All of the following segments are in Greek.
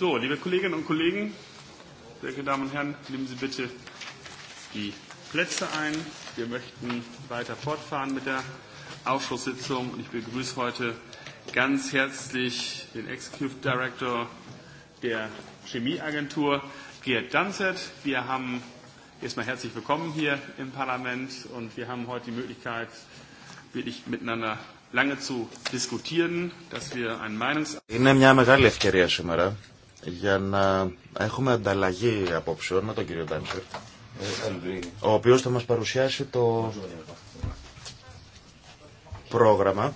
So, liebe Kolleginnen und Kollegen, sehr geehrte Damen und Herren, nehmen Sie bitte die Plätze ein. Wir möchten weiter fortfahren mit der Ausschusssitzung. Und ich begrüße heute ganz herzlich den Executive Director der Chemieagentur, Gerd Danzert. Wir haben erstmal herzlich willkommen hier im Parlament und wir haben heute die Möglichkeit, wirklich miteinander lange zu diskutieren, dass wir einen Meinungs για να έχουμε ανταλλαγή απόψεων με τον κύριο Ντάνσερ, ε, ο οποίος θα μας παρουσιάσει το πρόγραμμα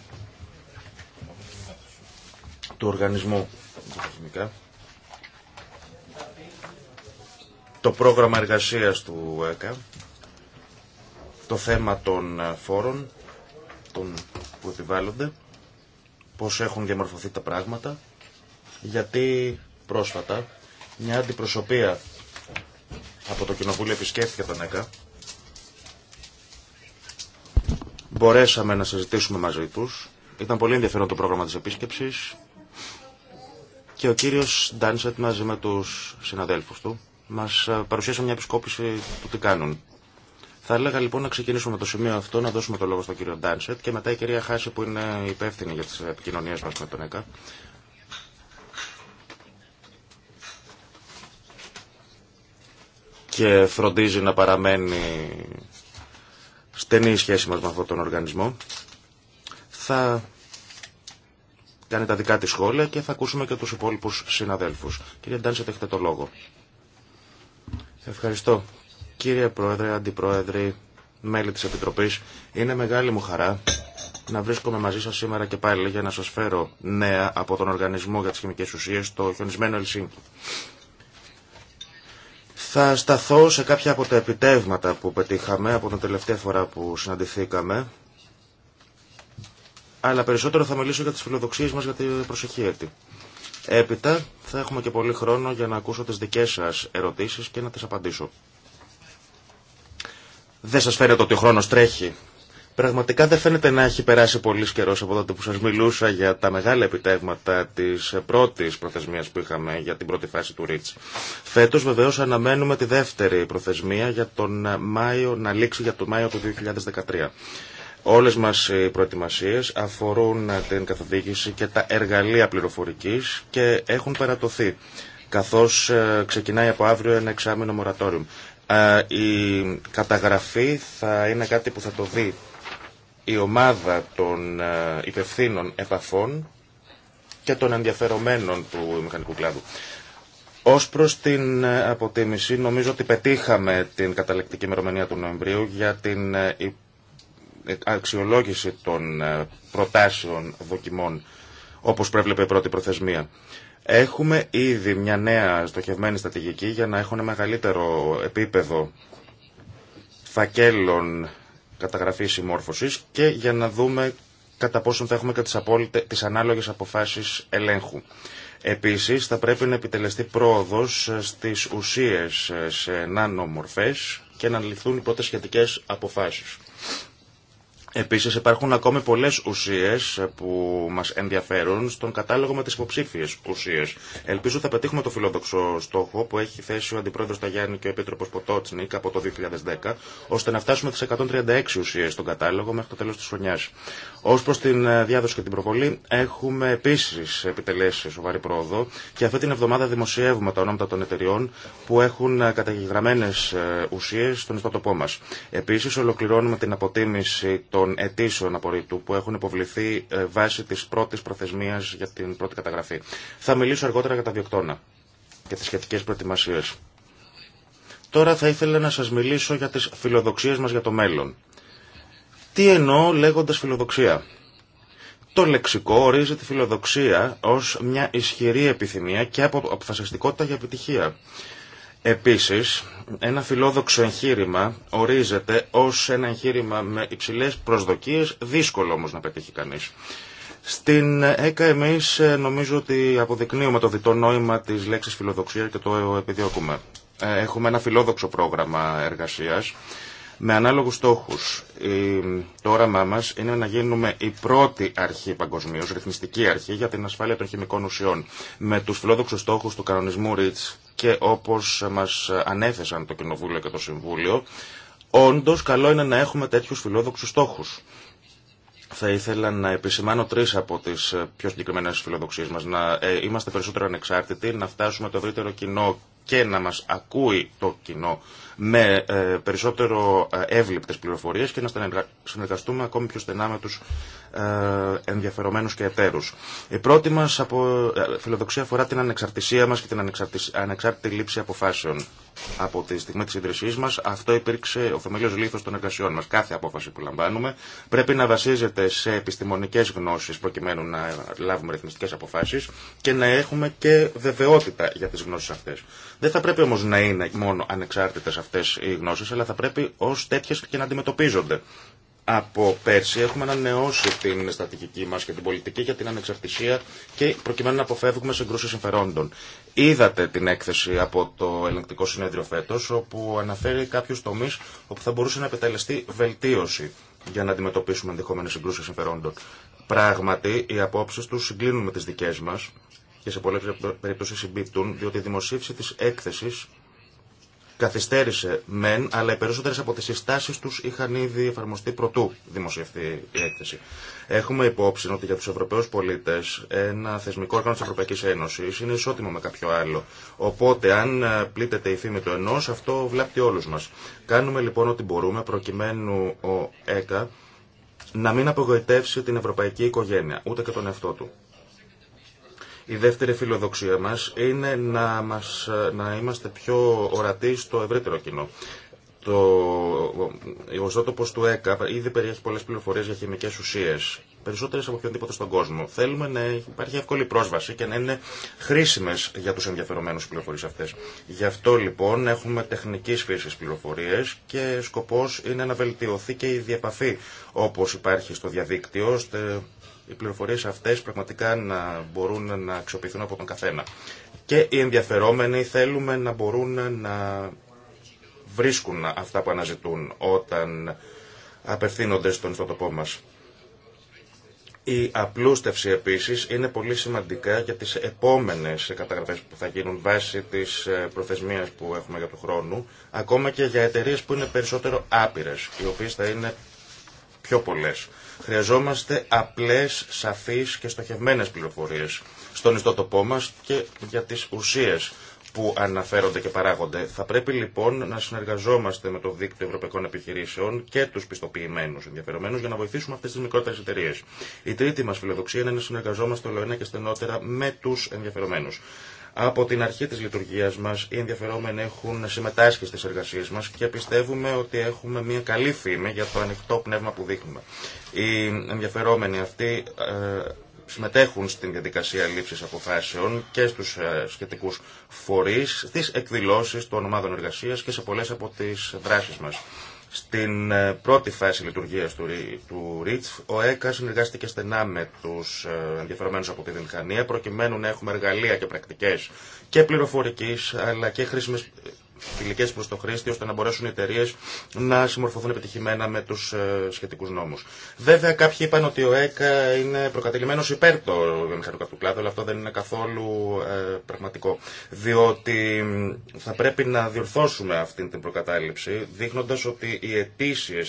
του οργανισμού το πρόγραμμα εργασίας του ΕΚΑ, το θέμα των φόρων των που επιβάλλονται, πώς έχουν διαμορφωθεί τα πράγματα, γιατί πρόσφατα μια αντιπροσωπεία από το Κοινοβούλιο επισκέφθηκε τον ΕΚΑ. Μπορέσαμε να συζητήσουμε μαζί τους. Ήταν πολύ ενδιαφέρον το πρόγραμμα της επίσκεψης και ο κύριος Ντάνσετ μαζί με τους συναδέλφους του μας ε, παρουσίασε μια επισκόπηση του τι κάνουν. Θα έλεγα λοιπόν να ξεκινήσουμε το σημείο αυτό, να δώσουμε το λόγο στον κύριο Ντάνσετ και μετά η κυρία Χάση που είναι υπεύθυνη για τις επικοινωνίες μας με τον ΕΚΑ και φροντίζει να παραμένει στενή η σχέση μας με αυτόν τον οργανισμό. Θα κάνει τα δικά της σχόλια και θα ακούσουμε και τους υπόλοιπους συναδέλφους. Κύριε Ντάνσετ, έχετε το λόγο. Ευχαριστώ. Κύριε Πρόεδρε, Αντιπρόεδρε, μέλη της Επιτροπής, είναι μεγάλη μου χαρά να βρίσκομαι μαζί σας σήμερα και πάλι για να σας φέρω νέα από τον Οργανισμό για τις Χημικές Ουσίες, το χιονισμένο Ελσίνκι. Θα σταθώ σε κάποια από τα επιτεύγματα που πετύχαμε από την τελευταία φορά που συναντηθήκαμε, αλλά περισσότερο θα μιλήσω για τις φιλοδοξίες μας για την προσεχή έτη. Έπειτα θα έχουμε και πολύ χρόνο για να ακούσω τις δικές σας ερωτήσεις και να τις απαντήσω. Δεν σας φαίνεται ότι ο χρόνος τρέχει Πραγματικά δεν φαίνεται να έχει περάσει πολύ καιρό από τότε που σα μιλούσα για τα μεγάλα επιτεύγματα τη πρώτη προθεσμία που είχαμε για την πρώτη φάση του ΡΙΤΣ. Φέτο βεβαίω αναμένουμε τη δεύτερη προθεσμία για τον Μάιο, να λήξει για τον Μάιο του 2013. Όλε μα οι προετοιμασίε αφορούν την καθοδήγηση και τα εργαλεία πληροφορική και έχουν περατωθεί, καθώ ε, ξεκινάει από αύριο ένα εξάμεινο μορατόριο. Η καταγραφή θα είναι κάτι που θα το δει η ομάδα των ε, υπευθύνων επαφών και των ενδιαφερομένων του μηχανικού κλάδου. Ω προ την ε, αποτίμηση, νομίζω ότι πετύχαμε την καταλεκτική ημερομηνία του Νοεμβρίου για την ε, αξιολόγηση των προτάσεων δοκιμών, όπως πρέβλεπε η πρώτη προθεσμία. Έχουμε ήδη μια νέα στοχευμένη στρατηγική για να έχουν μεγαλύτερο επίπεδο φακέλων καταγραφή συμμόρφωσης και για να δούμε κατά πόσον θα έχουμε και τις, ανάλογε τις ανάλογες αποφάσεις ελέγχου. Επίσης θα πρέπει να επιτελεστεί πρόοδος ε, στις ουσίες ε, σε νάνομορφές και να ληφθούν οι πρώτες σχετικές αποφάσεις. Επίσης υπάρχουν ακόμη πολλές ουσίες που μας ενδιαφέρουν στον κατάλογο με τις υποψήφιες ουσίες. Ελπίζω θα πετύχουμε το φιλόδοξο στόχο που έχει θέσει ο Αντιπρόεδρος Ταγιάννη και ο Επίτροπος Ποτότσνικ από το 2010, ώστε να φτάσουμε τις 136 ουσίες στον κατάλογο μέχρι το τέλος της χρονιάς. Ω προ την ε, διάδοση και την προβολή, έχουμε επίση επιτελέσει σοβαρή πρόοδο και αυτή την εβδομάδα δημοσιεύουμε τα ονόματα των εταιριών που έχουν ε, καταγεγραμμένε ε, ουσίε στον ιστότοπό μα. Επίση, ολοκληρώνουμε την αποτίμηση των αιτήσεων απορρίτου που έχουν υποβληθεί βάσει τη πρώτη προθεσμία για την πρώτη καταγραφή. Θα μιλήσω αργότερα για τα διοκτώνα και τι σχετικέ προετοιμασίε. Τώρα θα ήθελα να σα μιλήσω για τι φιλοδοξίε μα για το μέλλον. Τι εννοώ λέγοντας φιλοδοξία. Το λεξικό ορίζει τη φιλοδοξία ως μια ισχυρή επιθυμία και από αποφασιστικότητα για επιτυχία. Επίσης, ένα φιλόδοξο εγχείρημα ορίζεται ως ένα εγχείρημα με υψηλές προσδοκίες, δύσκολο όμως να πετύχει κανείς. Στην ΕΚΑ εμείς ε, νομίζω ότι αποδεικνύουμε το διτό νόημα της λέξης φιλοδοξία και το επιδιώκουμε. Ε, έχουμε ένα φιλόδοξο πρόγραμμα εργασίας με ανάλογους στόχους. το όραμά μας είναι να γίνουμε η πρώτη αρχή παγκοσμίως, ρυθμιστική αρχή για την ασφάλεια των χημικών ουσιών, με τους φιλόδοξους στόχους του κανονισμού REACH και όπως μας ανέθεσαν το Κοινοβούλιο και το Συμβούλιο, όντως καλό είναι να έχουμε τέτοιους φιλόδοξους στόχους. Θα ήθελα να επισημάνω τρεις από τις πιο συγκεκριμένε φιλοδοξίες μας. Να ε, είμαστε περισσότερο ανεξάρτητοι, να φτάσουμε το ευρύτερο κοινό και να μα ακούει το κοινό με ε, περισσότερο ε, εύληπτες πληροφορίες και να συνεργαστούμε ακόμη πιο στενά με τους ε, ενδιαφερομένους και εταίρους. Η πρώτη μας από, φιλοδοξία αφορά την ανεξαρτησία μας και την ανεξάρτητη λήψη αποφάσεων. Από τη στιγμή της ίδρυσής μας αυτό υπήρξε ο θεμελιός λήθος των εργασιών μας. Κάθε απόφαση που λαμβάνουμε πρέπει να βασίζεται σε επιστημονικές γνώσεις προκειμένου να λάβουμε ρυθμιστικές αποφάσεις και να έχουμε και βεβαιότητα για τις γνώσεις αυτές. Δεν θα πρέπει όμως να είναι μόνο ανεξάρτητες αυτέ οι γνώσει, αλλά θα πρέπει ω τέτοιε και να αντιμετωπίζονται. Από πέρσι έχουμε ανανεώσει την στρατηγική μα και την πολιτική για την ανεξαρτησία και προκειμένου να αποφεύγουμε συγκρούσει συμφερόντων. Είδατε την έκθεση από το ελεγκτικό συνέδριο φέτο, όπου αναφέρει κάποιου τομεί όπου θα μπορούσε να επιτελεστεί βελτίωση για να αντιμετωπίσουμε ενδεχόμενε συγκρούσεις συμφερόντων. Πράγματι, οι απόψει του συγκλίνουν με τις δικές μας και σε πολλέ περιπτώσει συμπίπτουν, διότι η δημοσίευση τη έκθεση. Καθυστέρησε μεν, αλλά οι περισσότερε από τι συστάσει του είχαν ήδη εφαρμοστεί προτού δημοσιευτεί η έκθεση. Έχουμε υπόψη ότι για του Ευρωπαίου πολίτε ένα θεσμικό όργανο τη Ευρωπαϊκή Ένωση είναι ισότιμο με κάποιο άλλο. Οπότε αν ε, πλήττεται η φήμη του ενό, αυτό βλάπτει όλου μα. Κάνουμε λοιπόν ό,τι μπορούμε προκειμένου ο ΕΚΑ να μην απογοητεύσει την ευρωπαϊκή οικογένεια, ούτε και τον εαυτό του. Η δεύτερη φιλοδοξία μας είναι να, μας, να είμαστε πιο ορατοί στο ευρύτερο κοινό. Το, ο ισότοπος του ΕΚΑ ήδη περιέχει πολλές πληροφορίες για χημικές ουσίες περισσότερε από οποιονδήποτε στον κόσμο. Θέλουμε να υπάρχει εύκολη πρόσβαση και να είναι χρήσιμε για του ενδιαφερομένου οι πληροφορίε αυτέ. Γι' αυτό λοιπόν έχουμε τεχνική φύση πληροφορίε και σκοπό είναι να βελτιωθεί και η διαπαφή όπω υπάρχει στο διαδίκτυο, οι πληροφορίε αυτές πραγματικά να μπορούν να αξιοποιηθούν από τον καθένα. Και οι ενδιαφερόμενοι θέλουμε να μπορούν να βρίσκουν αυτά που αναζητούν όταν απευθύνονται στον ιστοτοπό μας. Η απλούστευση επίσης είναι πολύ σημαντικά για τις επόμενες καταγραφές που θα γίνουν βάσει της ε, προθεσμίας που έχουμε για το χρόνο, ακόμα και για εταιρείες που είναι περισσότερο άπειρες, οι οποίες θα είναι πιο πολλές. Χρειαζόμαστε απλές, σαφείς και στοχευμένες πληροφορίες στον ιστότοπό μας και για τις ουσίες που αναφέρονται και παράγονται. Θα πρέπει λοιπόν να συνεργαζόμαστε με το δίκτυο ευρωπαϊκών επιχειρήσεων και του πιστοποιημένου ενδιαφερομένους για να βοηθήσουμε αυτέ τι μικρότερε εταιρείε. Η τρίτη μα φιλοδοξία είναι να συνεργαζόμαστε όλο και στενότερα με του ενδιαφερομένου. Από την αρχή της λειτουργίας μας οι ενδιαφερόμενοι έχουν συμμετάσχει στις εργασίες μας και πιστεύουμε ότι έχουμε μια καλή φήμη για το ανοιχτό πνεύμα που δείχνουμε. Οι ενδιαφερόμενοι αυτοί ε, συμμετέχουν στην διαδικασία λήψης αποφάσεων και στους ε, σχετικούς φορείς, στις εκδηλώσεις των ομάδων εργασίας και σε πολλές από τις δράσεις μας. Στην ε, πρώτη φάση λειτουργίας του, του ΡΙΤΣ, ο ΕΚΑ συνεργάστηκε στενά με τους ε, ενδιαφερομένους από τη βιομηχανία, προκειμένου να έχουμε εργαλεία και πρακτικές και πληροφορικής, αλλά και χρήσιμες φιλικές προς το χρήστη, ώστε να μπορέσουν οι εταιρείε να συμμορφωθούν επιτυχημένα με τους ε, σχετικούς νόμους. Βέβαια κάποιοι είπαν ότι ο ΕΚΑ είναι προκατελημένο υπέρ το μηχανικό του κλάδου, αλλά αυτό δεν είναι καθόλου ε, πραγματικό. Διότι θα πρέπει να διορθώσουμε αυτή την προκατάληψη, δείχνοντας ότι οι αιτήσει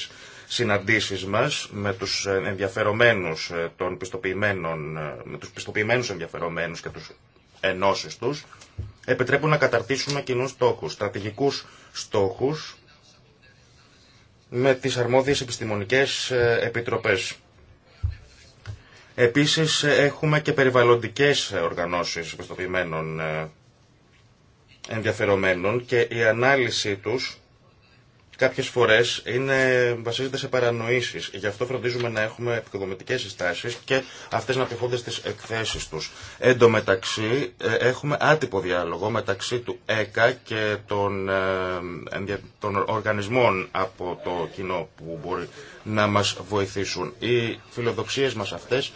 συναντήσεις μας με τους ε, ενδιαφερομένους ε, των πιστοποιημένων, με τους πιστοποιημένους ενδιαφερομένους και τους ενώσεις τους επιτρέπουν να καταρτήσουμε κοινού στόχους, στρατηγικού στόχους με τις αρμόδιες επιστημονικές ε, επιτροπές. Επίσης ε, έχουμε και περιβαλλοντικές οργανώσεις επιστοποιημένων ε, ενδιαφερομένων και η ανάλυση τους κάποιες φορές είναι, βασίζεται σε παρανοήσεις. Γι' αυτό φροντίζουμε να έχουμε επικοδομητικές συστάσεις και αυτές να αποφούνται στις εκθέσεις τους. Εν τω μεταξύ ε, έχουμε άτυπο διάλογο μεταξύ του ΕΚΑ και των, ε, των οργανισμών από το κοινό που μπορεί να μας βοηθήσουν. Οι φιλοδοξίες μας αυτές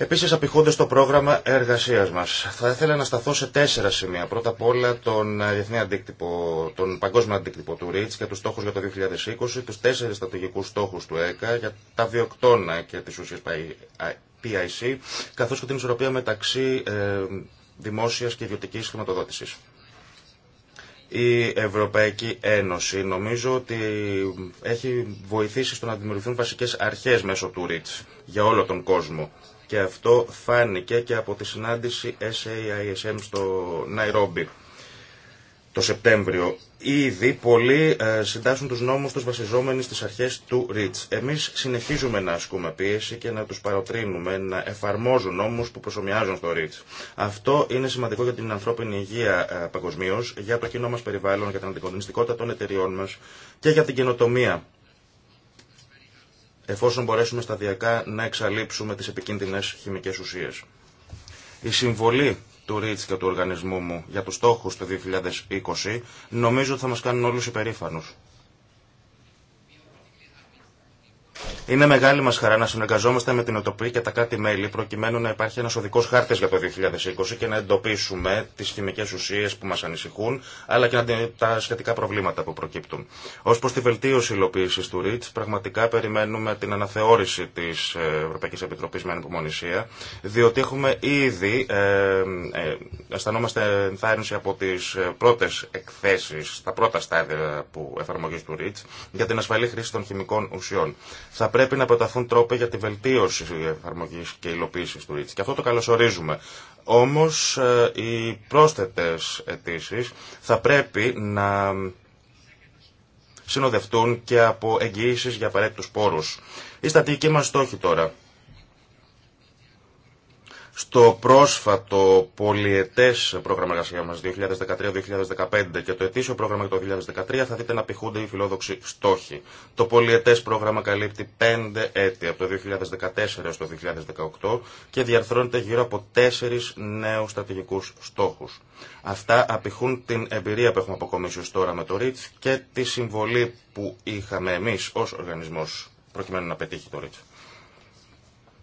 Επίση, απηχούνται στο πρόγραμμα εργασία μα. Θα ήθελα να σταθώ σε τέσσερα σημεία. Πρώτα απ' όλα, τον, ε, διεθνή αντίκτυπο, τον παγκόσμιο αντίκτυπο του ΡΙΤΣ και του στόχου για το 2020, του τέσσερι στρατηγικού στόχου του ΕΚΑ για τα βιοκτώνα και τι ουσίε PIC, καθώ και την ισορροπία μεταξύ ε, δημόσια και ιδιωτική χρηματοδότηση. Η Ευρωπαϊκή Ένωση νομίζω ότι έχει βοηθήσει στο να δημιουργηθούν βασικές αρχές μέσω του ΡΙΤΣ για όλο τον κόσμο και αυτό φάνηκε και από τη συνάντηση SAISM στο Ναϊρόμπι το Σεπτέμβριο. Ήδη πολλοί ε, συντάσσουν τους νόμους τους βασιζόμενοι στις αρχές του ΡΙΤΣ. Εμείς συνεχίζουμε να ασκούμε πίεση και να τους παροτρύνουμε να εφαρμόζουν νόμους που προσωμιάζουν στο ΡΙΤΣ. Αυτό είναι σημαντικό για την ανθρώπινη υγεία ε, παγκοσμίω, για το κοινό μας περιβάλλον, για την αντικονιστικότητα των εταιριών μας και για την καινοτομία εφόσον μπορέσουμε σταδιακά να εξαλείψουμε τις επικίνδυνες χημικές ουσίες. Η συμβολή του ΡΙΤΣ και του οργανισμού μου για τους στόχους του 2020 νομίζω ότι θα μας κάνουν όλους υπερήφανους. Είναι μεγάλη μα χαρά να συνεργαζόμαστε με την ΟΤΟΠΗ και τα κάτι μελη προκειμένου να υπάρχει ένα οδικό χάρτη για το 2020 και να εντοπίσουμε τι χημικέ ουσίε που μα ανησυχούν αλλά και τα σχετικά προβλήματα που προκύπτουν. Ω προ τη βελτίωση υλοποίηση του ΡΙΤΣ, πραγματικά περιμένουμε την αναθεώρηση τη ε, Ευρωπαϊκή Επιτροπή με ανυπομονησία, διότι έχουμε ήδη, ε, ε, αισθανόμαστε ενθάρρυνση από τι ε, πρώτε εκθέσει, τα πρώτα στάδια που εφαρμογή του ΡΙΤΣ για την ασφαλή χρήση των χημικών ουσιών. Θα πρέπει να προταθούν τρόποι για τη βελτίωση εφαρμογή και υλοποίηση του ΡΙΤΣ. Και αυτό το καλωσορίζουμε. Όμω ε, οι πρόσθετε αιτήσει θα πρέπει να συνοδευτούν και από εγγυήσει για απαραίτητου πόρου. Η στατική μα στόχη τώρα στο πρόσφατο πολιετές πρόγραμμα εργασία μας 2013-2015 και το ετήσιο πρόγραμμα για το 2013 θα δείτε να πηχούνται οι φιλόδοξοι στόχοι. Το πολιετές πρόγραμμα καλύπτει 5 έτη από το 2014 έως το 2018 και διαρθρώνεται γύρω από 4 νέους στρατηγικούς στόχους. Αυτά απηχούν την εμπειρία που έχουμε αποκομίσει ως τώρα με το ΡΙΤΣ και τη συμβολή που είχαμε εμείς ως οργανισμός προκειμένου να πετύχει το ΡΙΤΣ.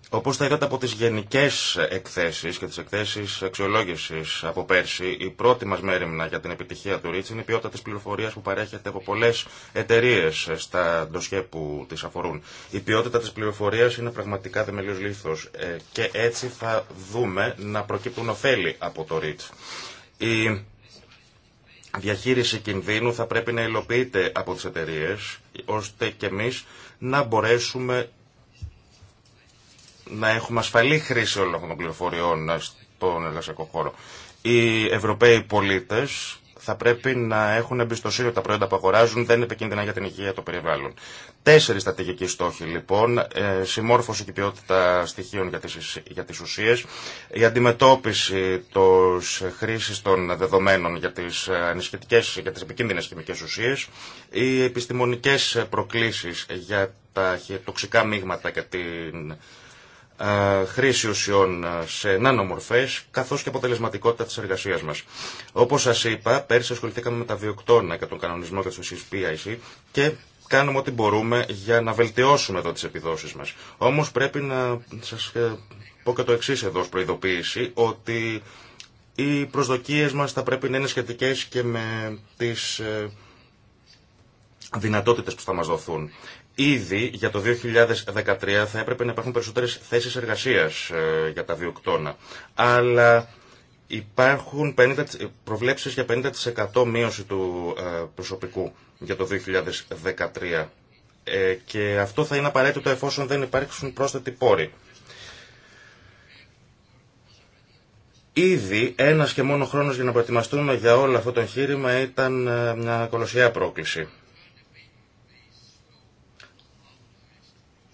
Όπω θα είδατε από τι γενικέ εκθέσει και τι εκθέσει αξιολόγηση από πέρσι, η πρώτη μα μέρημνα για την επιτυχία του Ρίτς είναι η ποιότητα τη πληροφορία που παρέχεται από πολλέ εταιρείε στα ντοσιέ που τι αφορούν. Η ποιότητα τη πληροφορία είναι πραγματικά θεμελιώ λήθο ε, και έτσι θα δούμε να προκύπτουν ωφέλη από το Ρίτς. Η διαχείριση κινδύνου θα πρέπει να υλοποιείται από τι εταιρείε, ώστε και εμεί να μπορέσουμε να έχουμε ασφαλή χρήση όλων των πληροφοριών στον εργασιακό χώρο. Οι Ευρωπαίοι πολίτε θα πρέπει να έχουν εμπιστοσύνη ότι τα προϊόντα που αγοράζουν δεν είναι επικίνδυνα για την υγεία των περιβάλλων. Τέσσερι στρατηγικοί στόχοι λοιπόν, ε, συμμόρφωση και ποιότητα στοιχείων για τις, για ουσίες, η αντιμετώπιση της χρήσης των δεδομένων για τις ε, ανισχυτικές, και τις επικίνδυνες χημικές ουσίες, οι επιστημονικές προκλήσεις για τα τοξικά μείγματα και την ε, χρήση ουσιών ε, σε νανομορφές καθώς και αποτελεσματικότητα της εργασίας μας. Όπως σας είπα, πέρσι ασχοληθήκαμε με τα βιοκτώνα και τον κανονισμό και το PIC και κάνουμε ό,τι μπορούμε για να βελτιώσουμε εδώ τις επιδόσεις μας. Όμως πρέπει να σας ε, πω και το εξή εδώ ως προειδοποίηση ότι οι προσδοκίες μας θα πρέπει να είναι σχετικές και με τις δυνατότητες που θα μας δοθούν. Ήδη για το 2013 θα έπρεπε να υπάρχουν περισσότερες θέσεις εργασίας ε, για τα βιοκτώνα. Αλλά υπάρχουν 50, προβλέψεις για 50% μείωση του ε, προσωπικού για το 2013. Ε, και αυτό θα είναι απαραίτητο εφόσον δεν υπάρξουν πρόσθετοι πόροι. Ήδη ένας και μόνο χρόνος για να προετοιμαστούμε για όλο αυτό το εγχείρημα ήταν μια κολοσιαία πρόκληση.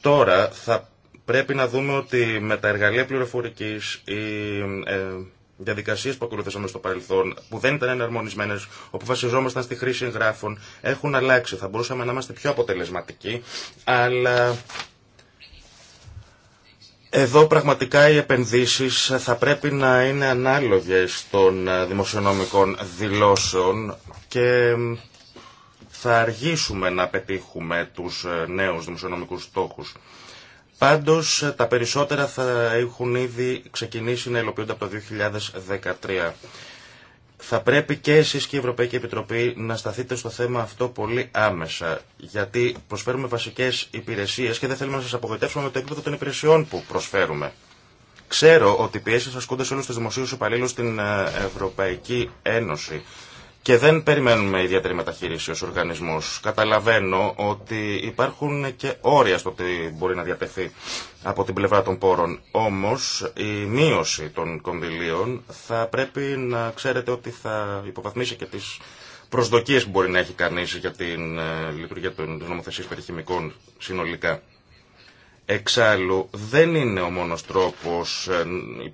Τώρα θα πρέπει να δούμε ότι με τα εργαλεία πληροφορικής οι ε, διαδικασίες που ακολουθήσαμε στο παρελθόν, που δεν ήταν εναρμονισμένες, όπου βασιζόμασταν στη χρήση εγγράφων, έχουν αλλάξει. Θα μπορούσαμε να είμαστε πιο αποτελεσματικοί, αλλά εδώ πραγματικά οι επενδύσεις θα πρέπει να είναι ανάλογες των δημοσιονομικών δηλώσεων και θα αργήσουμε να πετύχουμε τους ε, νέους δημοσιονομικούς στόχους. Πάντως ε, τα περισσότερα θα έχουν ήδη ξεκινήσει να υλοποιούνται από το 2013. Θα πρέπει και εσείς και η Ευρωπαϊκή Επιτροπή να σταθείτε στο θέμα αυτό πολύ άμεσα, γιατί προσφέρουμε βασικές υπηρεσίες και δεν θέλουμε να σας απογοητεύσουμε με το επίπεδο των υπηρεσιών που προσφέρουμε. Ξέρω ότι οι πιέσεις ασκούνται σε όλους τους δημοσίους υπαλλήλους στην ε, Ευρωπαϊκή Ένωση και δεν περιμένουμε ιδιαίτερη μεταχείριση ως οργανισμός. Καταλαβαίνω ότι υπάρχουν και όρια στο ότι μπορεί να διατεθεί από την πλευρά των πόρων. Όμως η μείωση των κονδυλίων θα πρέπει να ξέρετε ότι θα υποβαθμίσει και τις προσδοκίες που μπορεί να έχει κανείς για την ε, λειτουργία των νομοθεσίας περιχημικών συνολικά. Εξάλλου, δεν είναι ο μόνος τρόπος ε,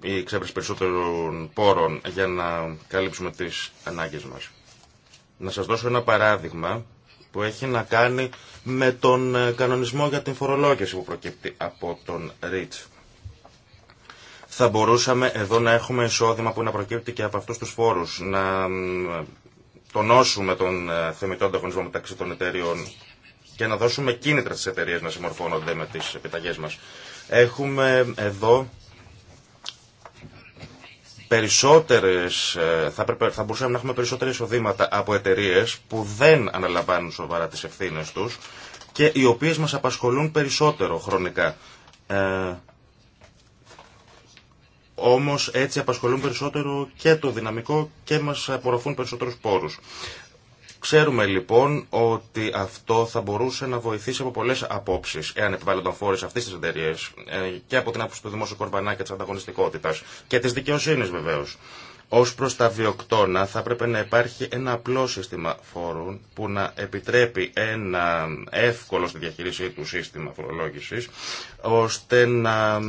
η εξέβριση περισσότερων πόρων για να καλύψουμε τις ανάγκες μας. Να σας δώσω ένα παράδειγμα που έχει να κάνει με τον ε, κανονισμό για την φορολόγηση που προκύπτει από τον ΡΙΤΣ. Θα μπορούσαμε εδώ να έχουμε εισόδημα που να προκύπτει και από αυτούς τους φόρους, να τονώσουμε τον ε, θεμητό ανταγωνισμό μεταξύ των εταιριών και να δώσουμε κίνητρα στις εταιρείες να συμμορφώνονται με τις επιταγές μας. Έχουμε εδώ περισσότερες, ε, θα, θα μπορούσαμε να έχουμε περισσότερες εισοδήματα από εταιρείε που δεν αναλαμβάνουν σοβαρά τις ευθύνε τους και οι οποίες μας απασχολούν περισσότερο χρονικά. Ε, όμως έτσι απασχολούν περισσότερο και το δυναμικό και μας απορροφούν περισσότερους πόρους. Ξέρουμε λοιπόν ότι αυτό θα μπορούσε να βοηθήσει από πολλέ απόψει, εάν επιβάλλονταν φόρε αυτέ τι εταιρείε και από την άποψη του δημόσιου κορβανά και τη ανταγωνιστικότητα και τη δικαιοσύνη βεβαίω. Ω προ τα βιοκτώνα, θα έπρεπε να υπάρχει ένα απλό σύστημα φόρων που να επιτρέπει ένα εύκολο στη διαχείρισή του σύστημα φορολόγηση, ώστε να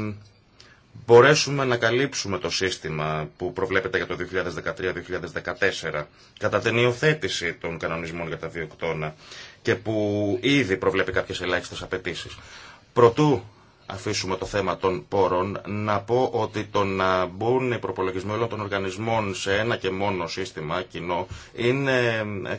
μπορέσουμε να καλύψουμε το σύστημα που προβλέπεται για το 2013-2014 κατά την υιοθέτηση των κανονισμών για τα βιοκτώνα και που ήδη προβλέπει κάποιες ελάχιστες απαιτήσεις. Προτού αφήσουμε το θέμα των πόρων, να πω ότι το να μπουν οι προπολογισμοί όλων των οργανισμών σε ένα και μόνο σύστημα κοινό είναι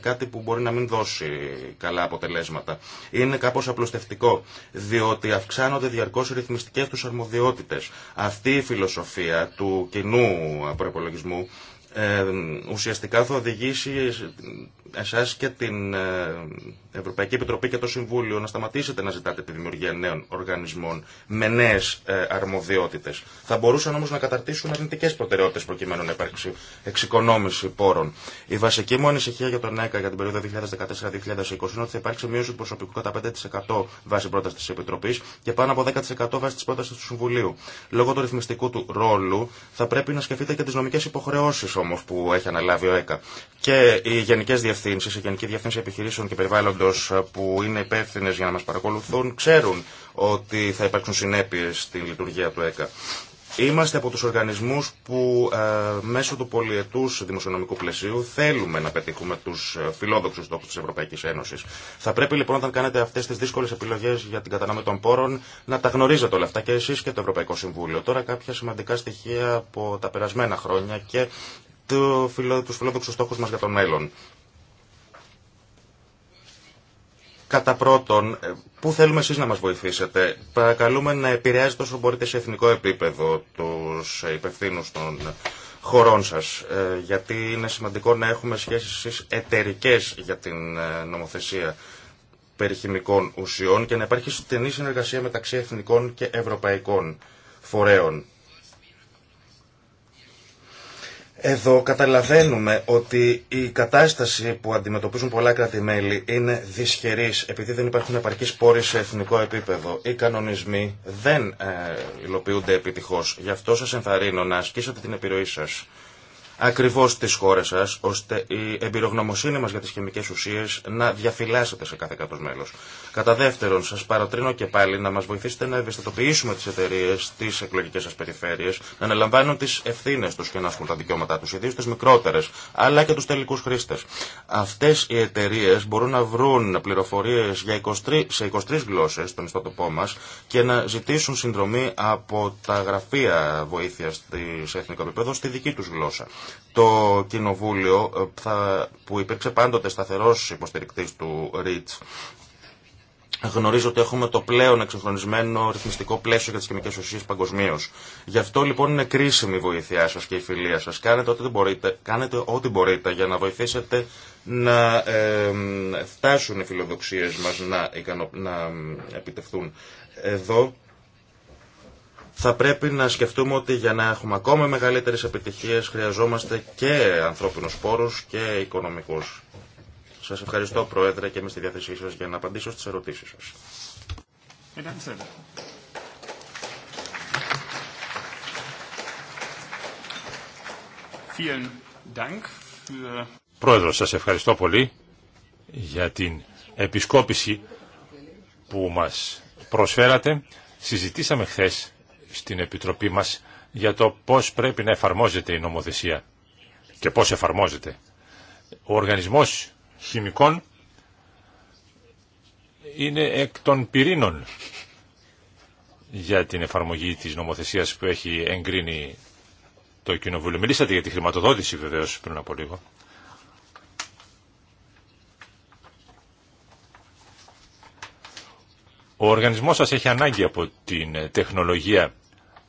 κάτι που μπορεί να μην δώσει καλά αποτελέσματα. Είναι κάπως απλουστευτικό, διότι αυξάνονται διαρκώς οι ρυθμιστικές τους αρμοδιότητες. Αυτή η φιλοσοφία του κοινού προπολογισμού ε, ουσιαστικά θα οδηγήσει εσάς και την ε, Ευρωπαϊκή Επιτροπή και το Συμβούλιο να σταματήσετε να ζητάτε τη δημιουργία νέων οργανισμών με νέες ε, αρμοδιότητες. Θα μπορούσαν όμως να καταρτήσουν αρνητικές προτεραιότητες προκειμένου να υπάρξει εξοικονόμηση πόρων. Η βασική μου ανησυχία για τον ΕΚΑ για την περίοδο 2014-2020 είναι ότι θα υπάρξει μείωση του προσωπικού κατά 5% βάσει πρόταση της Επιτροπής και πάνω από 10% βάσει της πρόταση του Συμβουλίου. Λόγω του ρυθμιστικού του ρόλου θα πρέπει να σκεφτείτε και τις νομικές υποχρεώσεις όμω που έχει αναλάβει ο ΕΚΑ. Και οι γενικέ διευθύνσει, η Γενική Διευθύνση Επιχειρήσεων και Περιβάλλοντο ε, που είναι υπεύθυνε για να μα παρακολουθούν, ξέρουν ότι θα υπάρξουν συνέπειε στην λειτουργία του ΕΚΑ. Είμαστε από τους οργανισμούς που ε, μέσω του πολιετούς δημοσιονομικού πλαισίου θέλουμε να πετύχουμε τους ε, φιλόδοξους στόχους της Ευρωπαϊκής Ένωσης. Θα πρέπει λοιπόν όταν κάνετε αυτές τις δύσκολε επιλογές για την κατανάμε των πόρων να τα γνωρίζετε όλα αυτά και εσεί και το Ευρωπαϊκό Συμβούλιο. Τώρα κάποια σημαντικά στοιχεία από τα περασμένα χρόνια και το, τους φιλόδοξους στόχους μας για τον μέλλον. Κατά πρώτον, ε, πού θέλουμε εσείς να μας βοηθήσετε. Παρακαλούμε να επηρεάζετε όσο μπορείτε σε εθνικό επίπεδο τους υπευθύνου των χωρών σας. Ε, γιατί είναι σημαντικό να έχουμε σχέσεις εταιρικές για την ε, νομοθεσία περί χημικών ουσιών και να υπάρχει στενή συνεργασία μεταξύ εθνικών και ευρωπαϊκών φορέων. Εδώ καταλαβαίνουμε ότι η κατάσταση που αντιμετωπίζουν πολλά κράτη-μέλη είναι δυσχερής επειδή δεν υπάρχουν επαρκείς πόροι σε εθνικό επίπεδο. Οι κανονισμοί δεν ε, υλοποιούνται επιτυχώς. Γι' αυτό σας ενθαρρύνω να ασκήσετε την επιρροή σας ακριβώς της χώρες σας, ώστε η εμπειρογνωμοσύνη μας για τις χημικές ουσίες να διαφυλάσσεται σε κάθε κάτω μέλος. Κατά δεύτερον, σας παροτρύνω και πάλι να μας βοηθήσετε να ευαισθητοποιήσουμε τις εταιρείε τις εκλογικές σας περιφέρειες, να αναλαμβάνουν τις ευθύνες τους και να ασκούν τα δικαιώματά τους, ιδίως τις μικρότερες, αλλά και τους τελικούς χρήστες. Αυτές οι εταιρείε μπορούν να βρουν πληροφορίες σε 23 γλώσσες στον ιστοτοπό μα και να ζητήσουν συνδρομή από τα γραφεία βοήθειας σε εθνικό επίπεδο στη δική τους γλώσσα. Το Κοινοβούλιο, ε, που υπήρξε πάντοτε σταθερός υποστηρικτής του ΡΙΤΣ, Γνωρίζω ότι έχουμε το πλέον εξεχρονισμένο ρυθμιστικό πλαίσιο για τις χημικέ ουσίες παγκοσμίω. Γι' αυτό λοιπόν είναι κρίσιμη η βοήθειά σας και η φιλία σας. Κάνετε ό,τι μπορείτε, μπορείτε για να βοηθήσετε να φτάσουν οι φιλοδοξίε μα να, να επιτευχθούν. Εδώ θα πρέπει να σκεφτούμε ότι για να έχουμε ακόμα μεγαλύτερες επιτυχίες χρειαζόμαστε και ανθρώπινους πόρους και οικονομικούς. Σας ευχαριστώ Πρόεδρε και είμαι στη διάθεσή σας για να απαντήσω στις ερωτήσεις σας. Πρόεδρο, σας ευχαριστώ πολύ για την επισκόπηση που μας προσφέρατε. Συζητήσαμε χθες στην Επιτροπή μας για το πώς πρέπει να εφαρμόζεται η νομοθεσία και πώς εφαρμόζεται. Ο οργανισμός χημικών είναι εκ των πυρήνων για την εφαρμογή της νομοθεσίας που έχει εγκρίνει το Κοινοβούλιο. Μιλήσατε για τη χρηματοδότηση βεβαίως πριν από λίγο. Ο οργανισμός σας έχει ανάγκη από την ε, τεχνολογία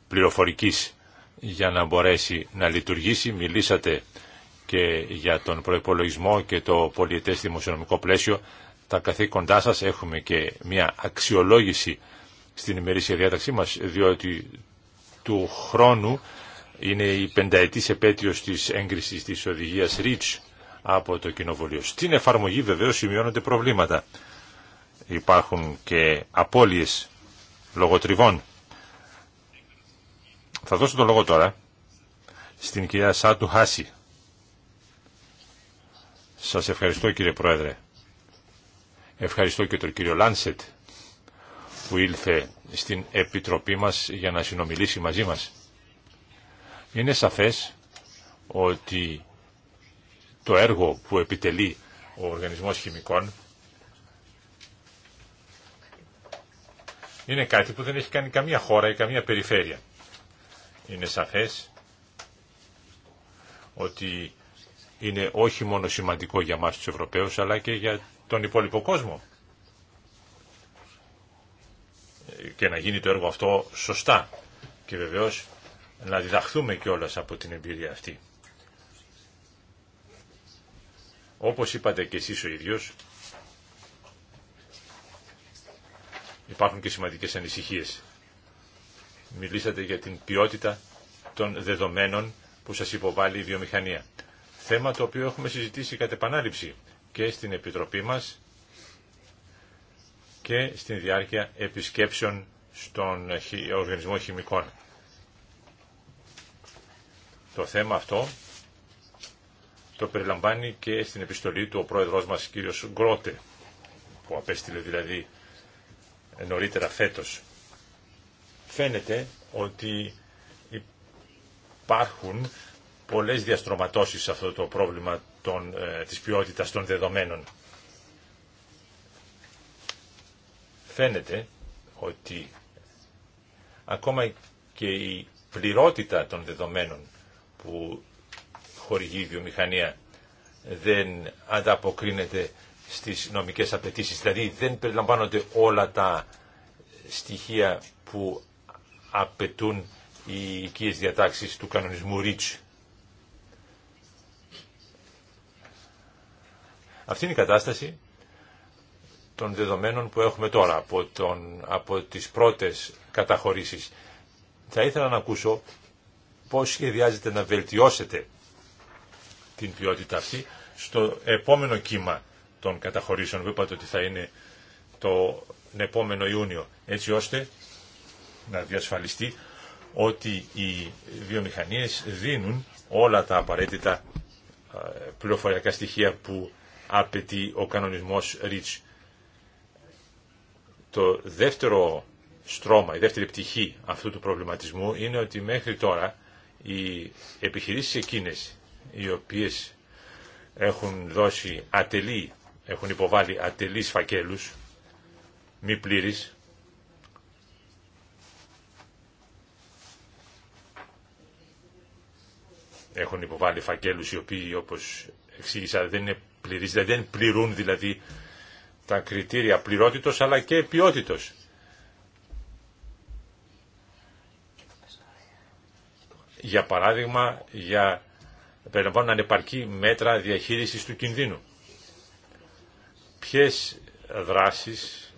πληροφορικής για να μπορέσει να λειτουργήσει. Μιλήσατε και για τον προϋπολογισμό και το πολιετές δημοσιονομικό πλαίσιο. Τα καθήκοντά σας έχουμε και μια αξιολόγηση στην ημερήσια διάταξή μας, διότι του χρόνου είναι η πενταετής επέτειος της έγκρισης της οδηγίας REACH από το Κοινοβουλίο. Στην εφαρμογή βεβαίως σημειώνονται προβλήματα υπάρχουν και απώλειες λογοτριβών. Θα δώσω το λόγο τώρα στην κυρία Σάτου Χάση. Σας ευχαριστώ κύριε Πρόεδρε. Ευχαριστώ και τον κύριο Λάνσετ που ήλθε στην Επιτροπή μας για να συνομιλήσει μαζί μας. Είναι σαφές ότι το έργο που επιτελεί ο Οργανισμός Χημικών Είναι κάτι που δεν έχει κάνει καμία χώρα ή καμία περιφέρεια. Είναι σαφές ότι είναι όχι μόνο σημαντικό για μας τους Ευρωπαίους, αλλά και για τον υπόλοιπο κόσμο. Και να γίνει το έργο αυτό σωστά. Και βεβαίως να διδαχθούμε κιόλας από την εμπειρία αυτή. Όπως είπατε και εσείς ο ίδιος, υπάρχουν και σημαντικές ανησυχίες. Μιλήσατε για την ποιότητα των δεδομένων που σας υποβάλλει η βιομηχανία. Θέμα το οποίο έχουμε συζητήσει κατ' επανάληψη και στην Επιτροπή μας και στην διάρκεια επισκέψεων στον Οργανισμό Χημικών. Το θέμα αυτό το περιλαμβάνει και στην επιστολή του ο πρόεδρός μας κύριος Γκρότε που απέστειλε δηλαδή νωρίτερα φέτος. Φαίνεται ότι υπάρχουν πολλές διαστρωματώσεις σε αυτό το πρόβλημα των, ε, της ποιότητας των δεδομένων. Φαίνεται ότι ακόμα και η πληρότητα των δεδομένων που χορηγεί η βιομηχανία δεν ανταποκρίνεται στις νομικές απαιτήσεις. Δηλαδή δεν περιλαμβάνονται όλα τα στοιχεία που απαιτούν οι οικίε διατάξεις του κανονισμού REACH. Αυτή είναι η κατάσταση των δεδομένων που έχουμε τώρα από, τον, από τις πρώτες καταχωρήσεις. Θα ήθελα να ακούσω πώς σχεδιάζετε να βελτιώσετε την ποιότητα αυτή στο επόμενο κύμα των καταχωρήσεων που είπατε ότι θα είναι το επόμενο Ιούνιο, έτσι ώστε να διασφαλιστεί ότι οι βιομηχανίες δίνουν όλα τα απαραίτητα ε, πληροφοριακά στοιχεία που απαιτεί ο κανονισμός REACH. Το δεύτερο στρώμα, η δεύτερη πτυχή αυτού του προβληματισμού είναι ότι μέχρι τώρα οι επιχειρήσεις εκείνες οι οποίες έχουν δώσει ατελή έχουν υποβάλει ατελείς φακέλους, μη πλήρης, έχουν υποβάλει φακέλους οι οποίοι όπως εξήγησα δεν είναι δεν πληρούν δηλαδή τα κριτήρια πληρότητος αλλά και ποιότητος. Για παράδειγμα, για περιλαμβάνουν ανεπαρκή μέτρα διαχείρισης του κινδύνου ποιες δράσεις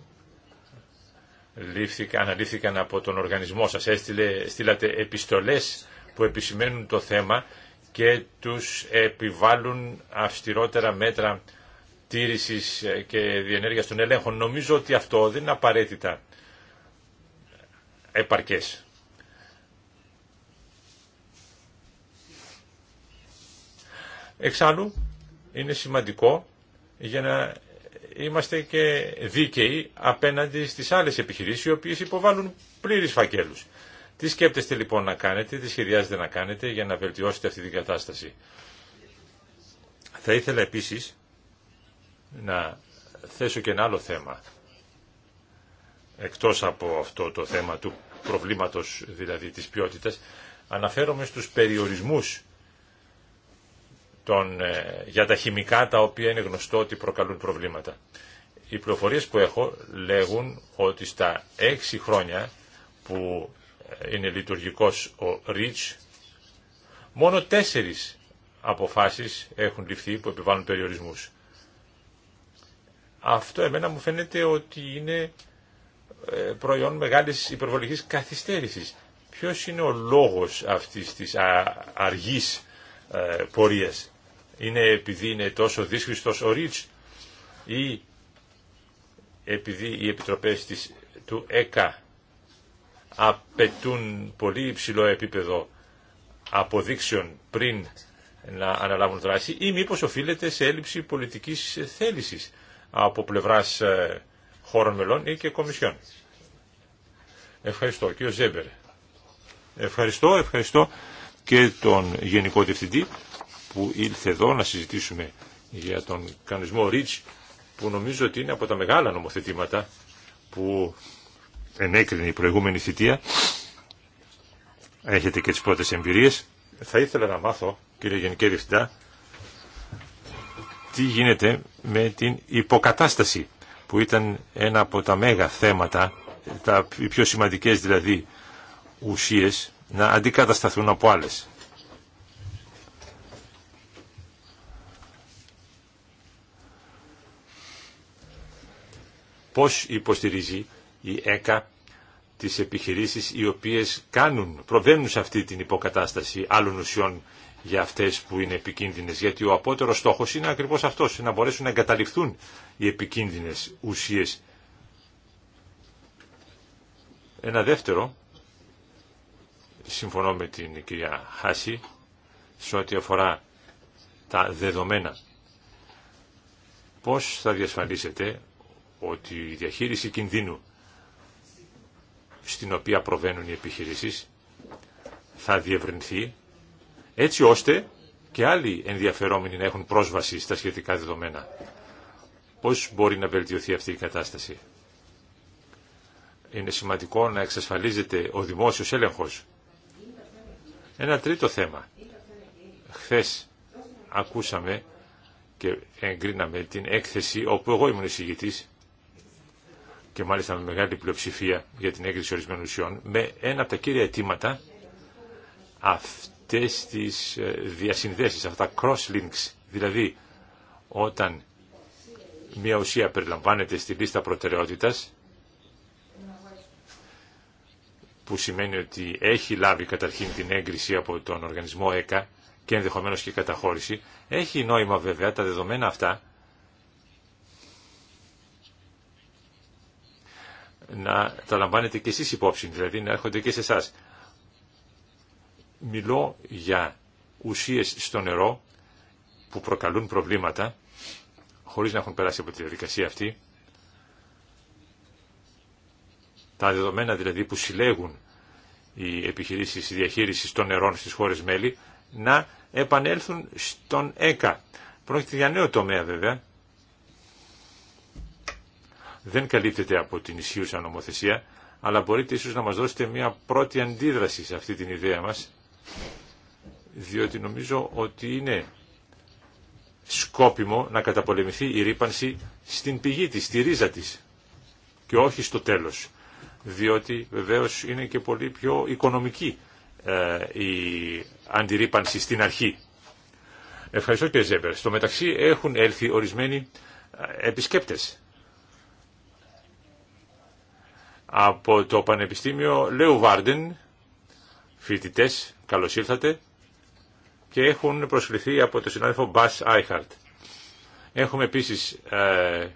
λήφθηκαν, αναλήφθηκαν από τον οργανισμό σας. Έστειλε, στείλατε επιστολές που επισημαίνουν το θέμα και τους επιβάλλουν αυστηρότερα μέτρα τήρησης και διενέργειας των ελέγχων. Νομίζω ότι αυτό δεν είναι απαραίτητα επαρκές. Εξάλλου, είναι σημαντικό για να είμαστε και δίκαιοι απέναντι στις άλλες επιχειρήσεις οι οποίες υποβάλλουν πλήρης φακέλους. Τι σκέπτεστε λοιπόν να κάνετε, τι σχεδιάζετε να κάνετε για να βελτιώσετε αυτή την κατάσταση. Θα ήθελα επίσης να θέσω και ένα άλλο θέμα εκτός από αυτό το θέμα του προβλήματος δηλαδή της ποιότητας αναφέρομαι στους περιορισμούς ε, για τα χημικά τα οποία είναι γνωστό ότι προκαλούν προβλήματα. Οι πληροφορίες που έχω λέγουν ότι στα έξι χρόνια που ε, είναι λειτουργικός ο REACH, μόνο τέσσερις αποφάσεις έχουν ληφθεί που επιβάλλουν περιορισμούς. Αυτό εμένα μου φαίνεται ότι είναι ε, προϊόν μεγάλης υπερβολικής καθυστέρησης. Ποιος είναι ο λόγος αυτής της αργής πορείας. Είναι επειδή είναι τόσο δύσκολος ο Ρίτς ή επειδή οι επιτροπές της, του ΕΚΑ απαιτούν πολύ υψηλό επίπεδο αποδείξεων πριν να αναλάβουν δράση ή μήπως οφείλεται σε έλλειψη πολιτικής θέλησης από πλευράς ε, χώρων μελών ή και κομισιών. Ευχαριστώ. Κύριο Ζέμπερ. Ευχαριστώ, ευχαριστώ και τον Γενικό Διευθυντή που ήλθε εδώ να συζητήσουμε για τον κανονισμό REACH που νομίζω ότι είναι από τα μεγάλα νομοθετήματα που ενέκρινε η προηγούμενη θητεία. Έχετε και τις πρώτες εμπειρίες. Θα ήθελα να μάθω, κύριε Γενική Διευθυντά, τι γίνεται με την υποκατάσταση που ήταν ένα από τα μέγα θέματα, τα πιο σημαντικές δηλαδή ουσίες, να αντικατασταθούν από άλλες. πώς υποστηρίζει η ΕΚΑ τις επιχειρήσεις οι οποίες κάνουν, προβαίνουν σε αυτή την υποκατάσταση άλλων ουσιών για αυτές που είναι επικίνδυνες. Γιατί ο απότερος στόχος είναι ακριβώς αυτός, να μπορέσουν να εγκαταληφθούν οι επικίνδυνες ουσίες. Ένα δεύτερο, συμφωνώ με την κυρία Χάση, σε ό,τι αφορά τα δεδομένα. Πώς θα διασφαλίσετε ότι η διαχείριση κινδύνου στην οποία προβαίνουν οι επιχειρήσεις θα διευρυνθεί έτσι ώστε και άλλοι ενδιαφερόμενοι να έχουν πρόσβαση στα σχετικά δεδομένα. Πώς μπορεί να βελτιωθεί αυτή η κατάσταση. Είναι σημαντικό να εξασφαλίζεται ο δημόσιος έλεγχος. Ένα τρίτο θέμα. Χθες ακούσαμε και εγκρίναμε την έκθεση όπου εγώ ήμουν εισηγητής και μάλιστα με μεγάλη πλειοψηφία για την έγκριση ορισμένων ουσιών, με ένα από τα κύρια αιτήματα αυτές τις ε, διασυνδέσεις, αυτά τα cross-links, δηλαδή όταν μια ουσία περιλαμβάνεται στη λίστα προτεραιότητας, που σημαίνει ότι έχει λάβει καταρχήν την έγκριση από τον οργανισμό ΕΚΑ και ενδεχομένως και καταχώρηση, έχει νόημα βέβαια τα δεδομένα αυτά να τα λαμβάνετε και εσείς υπόψη, δηλαδή να έρχονται και σε εσά. Μιλώ για ουσίες στο νερό που προκαλούν προβλήματα, χωρίς να έχουν περάσει από τη διαδικασία αυτή. Τα δεδομένα δηλαδή που συλλέγουν οι επιχειρήσεις διαχείρισης των νερών στις χώρες μέλη, να επανέλθουν στον ΕΚΑ. Πρόκειται για νέο τομέα βέβαια, δεν καλύπτεται από την ισχύουσα νομοθεσία, αλλά μπορείτε ίσως να μας δώσετε μια πρώτη αντίδραση σε αυτή την ιδέα μας, διότι νομίζω ότι είναι σκόπιμο να καταπολεμηθεί η ρήπανση στην πηγή της, στη ρίζα της και όχι στο τέλος, διότι βεβαίως είναι και πολύ πιο οικονομική ε, η αντιρρήπανση στην αρχή. Ευχαριστώ κύριε Ζέμπερ. Στο μεταξύ έχουν έλθει ορισμένοι ε, επισκέπτες από το Πανεπιστήμιο Λέου Βάρντεν, φοιτητές, καλώς ήρθατε, και έχουν προσκληθεί από το συνάδελφο Μπάς Άιχαρτ. Έχουμε επίσης ε,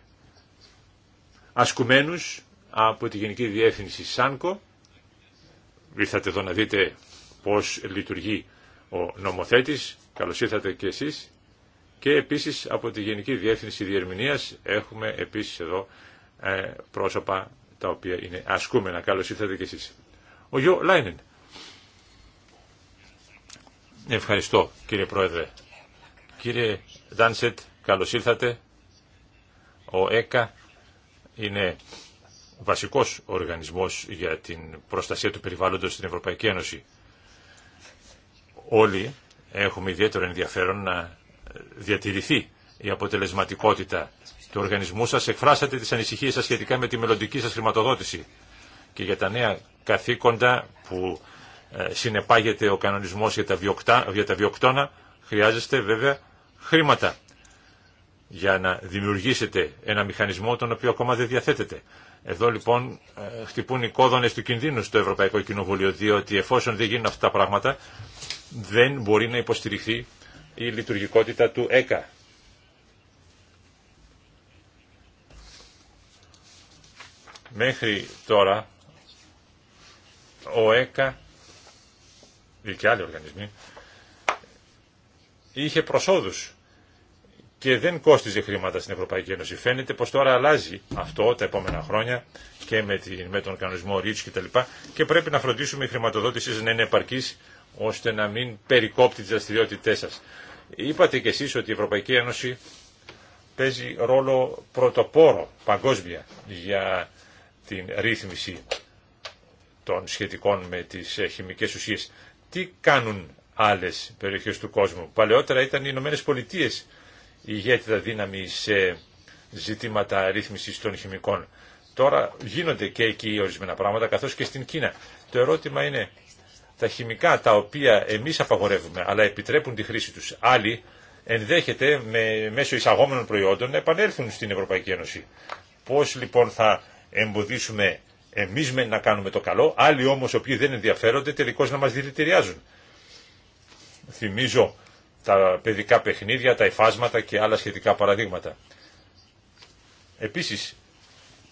ασκουμένους από τη Γενική Διεύθυνση ΣΑΝΚΟ. Ήρθατε εδώ να δείτε πώς λειτουργεί ο νομοθέτης. Καλώς ήρθατε και εσείς. Και επίσης από τη Γενική Διεύθυνση Διερμηνίας έχουμε επίσης εδώ ε, πρόσωπα τα οποία είναι ασκούμενα. καλώ ήρθατε κι εσείς. Ο Γιώ Λάινεν. Ευχαριστώ κύριε Πρόεδρε. Κύριε Ντάνσετ, καλώ ήρθατε. Ο ΕΚΑ είναι βασικός οργανισμός για την προστασία του περιβάλλοντος στην Ευρωπαϊκή Ένωση. Όλοι έχουμε ιδιαίτερο ενδιαφέρον να διατηρηθεί η αποτελεσματικότητα του οργανισμού σας εκφράσατε τις ανησυχίες σας σχετικά με τη μελλοντική σας χρηματοδότηση και για τα νέα καθήκοντα που ε, συνεπάγεται ο κανονισμός για τα, βιοκτά, τα βιοκτώνα χρειάζεστε βέβαια χρήματα για να δημιουργήσετε ένα μηχανισμό τον οποίο ακόμα δεν διαθέτετε. Εδώ λοιπόν ε, χτυπούν οι κόδωνες του κινδύνου στο Ευρωπαϊκό Κοινοβούλιο διότι εφόσον δεν γίνουν αυτά τα πράγματα δεν μπορεί να υποστηριχθεί η λειτουργικότητα του ΕΚΑ. Μέχρι τώρα ο ΕΚΑ ή και άλλοι οργανισμοί είχε προσόδους και δεν κόστιζε χρήματα στην Ευρωπαϊκή Ένωση. Φαίνεται πως τώρα αλλάζει αυτό τα επόμενα χρόνια και με, με τον κανονισμό και τα λοιπά και πρέπει να φροντίσουμε η χρηματοδότηση να είναι επαρκής ώστε να μην περικόπτει τις δραστηριότητέ σας. Είπατε κι εσείς ότι η Ευρωπαϊκή Ένωση παίζει ρόλο πρωτοπόρο παγκόσμια για την ρύθμιση των σχετικών με τις ε, χημικές ουσίες. Τι κάνουν άλλες περιοχές του κόσμου. Παλαιότερα ήταν οι Ηνωμένες Πολιτείες η ηγέτητα δύναμη σε ζητήματα ρύθμισης των χημικών. Τώρα γίνονται και εκεί ορισμένα πράγματα, καθώς και στην Κίνα. Το ερώτημα είναι τα χημικά τα οποία εμείς απαγορεύουμε, αλλά επιτρέπουν τη χρήση τους. Άλλοι ενδέχεται με, μέσω εισαγόμενων προϊόντων να επανέλθουν στην Ευρωπαϊκή Ένωση. Πώς λοιπόν θα εμποδίσουμε εμεί με να κάνουμε το καλό, άλλοι όμω οι οποίοι δεν ενδιαφέρονται τελικώ να μα δηλητηριάζουν. Θυμίζω τα παιδικά παιχνίδια, τα εφάσματα και άλλα σχετικά παραδείγματα. Επίση,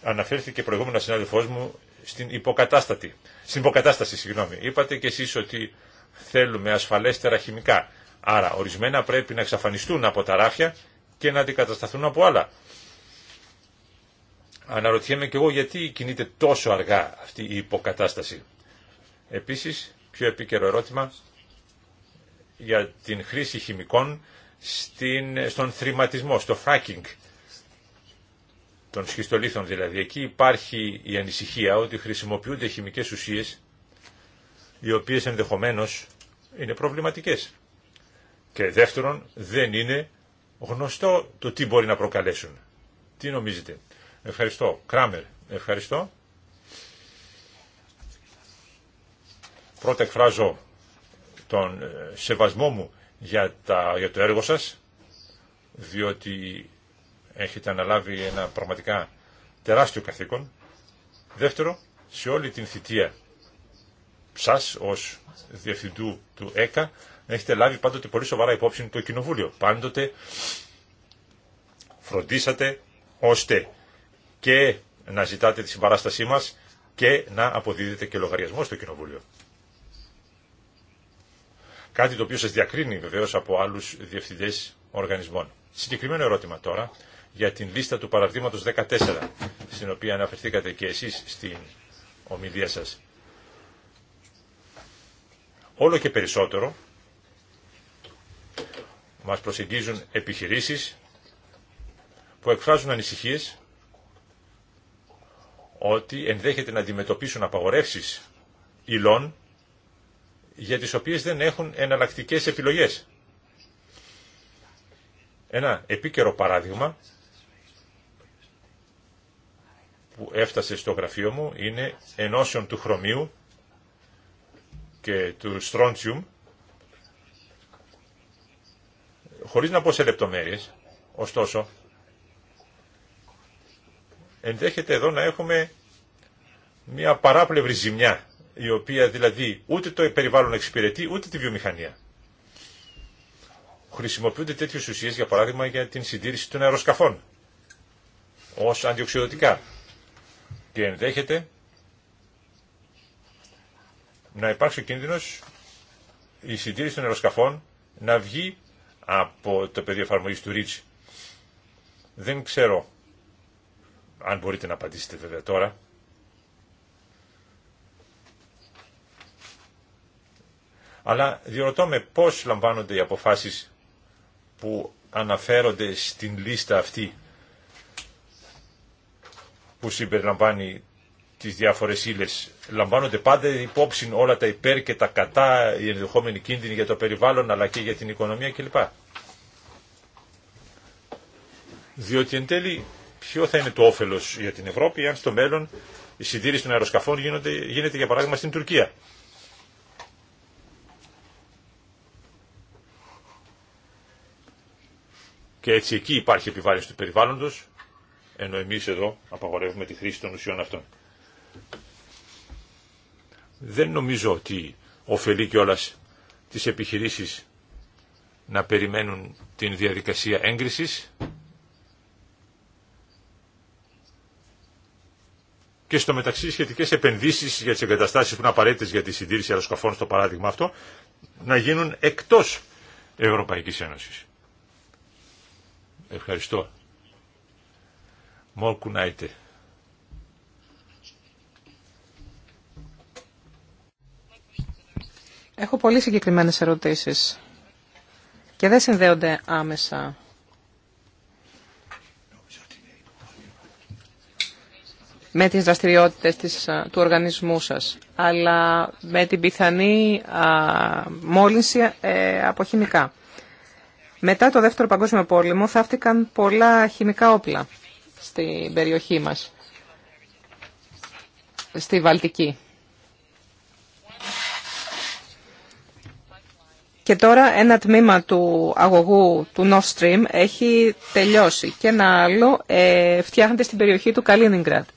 αναφέρθηκε προηγούμενα συνάδελφό μου στην υποκατάστατη, στην υποκατάσταση, συγγνώμη. Είπατε κι εσεί ότι θέλουμε ασφαλέστερα χημικά. Άρα, ορισμένα πρέπει να εξαφανιστούν από τα ράφια και να αντικατασταθούν από άλλα. Αναρωτιέμαι και εγώ γιατί κινείται τόσο αργά αυτή η υποκατάσταση. Επίσης, πιο επίκαιρο ερώτημα για την χρήση χημικών στον θρηματισμό, στο fracking των σχιστολίθων δηλαδή. Εκεί υπάρχει η ανησυχία ότι χρησιμοποιούνται χημικές ουσίες οι οποίες ενδεχομένως είναι προβληματικές. Και δεύτερον, δεν είναι γνωστό το τι μπορεί να προκαλέσουν. Τι νομίζετε. Ευχαριστώ. Κράμερ. Ευχαριστώ. Πρώτα εκφράζω τον ε, σεβασμό μου για, τα, για το έργο σας, διότι έχετε αναλάβει ένα πραγματικά τεράστιο καθήκον. Δεύτερο, σε όλη την θητεία σας ως διευθυντού του ΕΚΑ έχετε λάβει πάντοτε πολύ σοβαρά υπόψη το Κοινοβούλιο. Πάντοτε φροντίσατε ώστε και να ζητάτε τη συμπαράστασή μας και να αποδίδετε και λογαριασμό στο Κοινοβούλιο. Κάτι το οποίο σας διακρίνει βεβαίως από άλλους διευθυντές οργανισμών. Συγκεκριμένο ερώτημα τώρα για την λίστα του παραδείγματος 14, στην οποία αναφερθήκατε και εσείς στην ομιλία σας. Όλο και περισσότερο μας προσεγγίζουν επιχειρήσεις που εκφράζουν ανησυχίες ότι ενδέχεται να αντιμετωπίσουν απαγορεύσεις υλών για τις οποίες δεν έχουν εναλλακτικές επιλογές. Ένα επίκαιρο παράδειγμα που έφτασε στο γραφείο μου είναι ενώσεων του χρωμίου και του στρόντσιουμ χωρίς να πω σε λεπτομέρειες, ωστόσο ενδέχεται εδώ να έχουμε μια παράπλευρη ζημιά, η οποία δηλαδή ούτε το περιβάλλον εξυπηρετεί, ούτε τη βιομηχανία. Χρησιμοποιούνται τέτοιε ουσίε, για παράδειγμα, για την συντήρηση των αεροσκαφών ω αντιοξυδοτικά. Και ενδέχεται να υπάρξει ο κίνδυνο η συντήρηση των αεροσκαφών να βγει από το πεδίο εφαρμογή του ΡΙΤΣ. Δεν ξέρω αν μπορείτε να απαντήσετε βέβαια τώρα. Αλλά διερωτώ με πώς λαμβάνονται οι αποφάσεις που αναφέρονται στην λίστα αυτή που συμπεριλαμβάνει τις διάφορες ύλε. Λαμβάνονται πάντα υπόψη όλα τα υπέρ και τα κατά, οι ενδεχόμενοι κίνδυνοι για το περιβάλλον αλλά και για την οικονομία κλπ. Διότι εν τέλει ποιο θα είναι το όφελο για την Ευρώπη αν στο μέλλον η συντήρηση των αεροσκαφών γίνεται, γίνεται για παράδειγμα στην Τουρκία. Και έτσι εκεί υπάρχει επιβάρυνση του περιβάλλοντο, ενώ εμεί εδώ απαγορεύουμε τη χρήση των ουσιών αυτών. Δεν νομίζω ότι ωφελεί κιόλα τις επιχειρήσεις να περιμένουν την διαδικασία έγκρισης και στο μεταξύ σχετικέ επενδύσει για τι εγκαταστάσει που είναι απαραίτητε για τη συντήρηση αεροσκαφών, στο παράδειγμα αυτό, να γίνουν εκτό Ευρωπαϊκή Ένωση. Ευχαριστώ. Έχω πολύ συγκεκριμένες ερωτήσεις και δεν συνδέονται άμεσα με τις δραστηριότητες της, του οργανισμού σας, αλλά με την πιθανή μόλυνση ε, από χημικά. Μετά το Δεύτερο Παγκόσμιο Πόλεμο θαύτηκαν πολλά χημικά όπλα στην περιοχή μας, στη Βαλτική. Και τώρα ένα τμήμα του αγωγού του Nord Stream έχει τελειώσει και ένα άλλο ε, φτιάχνεται στην περιοχή του Καλίνιγκρατ.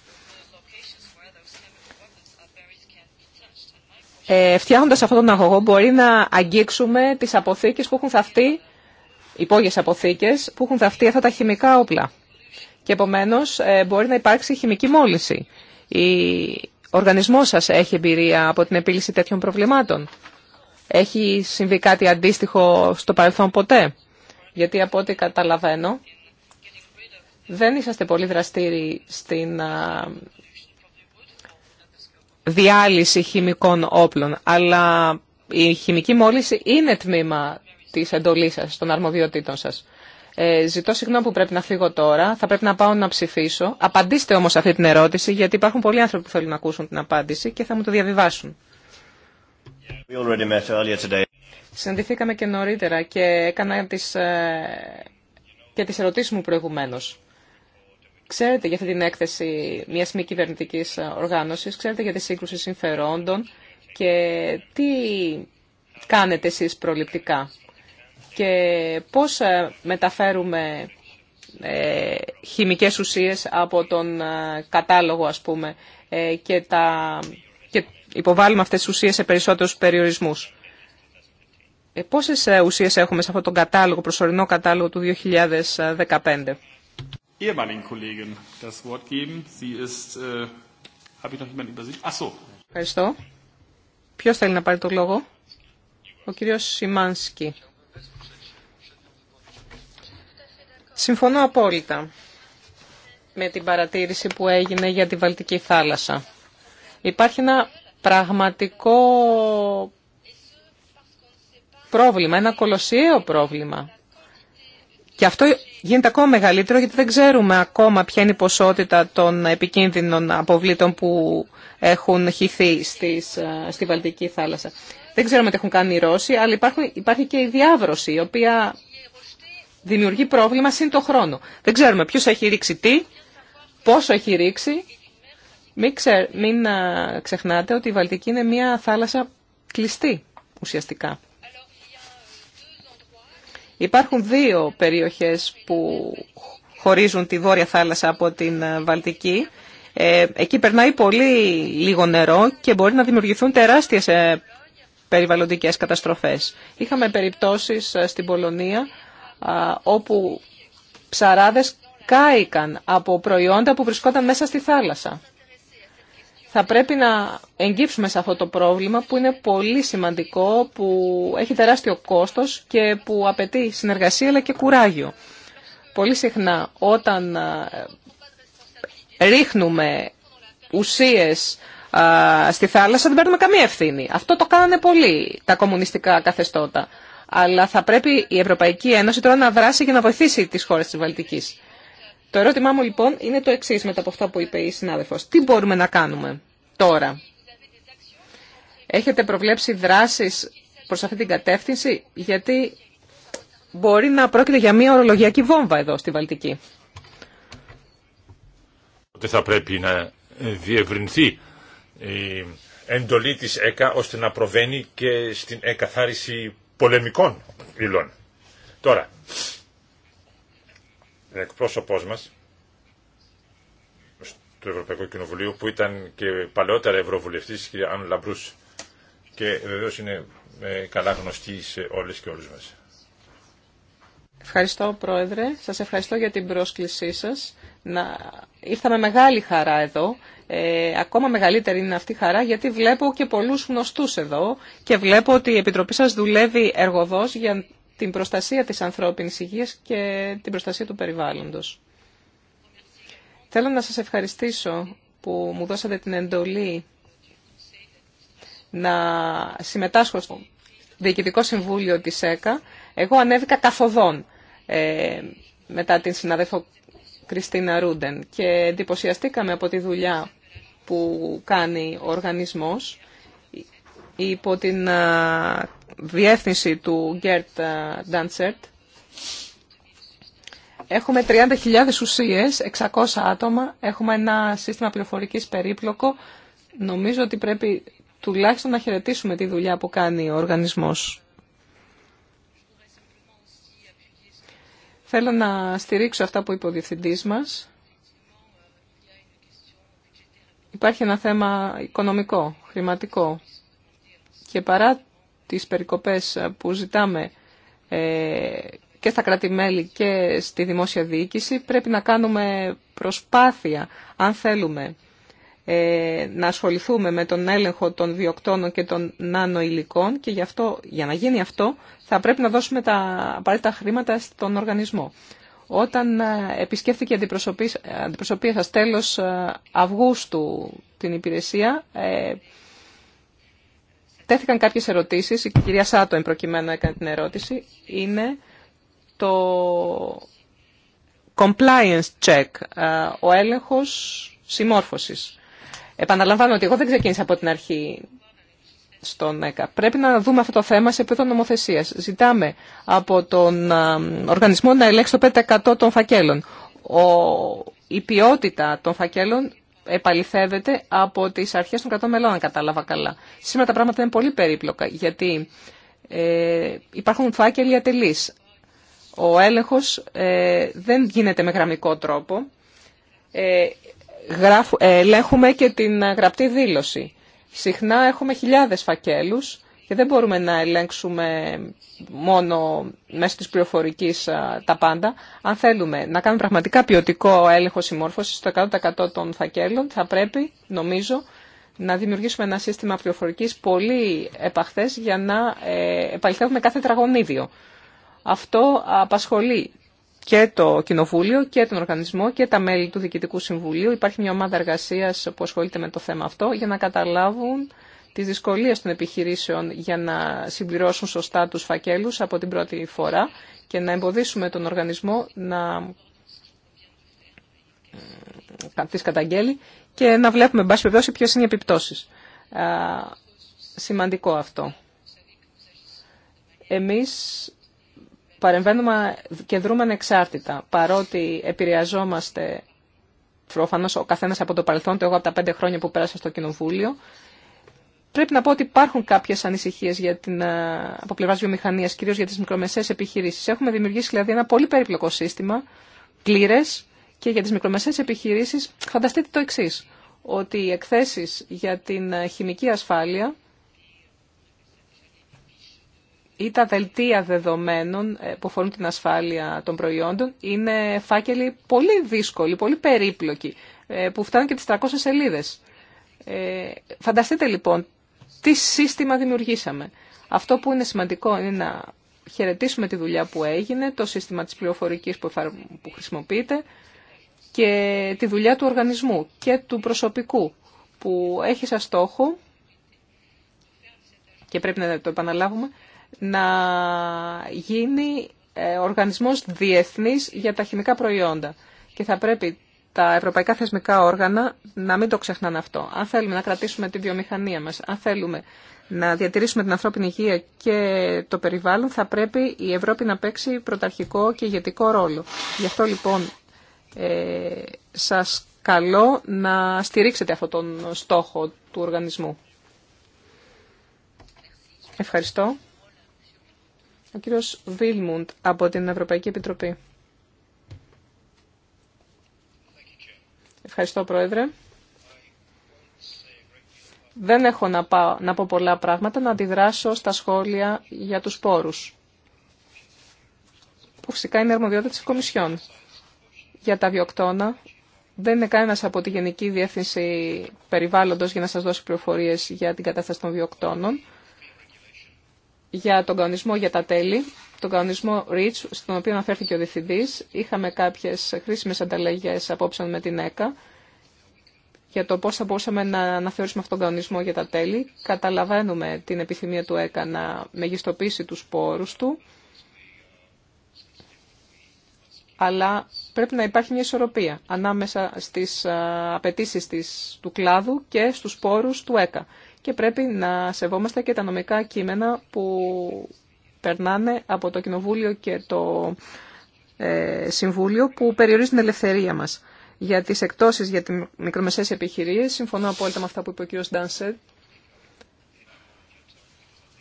ε, φτιάχνοντας αυτόν τον αγωγό μπορεί να αγγίξουμε τις αποθήκες που έχουν θαυτεί, αποθήκες που έχουν θαυτεί αυτά τα χημικά όπλα. Και επομένως ε, μπορεί να υπάρξει χημική μόλυνση. Ο οργανισμός σας έχει εμπειρία από την επίλυση τέτοιων προβλημάτων. Έχει συμβεί κάτι αντίστοιχο στο παρελθόν ποτέ. Γιατί από ό,τι καταλαβαίνω δεν είσαστε πολύ δραστήριοι στην διάλυση χημικών όπλων, αλλά η χημική μόλυνση είναι τμήμα της εντολής σας, των αρμοδιοτήτων σας. Ε, ζητώ συγγνώμη που πρέπει να φύγω τώρα, θα πρέπει να πάω να ψηφίσω. Απαντήστε όμως αυτή την ερώτηση, γιατί υπάρχουν πολλοί άνθρωποι που θέλουν να ακούσουν την απάντηση και θα μου το διαβιβάσουν. Συναντηθήκαμε και νωρίτερα και έκανα τις, ε, και τις ερωτήσεις μου προηγουμένως. Ξέρετε για αυτή την έκθεση μια μη κυβερνητική ε, οργάνωση, ξέρετε για τη σύγκρουση συμφερόντων και τι κάνετε εσεί προληπτικά και πώς ε, μεταφέρουμε ε, χημικές ουσίες από τον ε, κατάλογο ας πούμε και, τα, και υποβάλλουμε αυτές τις ουσίες σε περισσότερους περιορισμούς. Ε, πόσες ουσίες έχουμε σε αυτόν τον κατάλογο, προσωρινό κατάλογο του 2015 ehemaligen äh, Ευχαριστώ. Ποιος θέλει να πάρει το λόγο? Ο κύριος Σιμάνσκι. Συμφωνώ απόλυτα με την παρατήρηση που έγινε για τη Βαλτική θάλασσα. Υπάρχει ένα πραγματικό πρόβλημα, ένα κολοσιαίο πρόβλημα και αυτό γίνεται ακόμα μεγαλύτερο γιατί δεν ξέρουμε ακόμα ποια είναι η ποσότητα των επικίνδυνων αποβλήτων που έχουν χυθεί στις, ε, στη Βαλτική θάλασσα. Δεν ξέρουμε τι έχουν κάνει οι Ρώσοι, αλλά υπάρχουν, υπάρχει και η διάβρωση, η οποία δημιουργεί πρόβλημα σύν χρόνο. Δεν ξέρουμε ποιος έχει ρίξει τι, πόσο έχει ρίξει. Μην, ξε, μην ε, ξεχνάτε ότι η Βαλτική είναι μια θάλασσα κλειστή ουσιαστικά. Υπάρχουν δύο περιοχές που χωρίζουν τη Βόρεια Θάλασσα από την ε, Βαλτική. Ε, εκεί περνάει πολύ λίγο νερό και μπορεί να δημιουργηθούν τεράστιες ε, περιβαλλοντικές καταστροφές. Είχαμε περιπτώσεις στην Πολωνία όπου ψαράδες κάηκαν από προϊόντα που βρισκόταν μέσα στη θάλασσα θα πρέπει να εγγύψουμε σε αυτό το πρόβλημα που είναι πολύ σημαντικό, που έχει τεράστιο κόστος και που απαιτεί συνεργασία αλλά και κουράγιο. Πολύ συχνά όταν ε, ρίχνουμε ουσίες στη θάλασσα δεν παίρνουμε καμία ευθύνη. Αυτό το κάνανε πολύ τα κομμουνιστικά καθεστώτα. Αλλά θα πρέπει η Ευρωπαϊκή Ένωση τώρα να δράσει για να βοηθήσει τις χώρες της Βαλτικής. Το ερώτημά μου λοιπόν είναι το εξή μετά από αυτά που είπε η συνάδελφος. Τι μπορούμε να κάνουμε τώρα. Έχετε προβλέψει δράσεις προς αυτή την κατεύθυνση γιατί μπορεί να πρόκειται για μια ορολογιακή βόμβα εδώ στη Βαλτική. Ότι θα πρέπει να διευρυνθεί η εντολή της ΕΚΑ ώστε να προβαίνει και στην εκαθάριση πολεμικών υλών. Τώρα, εκπρόσωπός μας του Ευρωπαϊκού Κοινοβουλίου που ήταν και παλαιότερα Ευρωβουλευτής, η κυρία Αν και βεβαίως είναι ε, καλά γνωστή σε όλες και όλους μας. Ευχαριστώ Πρόεδρε, σας ευχαριστώ για την πρόσκλησή σας. Να... ήρθαμε μεγάλη χαρά εδώ, ε, ακόμα μεγαλύτερη είναι αυτή η χαρά γιατί βλέπω και πολλούς γνωστούς εδώ και βλέπω ότι η Επιτροπή σας δουλεύει εργοδός για την προστασία της ανθρώπινης υγείας και την προστασία του περιβάλλοντος. Θέλω να σας ευχαριστήσω που μου δώσατε την εντολή να συμμετάσχω στο Διοικητικό Συμβούλιο της ΕΚΑ. Εγώ ανέβηκα καθοδόν ε, μετά την συναδέλφο Κριστίνα Ρούντεν και εντυπωσιαστήκαμε από τη δουλειά που κάνει ο οργανισμός υπό την διεύθυνση του Γκέρτ ε, Ντάντσερτ. Έχουμε 30.000 ουσίες, 600 άτομα, έχουμε ένα σύστημα πληροφορικής περίπλοκο. Νομίζω ότι πρέπει τουλάχιστον να χαιρετήσουμε τη δουλειά που κάνει ο οργανισμός. Θέλω να στηρίξω αυτά που είπε ο διευθυντής μας. Υπάρχει ένα θέμα οικονομικό, χρηματικό. Και παρά τις περικοπές που ζητάμε ε, και στα κράτη-μέλη και στη δημόσια διοίκηση, πρέπει να κάνουμε προσπάθεια, αν θέλουμε, ε, να ασχοληθούμε με τον έλεγχο των διοκτώνων και των νανοηλικών και γι αυτό, για να γίνει αυτό θα πρέπει να δώσουμε τα απαραίτητα χρήματα στον οργανισμό. Όταν ε, επισκέφθηκε η αντιπροσωπή σας τέλος Αυγούστου την υπηρεσία, Τέθηκαν κάποιες ερωτήσεις, η κυρία Σάτο να έκανε την ερώτηση, είναι το compliance check, ο έλεγχος συμμόρφωσης. Επαναλαμβάνω ότι εγώ δεν ξεκίνησα από την αρχή στον ΕΚΑ. Πρέπει να δούμε αυτό το θέμα σε επίπεδο νομοθεσία. Ζητάμε από τον οργανισμό να ελέγξει το 5% των φακέλων. Ο, η ποιότητα των φακέλων επαληθεύεται από τις αρχές των κρατών μελών, αν κατάλαβα καλά. Σήμερα τα πράγματα είναι πολύ περίπλοκα, γιατί ε, υπάρχουν φάκελοι ατελεί. Ο έλεγχος ε, δεν γίνεται με γραμμικό τρόπο. Ε, ε ελέγχουμε και την ε, γραπτή δήλωση. Συχνά έχουμε χιλιάδες φακέλους και δεν μπορούμε να ελέγξουμε μόνο μέσω της πληροφορικής τα πάντα. Αν θέλουμε να κάνουμε πραγματικά ποιοτικό έλεγχο συμμόρφωσης στο 100% των φακέλων, θα πρέπει, νομίζω, να δημιουργήσουμε ένα σύστημα πληροφορικής πολύ επαχθές για να ε, επαληθεύουμε κάθε τραγωνίδιο. Αυτό απασχολεί και το Κοινοβούλιο και τον Οργανισμό και τα μέλη του Διοικητικού Συμβουλίου. Υπάρχει μια ομάδα εργασίας που ασχολείται με το θέμα αυτό για να καταλάβουν τις δυσκολίες των επιχειρήσεων για να συμπληρώσουν σωστά τους φακέλους από την πρώτη φορά και να εμποδίσουμε τον οργανισμό να ε, τις καταγγέλει και να βλέπουμε, εν πάση ποιες είναι οι επιπτώσεις. Σημαντικό αυτό. Εμείς παρεμβαίνουμε και δρούμε ανεξάρτητα, παρότι επηρεαζόμαστε προφανώ ο καθένα από το παρελθόν, το εγώ από τα πέντε χρόνια που πέρασα στο Κοινοβούλιο, Πρέπει να πω ότι υπάρχουν κάποιε ανησυχίε ε, από πλευρά βιομηχανία, κυρίω για τι μικρομεσαίε επιχειρήσει. Έχουμε δημιουργήσει δηλαδή ένα πολύ περίπλοκο σύστημα, πλήρε, και για τι μικρομεσαίε επιχειρήσει φανταστείτε το εξή, ότι οι εκθέσει για την ε, χημική ασφάλεια ή τα δελτία δεδομένων ε, που αφορούν την ασφάλεια των προϊόντων είναι φάκελοι πολύ δύσκολοι, πολύ περίπλοκοι, που φτάνουν και τις 300 σελίδες. Φανταστείτε λοιπόν τι σύστημα δημιουργήσαμε. Αυτό που είναι σημαντικό είναι να χαιρετήσουμε τη δουλειά που έγινε, το σύστημα της πληροφορικής που, χρησιμοποιείται και τη δουλειά του οργανισμού και του προσωπικού που έχει σαν στόχο και πρέπει να το επαναλάβουμε, να γίνει ε, οργανισμός διεθνής για τα χημικά προϊόντα. Και θα πρέπει τα ευρωπαϊκά θεσμικά όργανα να μην το ξεχνάνε αυτό. Αν θέλουμε να κρατήσουμε τη βιομηχανία μας, αν θέλουμε να διατηρήσουμε την ανθρώπινη υγεία και το περιβάλλον, θα πρέπει η Ευρώπη να παίξει πρωταρχικό και ηγετικό ρόλο. Γι' αυτό λοιπόν ε, σας καλώ να στηρίξετε αυτόν τον στόχο του οργανισμού. Ευχαριστώ. Ο κύριος Βίλμουντ από την Ευρωπαϊκή Επιτροπή. Ευχαριστώ, Πρόεδρε. Δεν έχω να, πάω, να πω πολλά πράγματα, να αντιδράσω στα σχόλια για τους πόρους, που φυσικά είναι αρμοδιότητα της Κομισιόν. Για τα βιοκτώνα, δεν είναι κανένα από τη Γενική Διεύθυνση Περιβάλλοντος για να σας δώσει πληροφορίες για την κατάσταση των βιοκτώνων για τον κανονισμό για τα τέλη, τον κανονισμό REACH, στον οποίο αναφέρθηκε ο Διευθυντή. Είχαμε κάποιες χρήσιμε ανταλλαγέ απόψε με την ΕΚΑ για το πώς θα μπορούσαμε να αναθεωρήσουμε αυτόν τον κανονισμό για τα τέλη. Καταλαβαίνουμε την επιθυμία του ΕΚΑ να μεγιστοποιήσει του πόρου του, αλλά πρέπει να υπάρχει μια ισορροπία ανάμεσα στις απαιτήσει του κλάδου και στους πόρους του ΕΚΑ και πρέπει να σεβόμαστε και τα νομικά κείμενα που περνάνε από το Κοινοβούλιο και το ε, Συμβούλιο που περιορίζουν την ελευθερία μας. Για τις εκτόσεις για τις μικρομεσαίες επιχειρήσεις, συμφωνώ απόλυτα με αυτά που είπε ο κ. Ντάνσερ.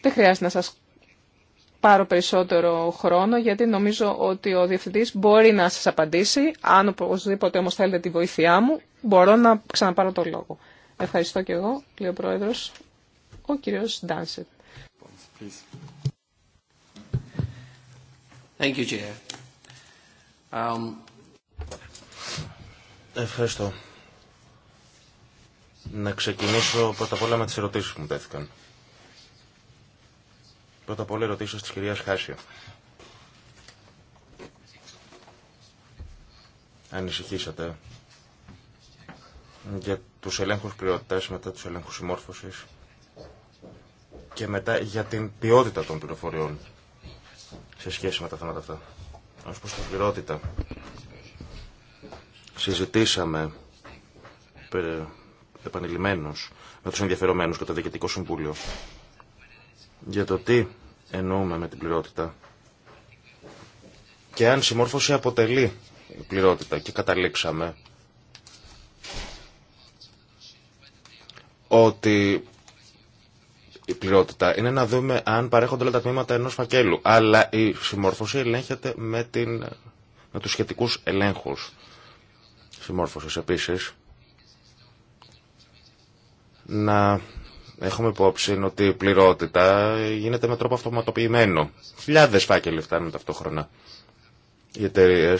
Δεν χρειάζεται να σας πάρω περισσότερο χρόνο, γιατί νομίζω ότι ο Διευθυντής μπορεί να σας απαντήσει. Αν οπωσδήποτε όμως θέλετε τη βοήθειά μου, μπορώ να ξαναπάρω το λόγο. Ευχαριστώ και εγώ, λέει ο Πρόεδρος, ο κύριος Ντάνσετ. Um, Ευχαριστώ. Να ξεκινήσω πρώτα απ' όλα με τις ερωτήσεις που μου τέθηκαν. Πρώτα απ' όλα ερωτήσεις της κυρίας Χάσιο. Ανησυχήσατε για τους ελέγχους πληρότητας, μετά τους ελέγχους συμμόρφωσης και μετά για την ποιότητα των πληροφοριών σε σχέση με τα θέματα αυτά. Ως προς την πληρότητα, συζητήσαμε επανειλημμένως με τους ενδιαφερομένους και το Διοικητικό Συμβούλιο για το τι εννοούμε με την πληρότητα και αν συμμόρφωση αποτελεί πληρότητα και καταλήξαμε ότι η πληρότητα είναι να δούμε αν παρέχονται όλα τα τμήματα ενός φακέλου. Αλλά η συμμόρφωση ελέγχεται με, την, με τους σχετικούς ελέγχους συμμόρφωσης επίσης. Να έχουμε υπόψη ότι η πληρότητα γίνεται με τρόπο αυτοματοποιημένο. Χιλιάδες φάκελοι φτάνουν ταυτόχρονα. Οι εταιρείε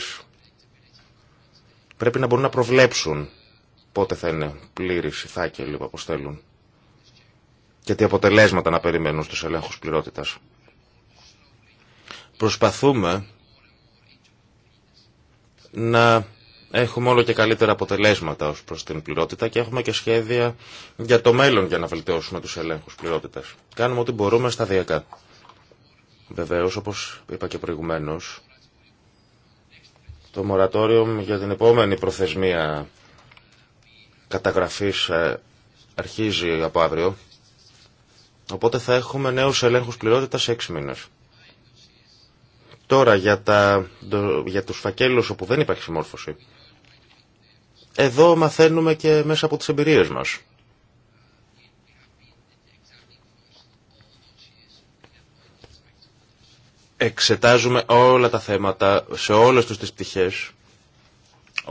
πρέπει να μπορούν να προβλέψουν πότε θα είναι πλήρη η θάκελη που αποστέλουν και τι αποτελέσματα να περιμένουν στους ελέγχους πληρότητας. Προσπαθούμε να έχουμε όλο και καλύτερα αποτελέσματα ως προς την πληρότητα και έχουμε και σχέδια για το μέλλον για να βελτιώσουμε τους ελέγχους πληρότητας. Κάνουμε ό,τι μπορούμε σταδιακά. Βεβαίως, όπως είπα και προηγουμένως, το μορατόριο για την επόμενη προθεσμία καταγραφής ε, αρχίζει από αύριο. Οπότε θα έχουμε νέους ελέγχους πληρότητας σε έξι μήνες. Τώρα για, τα, για τους φακέλους όπου δεν υπάρχει συμμόρφωση. Εδώ μαθαίνουμε και μέσα από τις εμπειρίες μας. Εξετάζουμε όλα τα θέματα σε όλες τους τις πτυχές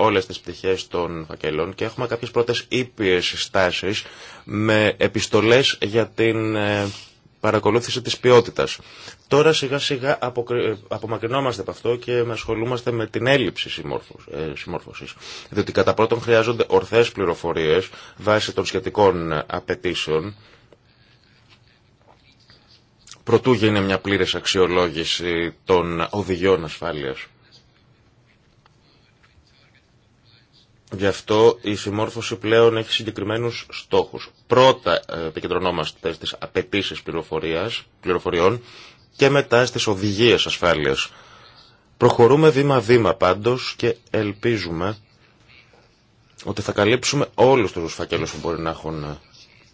όλες τις πτυχές των φακελών και έχουμε κάποιες πρώτες ήπιες στάσεις με επιστολές για την ε, παρακολούθηση της ποιότητας. Τώρα σιγά σιγά ε, απομακρυνόμαστε από αυτό και ασχολούμαστε με την έλλειψη ε, συμμόρφωσης. Διότι κατά πρώτον χρειάζονται ορθές πληροφορίες βάσει των σχετικών απαιτήσεων προτού γίνει μια πλήρες αξιολόγηση των οδηγιών ασφάλειας. Γι' αυτό η συμμόρφωση πλέον έχει συγκεκριμένου στόχους. Πρώτα ε, επικεντρωνόμαστε στι απαιτήσει πληροφοριών και μετά στις οδηγίε ασφάλεια. ασφάλειας. Προχωρούμε βήμα-βήμα πάντως και ελπίζουμε ότι θα καλύψουμε όλους τους φακέλους που μπορεί να έχουν ε,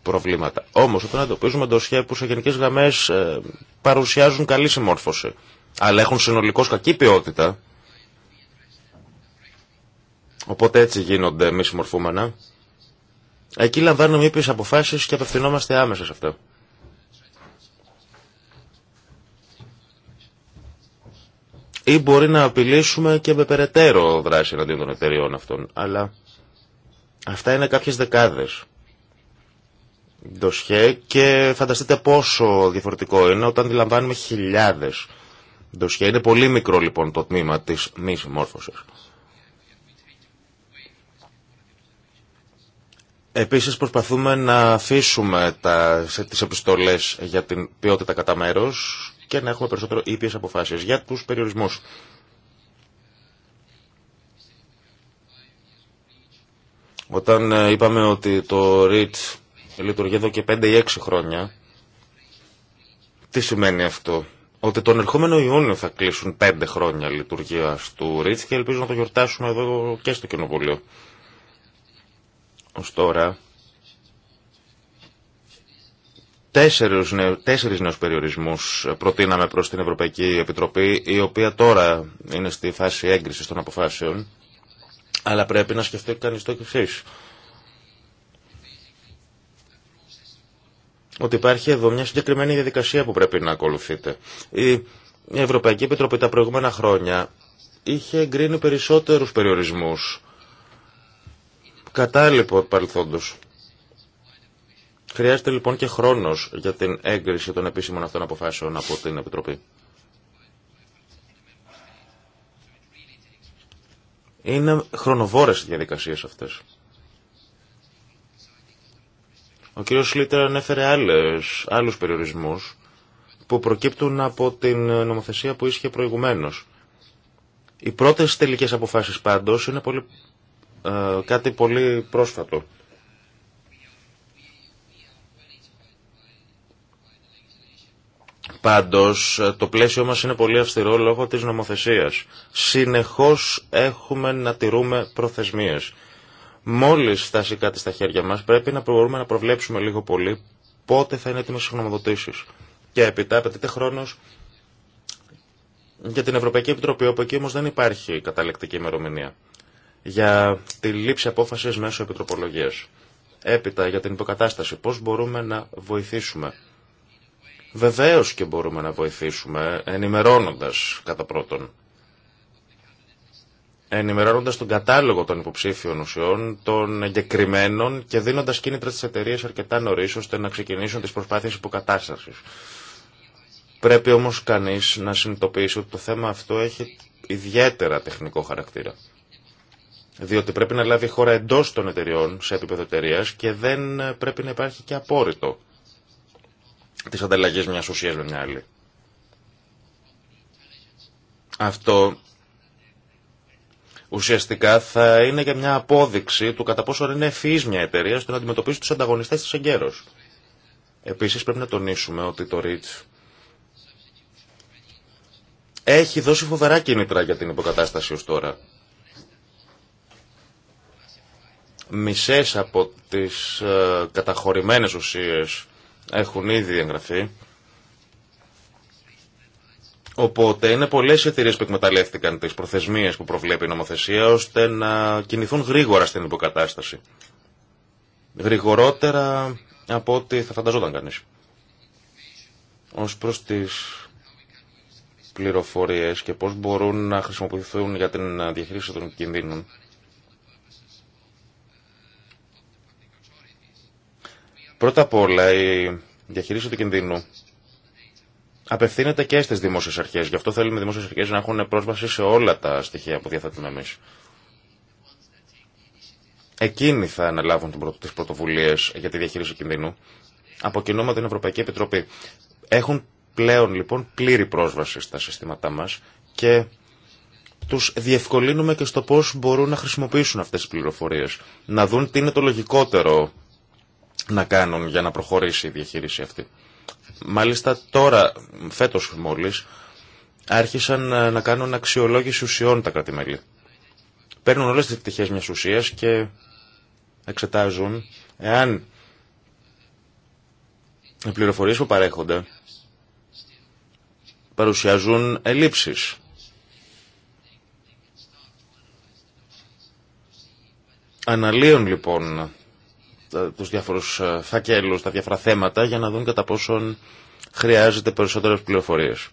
προβλήματα. Όμως όταν εντοπίζουμε ντοσιέ που σε γενικές γραμμές ε, παρουσιάζουν καλή συμμόρφωση αλλά έχουν συνολικώ κακή ποιότητα Οπότε έτσι γίνονται μη συμμορφούμενα. Εκεί λαμβάνουμε ήπιες αποφάσεις και απευθυνόμαστε άμεσα σε αυτό. Ή μπορεί να απειλήσουμε και με περαιτέρω δράση εναντίον των εταιριών αυτών. Αλλά αυτά είναι κάποιες δεκάδες ντοσχέ και φανταστείτε πόσο διαφορετικό είναι όταν αντιλαμβάνουμε χιλιάδες ντοσχέ. Είναι πολύ μικρό λοιπόν το τμήμα της μη συμμόρφωσης. Επίσης προσπαθούμε να αφήσουμε τα, σε τις επιστολές για την ποιότητα κατά μέρο και να έχουμε περισσότερο ήπιες αποφάσεις για τους περιορισμούς. Όταν ε, είπαμε ότι το REACH λειτουργεί εδώ και 5 ή 6 χρόνια, τι σημαίνει αυτό. Ότι τον ερχόμενο Ιούνιο θα κλείσουν 5 χρόνια λειτουργίας του REACH και ελπίζω να το γιορτάσουμε εδώ και στο Κοινοβούλιο ως τώρα τέσσερις, νέου, τέσσερις νέους περιορισμούς προτείναμε προς την Ευρωπαϊκή Επιτροπή η οποία τώρα είναι στη φάση έγκρισης των αποφάσεων αλλά πρέπει να σκεφτεί κανείς το εξή. Ότι υπάρχει εδώ μια συγκεκριμένη διαδικασία που πρέπει να ακολουθείτε. Η Ευρωπαϊκή Επιτροπή τα προηγούμενα χρόνια είχε εγκρίνει περισσότερους περιορισμούς κατάλοιπο παρελθόντος. Χρειάζεται λοιπόν και χρόνος για την έγκριση των επίσημων αυτών αποφάσεων από την Επιτροπή. Είναι χρονοβόρες οι διαδικασίες αυτές. Ο κύριος Σλίτερ ανέφερε άλλες, άλλους περιορισμούς που προκύπτουν από την νομοθεσία που ίσχυε προηγουμένως. Οι πρώτες τελικές αποφάσεις πάντως είναι πολύ ε, κάτι πολύ πρόσφατο. Πάντως, το πλαίσιο μας είναι πολύ αυστηρό λόγω της νομοθεσίας. Συνεχώς έχουμε να τηρούμε προθεσμίες. Μόλις φτάσει κάτι στα χέρια μας, πρέπει να μπορούμε να προβλέψουμε λίγο πολύ πότε θα είναι έτοιμες οι γνωμοδοτήσεις. Και έπειτα απαιτείται χρόνος για την Ευρωπαϊκή Επιτροπή, όπου εκεί όμως δεν υπάρχει καταλεκτική ημερομηνία για τη λήψη απόφαση μέσω επιτροπολογία. Έπειτα για την υποκατάσταση, Πώ μπορούμε να βοηθήσουμε. βεβαίω και μπορούμε να βοηθήσουμε ενημερώνοντα κατά πρώτον. Ενημερώνοντας τον κατάλογο των υποψήφιων ουσιών, των εγκεκριμένων και δίνοντας κίνητρα στις εταιρείε αρκετά νωρίς ώστε να ξεκινήσουν τις προσπάθειες υποκατάστασης. Πρέπει όμως κανείς να συνειδητοποιήσει ότι το θέμα αυτό έχει ιδιαίτερα τεχνικό χαρακτήρα. Διότι πρέπει να λάβει χώρα εντό των εταιριών σε επίπεδο εταιρεία και δεν πρέπει να υπάρχει και απόρριτο τη ανταλλαγή μια ουσία με μια άλλη. Αυτό ουσιαστικά θα είναι και μια απόδειξη του κατά πόσο είναι ευφυή μια εταιρεία στο να αντιμετωπίσει του ανταγωνιστέ τη εγκαίρω. Επίση πρέπει να τονίσουμε ότι το REACH έχει δώσει φοβερά κίνητρα για την υποκατάσταση ω τώρα. μισές από τις ε, καταχωρημένες ουσίες έχουν ήδη εγγραφεί. Οπότε είναι πολλές εταιρείε που εκμεταλλεύτηκαν τις προθεσμίες που προβλέπει η νομοθεσία ώστε να κινηθούν γρήγορα στην υποκατάσταση. Γρηγορότερα από ό,τι θα φανταζόταν κανείς. Ως προς τις πληροφορίες και πώς μπορούν να χρησιμοποιηθούν για την διαχείριση των κινδύνων. Πρώτα απ' όλα, η διαχείριση του κινδύνου απευθύνεται και στι δημόσιε αρχέ. Γι' αυτό θέλουμε οι δημόσιες αρχές να έχουν πρόσβαση σε όλα τα στοιχεία που διαθέτουμε εμεί. Εκείνοι θα αναλάβουν τι πρωτοβουλίε για τη διαχείριση κινδύνου. Από κοινό με την Ευρωπαϊκή Επιτροπή. Έχουν πλέον λοιπόν πλήρη πρόσβαση στα συστήματά μα και του διευκολύνουμε και στο πώ μπορούν να χρησιμοποιήσουν αυτέ τι πληροφορίε, Να δουν τι είναι το λογικότερο να κάνουν για να προχωρήσει η διαχείριση αυτή. Μάλιστα τώρα, φέτος μόλις, άρχισαν ε, να κάνουν αξιολόγηση ουσιών τα κρατημέλη. Παίρνουν όλες τις πτυχές μιας ουσίας και εξετάζουν εάν οι πληροφορίες που παρέχονται παρουσιάζουν ελλείψεις. Αναλύουν λοιπόν τους διάφορους ε, φακέλους, τα διάφορα θέματα για να δουν κατά πόσον χρειάζεται περισσότερες πληροφορίες.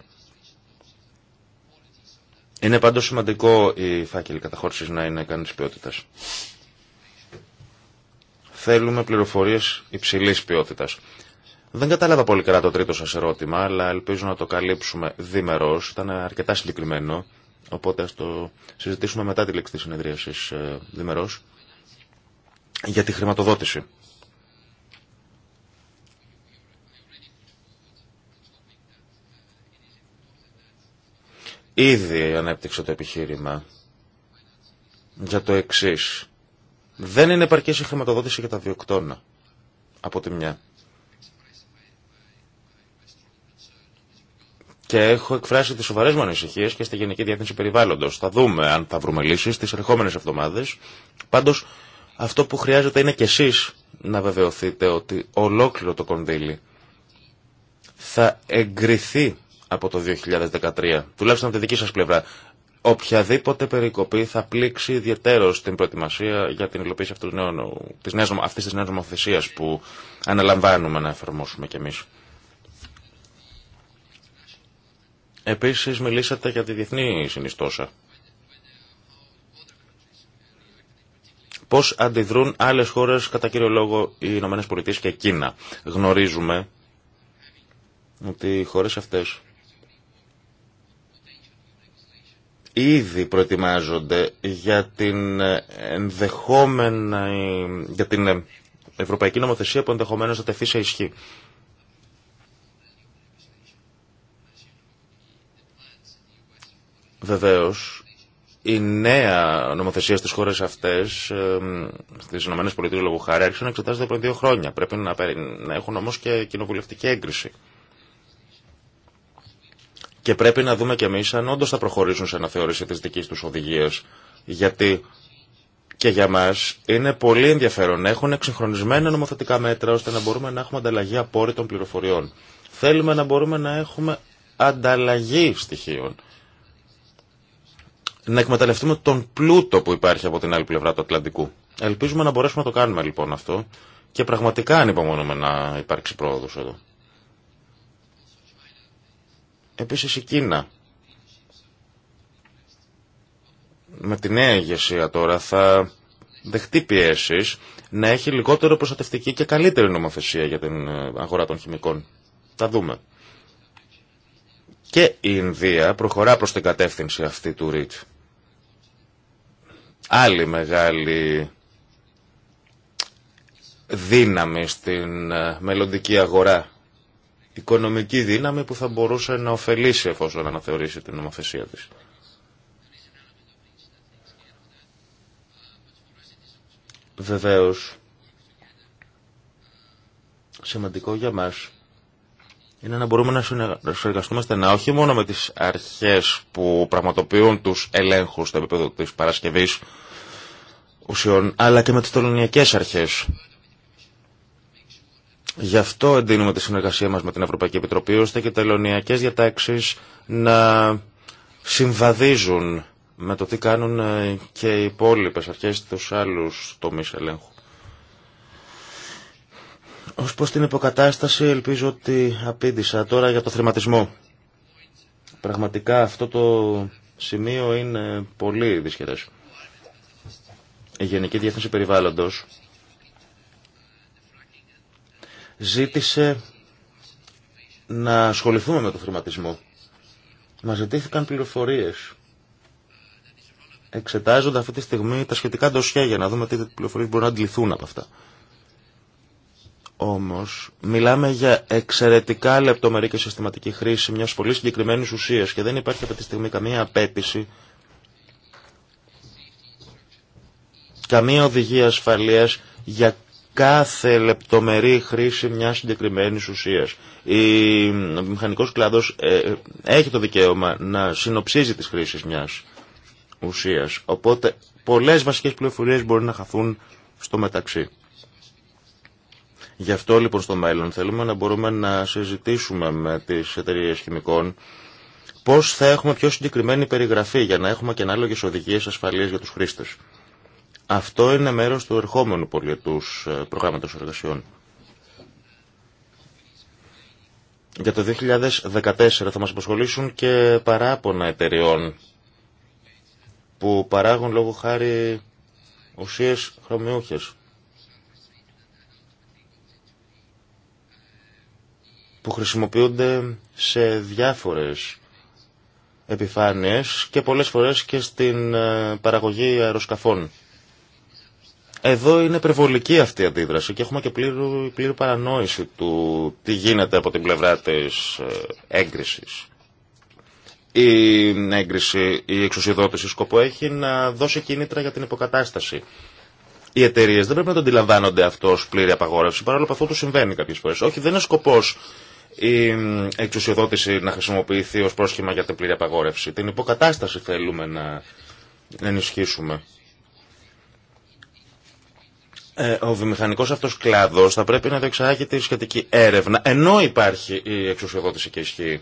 Είναι πάντως σημαντικό οι φάκελοι καταχώρησης να είναι κανείς ποιότητας. Θέλουμε πληροφορίες υψηλής ποιότητας. Δεν κατάλαβα πολύ καλά το τρίτο σας ερώτημα, αλλά ελπίζω να το καλύψουμε διμερώς. Ήταν αρκετά συγκεκριμένο, οπότε ας το συζητήσουμε μετά τη λήξη της συνεδρίασης ε, διμερώς για τη χρηματοδότηση. Ήδη ανέπτυξε το επιχείρημα για το εξή. Δεν είναι επαρκή η χρηματοδότηση για τα βιοκτώνα, από τη μια. Και έχω εκφράσει τι σοβαρέ μου ανησυχίε και στη Γενική Διεύθυνση Περιβάλλοντο. Θα δούμε αν θα βρούμε λύσει τι ερχόμενε εβδομάδε. Πάντω, αυτό που χρειάζεται είναι κι εσείς να βεβαιωθείτε ότι ολόκληρο το κονδύλι θα εγκριθεί από το 2013, τουλάχιστον από τη δική σας πλευρά. Οποιαδήποτε περικοπή θα πλήξει ιδιαίτερο την προετοιμασία για την υλοποίηση αυτού του νέου, της νέας, αυτής της νέας νομοθεσίας που αναλαμβάνουμε να εφαρμόσουμε κι εμείς. Επίσης μιλήσατε για τη διεθνή συνιστόσα. Πώ αντιδρούν άλλε χώρε κατά κύριο λόγο οι Ηνωμένε Πολιτείε και Κίνα. Γνωρίζουμε ότι οι χώρε αυτές ήδη προετοιμάζονται για την ενδεχόμενη, για την ευρωπαϊκή νομοθεσία που ενδεχομένως θα τεθεί σε ισχύ. Βεβαίως, η νέα νομοθεσία στι χώρε αυτέ, ε, στι ΗΠΑ λόγω χάρη, άρχισε να εξετάζεται πριν δύο χρόνια. Πρέπει να, να έχουν όμω και κοινοβουλευτική έγκριση. Και πρέπει να δούμε κι εμεί αν όντω θα προχωρήσουν σε αναθεώρηση τη δική του οδηγία. Γιατί και για μα είναι πολύ ενδιαφέρον να έχουν εξυγχρονισμένα νομοθετικά μέτρα ώστε να μπορούμε να έχουμε ανταλλαγή απόρριτων πληροφοριών. Θέλουμε να μπορούμε να έχουμε ανταλλαγή στοιχείων να εκμεταλλευτούμε τον πλούτο που υπάρχει από την άλλη πλευρά του Ατλαντικού. Ελπίζουμε να μπορέσουμε να το κάνουμε λοιπόν αυτό και πραγματικά ανυπομονούμε να υπάρξει πρόοδος εδώ. Επίσης η Κίνα με τη νέα ηγεσία τώρα θα δεχτεί πιέσει να έχει λιγότερο προστατευτική και καλύτερη νομοθεσία για την ε, αγορά των χημικών. Τα δούμε. Και η Ινδία προχωρά προς την κατεύθυνση αυτή του ΡΙΤ. Άλλη μεγάλη δύναμη στην ε, μελλοντική αγορά. Οικονομική δύναμη που θα μπορούσε να ωφελήσει εφόσον αναθεωρήσει την νομοθεσία της. Βεβαίως, σημαντικό για μας είναι να μπορούμε να συνεργαστούμε στενά όχι μόνο με τις αρχές που πραγματοποιούν τους ελέγχους στο επίπεδο της παρασκευής ουσιών, αλλά και με τις τολωνιακές αρχές. Γι' αυτό εντείνουμε τη συνεργασία μας με την Ευρωπαϊκή Επιτροπή, ώστε και τελωνιακές διατάξεις να συμβαδίζουν με το τι κάνουν ε, και οι υπόλοιπες αρχές στους άλλους τομείς ελέγχου. Ως προς την υποκατάσταση ελπίζω ότι απήντησα τώρα για το θρηματισμό. Πραγματικά αυτό το σημείο είναι πολύ δυσχερές. Η Γενική Διεύθυνση Περιβάλλοντος ζήτησε να ασχοληθούμε με το θρηματισμό. Μας ζητήθηκαν πληροφορίες. Εξετάζονται αυτή τη στιγμή τα σχετικά ντοσιά για να δούμε τι πληροφορίες μπορούν να αντιληθούν από αυτά. Όμως μιλάμε για εξαιρετικά λεπτομερή και συστηματική χρήση μιας πολύ συγκεκριμένη ουσίας και δεν υπάρχει από τη στιγμή καμία απέτηση, καμία οδηγία ασφαλείας για κάθε λεπτομερή χρήση μιας συγκεκριμένης ουσίας. Η, ο μηχανικός κλάδος ε, έχει το δικαίωμα να συνοψίζει τις χρήσεις μιας ουσίας. Οπότε πολλές βασικές πληροφορίες μπορεί να χαθούν στο μεταξύ. Γι' αυτό λοιπόν στο μέλλον θέλουμε να μπορούμε να συζητήσουμε με τις εταιρείε χημικών πώς θα έχουμε πιο συγκεκριμένη περιγραφή για να έχουμε και ανάλογες οδηγίες ασφαλείας για τους χρήστες. Αυτό είναι μέρος του ερχόμενου πολιετούς ε, προγράμματος εργασιών. Για το 2014 θα μας απασχολήσουν και παράπονα εταιρεών που παράγουν λόγω χάρη ουσίες χρωμιούχες. που χρησιμοποιούνται σε διάφορες επιφάνειες και πολλές φορές και στην ε, παραγωγή αεροσκαφών. Εδώ είναι υπερβολική αυτή η αντίδραση και έχουμε και πλήρη, παρανόηση του τι γίνεται από την πλευρά της ε, έγκρισης. Η έγκριση, η εξουσιοδότηση σκοπό έχει να δώσει κίνητρα για την υποκατάσταση. Οι εταιρείε δεν πρέπει να το αντιλαμβάνονται αυτό ω πλήρη απαγόρευση, παρόλο που αυτό του συμβαίνει κάποιε φορέ. Όχι, δεν είναι σκοπό η εξουσιοδότηση να χρησιμοποιηθεί ως πρόσχημα για την πλήρη απαγόρευση. Την υποκατάσταση θέλουμε να ενισχύσουμε. Ε, ο βιομηχανικός αυτός κλάδος θα πρέπει να διεξάγει τη σχετική έρευνα, ενώ υπάρχει η εξουσιοδότηση και ισχύει.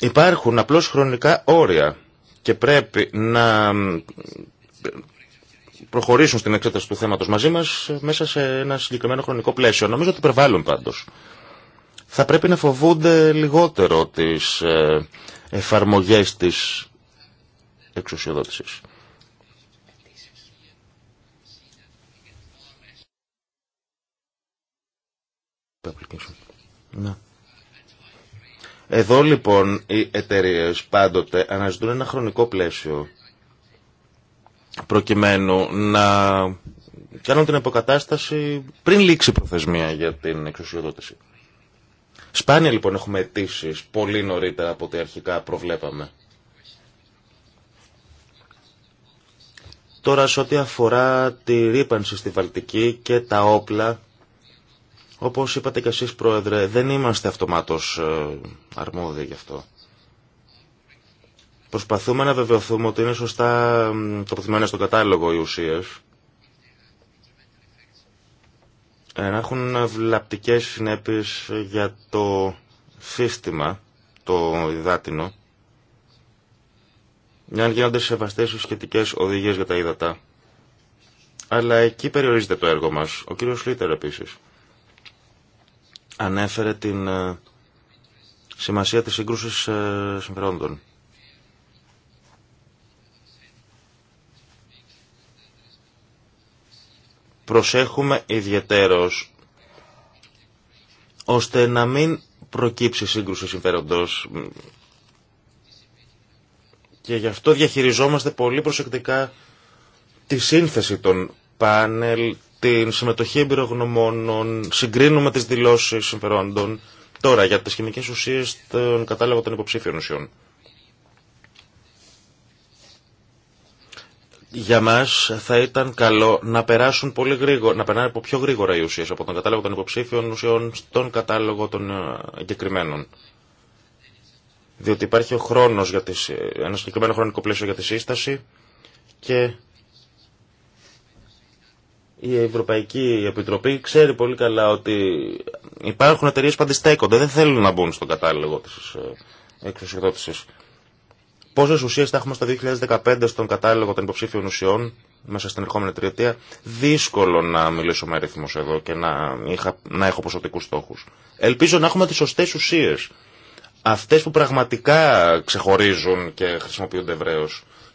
Υπάρχουν απλώς χρονικά όρια και πρέπει να προχωρήσουν στην εξέταση του θέματος μαζί μας μέσα σε ένα συγκεκριμένο χρονικό πλαίσιο. Νομίζω ότι υπερβάλλουν πάντως. Θα πρέπει να φοβούνται λιγότερο τις ε, εφαρμογές της εξουσιοδότησης. Ναι. Εδώ λοιπόν οι εταιρείε πάντοτε αναζητούν ένα χρονικό πλαίσιο προκειμένου να κάνουν την αποκατάσταση πριν λήξει η προθεσμία για την εξουσιοδότηση. Σπάνια λοιπόν έχουμε αιτήσει πολύ νωρίτερα από ό,τι αρχικά προβλέπαμε. Τώρα σε ό,τι αφορά τη ρήπανση στη Βαλτική και τα όπλα, όπως είπατε και εσείς Πρόεδρε, δεν είμαστε αυτομάτως ε, αρμόδιοι γι' αυτό. Προσπαθούμε να βεβαιωθούμε ότι είναι σωστά τοποθετημένα στον κατάλογο οι ουσίες. Να έχουν βλαπτικέ συνέπειες για το σύστημα, το υδάτινο. Μια αν γίνονται σεβαστέ οι σχετικές οδηγίες για τα ύδατα. Αλλά εκεί περιορίζεται το έργο μας. Ο κύριος Λίτερ επίση. ανέφερε την ε, σημασία της σύγκρουσης ε, συμφερόντων. προσέχουμε ιδιαίτερος ώστε να μην προκύψει σύγκρουση συμφέροντος και γι' αυτό διαχειριζόμαστε πολύ προσεκτικά τη σύνθεση των πάνελ, την συμμετοχή εμπειρογνωμόνων, συγκρίνουμε τις δηλώσεις συμφερόντων τώρα για τις χημικές ουσίες των κατάλογο των υποψήφιων ουσιών. για μας θα ήταν καλό να περάσουν πολύ γρήγορα, να περνάνε πιο γρήγορα οι ουσίε από τον κατάλογο των υποψήφιων ουσιών στον κατάλογο των ε, εγκεκριμένων. Διότι υπάρχει ο χρόνος για τις, ένα συγκεκριμένο χρονικό πλαίσιο για τη σύσταση και η Ευρωπαϊκή Επιτροπή ξέρει πολύ καλά ότι υπάρχουν εταιρείε που αντιστέκονται, δεν θέλουν να μπουν στον κατάλογο τη εξουσιοδότηση. Πόσε ουσίε θα έχουμε στο 2015 στον κατάλογο των υποψήφιων ουσιών μέσα στην ερχόμενη τριετία, δύσκολο να μιλήσω με αριθμό εδώ και να, είχα, να έχω ποσοτικού στόχου. Ελπίζω να έχουμε τι σωστέ ουσίε. Αυτέ που πραγματικά ξεχωρίζουν και χρησιμοποιούνται ευρέω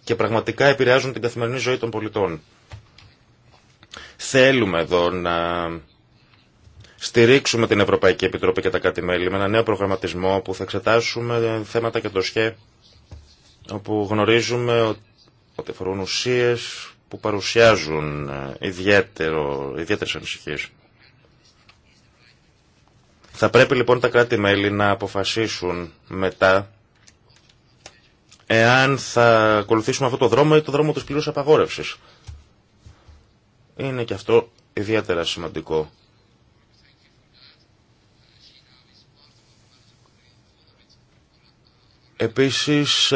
και πραγματικά επηρεάζουν την καθημερινή ζωή των πολιτών. Θέλουμε εδώ να στηρίξουμε την Ευρωπαϊκή Επιτροπή και τα κάτι μέλη με ένα νέο προγραμματισμό που θα εξετάσουμε θέματα και το σχέ όπου γνωρίζουμε ότι αφορούν ουσίες που παρουσιάζουν ε, ιδιαίτερε ιδιαίτερες ανησυχίες. Θα πρέπει λοιπόν τα κράτη-μέλη να αποφασίσουν μετά εάν θα ακολουθήσουμε αυτό το δρόμο ή το δρόμο της πλήρους απαγόρευσης. Είναι και αυτό ιδιαίτερα σημαντικό. Επίσης,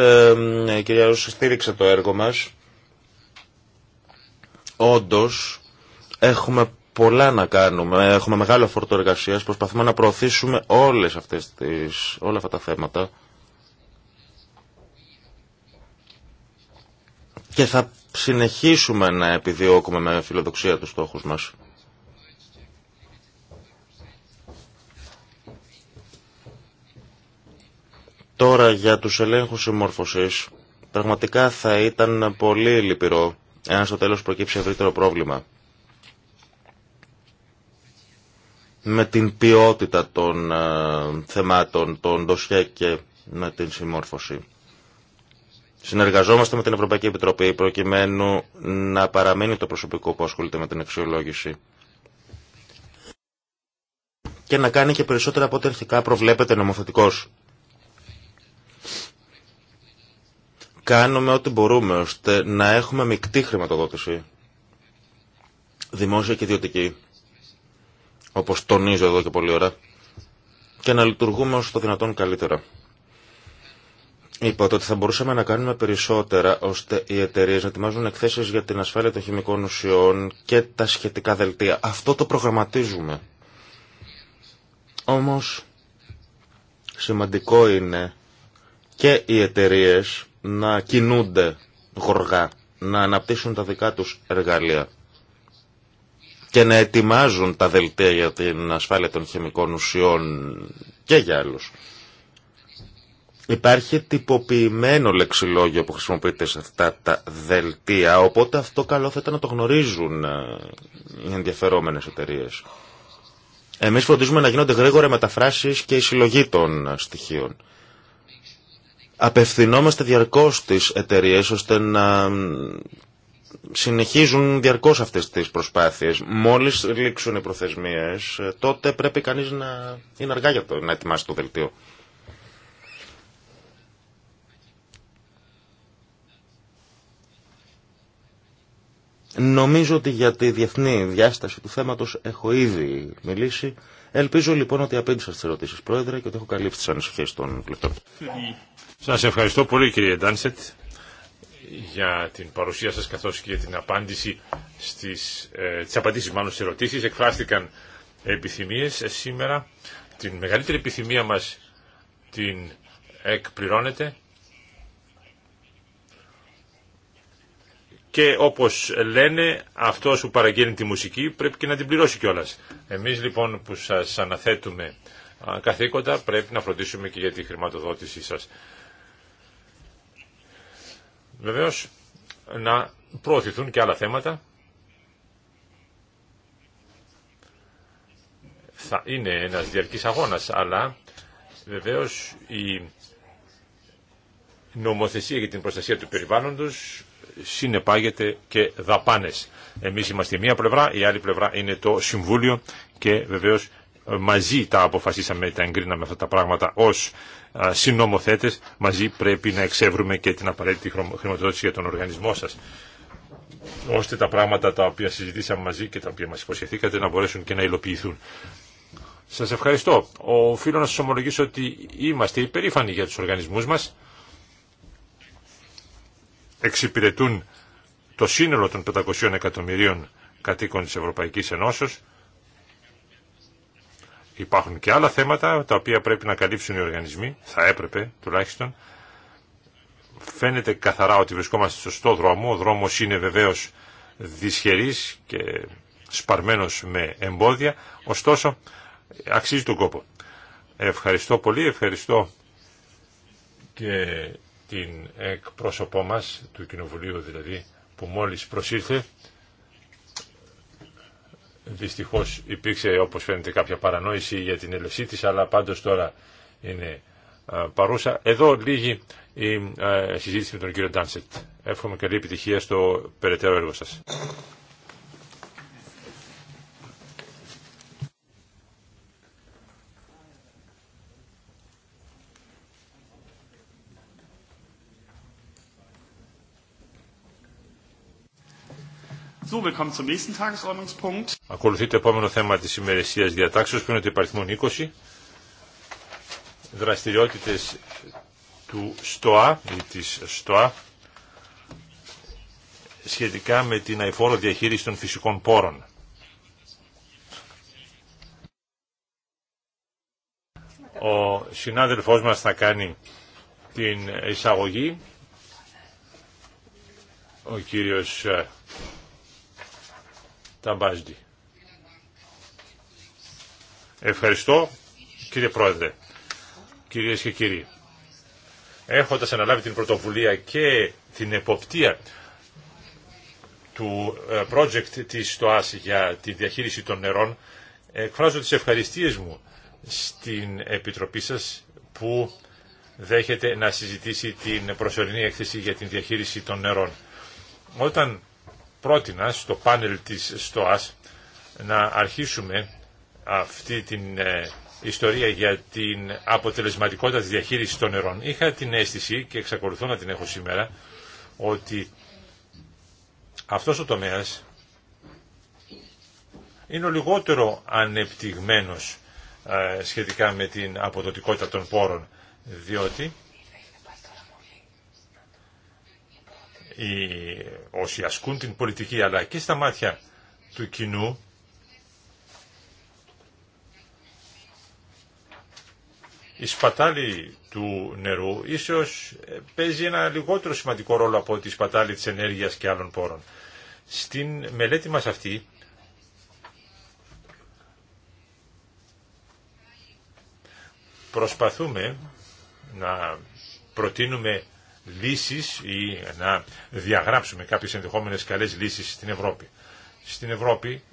η κυρία στήριξε το έργο μας. Όντως, έχουμε πολλά να κάνουμε, έχουμε μεγάλο φορτό εργασίας, προσπαθούμε να προωθήσουμε όλες αυτές τις, όλα αυτά τα θέματα. Και θα συνεχίσουμε να επιδιώκουμε με φιλοδοξία τους στόχους μας. Τώρα για τους ελέγχους συμμόρφωσης, πραγματικά θα ήταν πολύ λυπηρό εάν στο τέλος προκύψει ευρύτερο πρόβλημα. Με την ποιότητα των ε, θεμάτων, των ντοσιέ και με την συμμόρφωση. Συνεργαζόμαστε με την Ευρωπαϊκή Επιτροπή προκειμένου να παραμείνει το προσωπικό που ασχολείται με την αξιολόγηση και να κάνει και περισσότερα από ό,τι αρχικά προβλέπεται νομοθετικός. κάνουμε ό,τι μπορούμε ώστε να έχουμε μεικτή χρηματοδότηση, δημόσια και ιδιωτική, όπως τονίζω εδώ και πολλή ώρα, και να λειτουργούμε όσο το δυνατόν καλύτερα. Είπατε ότι θα μπορούσαμε να κάνουμε περισσότερα ώστε οι εταιρείε να ετοιμάζουν εκθέσει για την ασφάλεια των χημικών ουσιών και τα σχετικά δελτία. Αυτό το προγραμματίζουμε. Όμω σημαντικό είναι και οι εταιρείε να κινούνται γοργά, να αναπτύσσουν τα δικά τους εργαλεία και να ετοιμάζουν τα δελτία για την ασφάλεια των χημικών ουσιών και για άλλους. Υπάρχει τυποποιημένο λεξιλόγιο που χρησιμοποιείται σε αυτά τα δελτία, οπότε αυτό καλό θα ήταν να το γνωρίζουν ε, οι ενδιαφερόμενες εταιρείε. Εμείς φροντίζουμε να γίνονται γρήγορα μεταφράσεις και η συλλογή των στοιχείων απευθυνόμαστε διαρκώς τις εταιρείες ώστε να συνεχίζουν διαρκώς αυτές τις προσπάθειες. Μόλις λήξουν οι προθεσμίες, τότε πρέπει κανείς να είναι αργά για το, να ετοιμάσει το δελτίο. Νομίζω ότι για τη διεθνή διάσταση του θέματος έχω ήδη μιλήσει. Ελπίζω λοιπόν ότι απέντησα στις ερωτήσεις, Πρόεδρε, και ότι έχω καλύψει τις ανησυχίες των κλειτών. Σας ευχαριστώ πολύ κύριε Ντάνσετ για την παρουσία σας καθώς και για την απάντηση στις, ε, απαντήσεις μάλλον ερωτήσεις. Εκφράστηκαν επιθυμίες σήμερα. Την μεγαλύτερη επιθυμία μας την εκπληρώνεται. Και όπως λένε, αυτός που παραγγέλνει τη μουσική πρέπει και να την πληρώσει κιόλας. Εμείς λοιπόν που σας αναθέτουμε καθήκοντα πρέπει να φροντίσουμε και για τη χρηματοδότησή σας. Βεβαίως να προωθηθούν και άλλα θέματα. Θα είναι ένας διαρκής αγώνας, αλλά βεβαίως η νομοθεσία για την προστασία του περιβάλλοντος συνεπάγεται και δαπάνες. Εμείς είμαστε η μία πλευρά, η άλλη πλευρά είναι το Συμβούλιο και βεβαίως μαζί τα αποφασίσαμε, τα εγκρίναμε αυτά τα πράγματα ως συνομοθέτες, μαζί πρέπει να εξεύρουμε και την απαραίτητη χρηματοδότηση για τον οργανισμό σας ώστε τα πράγματα τα οποία συζητήσαμε μαζί και τα οποία μας υποσχεθήκατε να μπορέσουν και να υλοποιηθούν. Σας ευχαριστώ. Οφείλω να σας ομολογήσω ότι είμαστε υπερήφανοι για τους οργανισμούς μας. Εξυπηρετούν το σύνολο των 500 εκατομμυρίων κατοίκων της Ευρωπαϊκής Ενώσεως Υπάρχουν και άλλα θέματα τα οποία πρέπει να καλύψουν οι οργανισμοί, θα έπρεπε τουλάχιστον. Φαίνεται καθαρά ότι βρισκόμαστε στο σωστό δρόμο. Ο δρόμος είναι βεβαίως δυσχερής και σπαρμένος με εμπόδια, ωστόσο αξίζει τον κόπο. Ευχαριστώ πολύ, ευχαριστώ και την εκπρόσωπό μας, του Κοινοβουλίου δηλαδή, που μόλις προσήλθε. Δυστυχώς υπήρξε όπως φαίνεται κάποια παρανόηση για την έλευσή της, αλλά πάντως τώρα είναι παρούσα. Εδώ λίγη η συζήτηση με τον κύριο Ντάνσετ. Εύχομαι καλή επιτυχία στο περαιτέρω έργο σας. So, Ακολουθεί το επόμενο θέμα της ημερησίας διατάξεως που είναι το υπαριθμόν 20 δραστηριότητες του ΣΤΟΑ ή της ΣΤΟΑ σχετικά με την αηφόρο διαχείριση των φυσικών πόρων. Ο συνάδελφός μας θα κάνει την εισαγωγή, ο κύριος ε, Ευχαριστώ κύριε Πρόεδρε, κυρίες και κύριοι. Έχοντας αναλάβει την πρωτοβουλία και την εποπτεία του ε, project της ΣΤΟΑΣ για τη διαχείριση των νερών, εκφράζω τις ευχαριστίες μου στην Επιτροπή σας που δέχεται να συζητήσει την προσωρινή έκθεση για τη διαχείριση των νερών. Όταν πρότεινα στο πάνελ της ΣΤΟΑΣ να αρχίσουμε αυτή την ε, ιστορία για την αποτελεσματικότητα της διαχείρισης των νερών. Είχα την αίσθηση και εξακολουθώ να την έχω σήμερα ότι αυτός ο τομέας είναι ο λιγότερο ανεπτυγμένος ε, σχετικά με την αποδοτικότητα των πόρων διότι οι, όσοι ασκούν την πολιτική αλλά και στα μάτια του κοινού η σπατάλη του νερού ίσως ε, παίζει ένα λιγότερο σημαντικό ρόλο από τη σπατάλη της ενέργειας και άλλων πόρων. Στην μελέτη μας αυτή προσπαθούμε να προτείνουμε λύσεις ή να διαγράψουμε κάποιες ενδεχόμενες καλές λύσεις στην Ευρώπη. Στην Ευρώπη,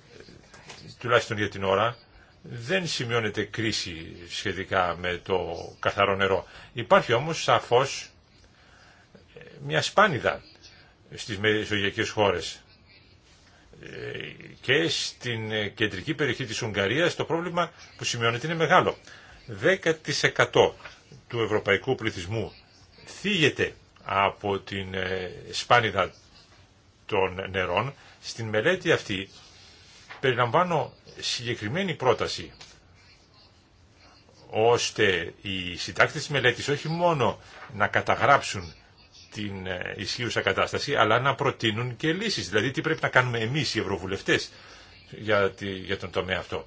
τουλάχιστον για την ώρα, δεν σημειώνεται κρίση σχετικά με το καθαρό νερό. Υπάρχει όμως σαφώς μια σπάνιδα στις μεσογειακές χώρες. Και στην κεντρική περιοχή της Ουγγαρίας το πρόβλημα που σημειώνεται είναι μεγάλο. 10% του ευρωπαϊκού πληθυσμού θίγεται από την ε, σπάνιδα των νερών. Στην μελέτη αυτή περιλαμβάνω συγκεκριμένη πρόταση ώστε οι συντάκτες της μελέτης όχι μόνο να καταγράψουν την ε, ισχύουσα κατάσταση, αλλά να προτείνουν και λύσεις. Δηλαδή τι πρέπει να κάνουμε εμείς οι ευρωβουλευτές για, τον τομέα αυτό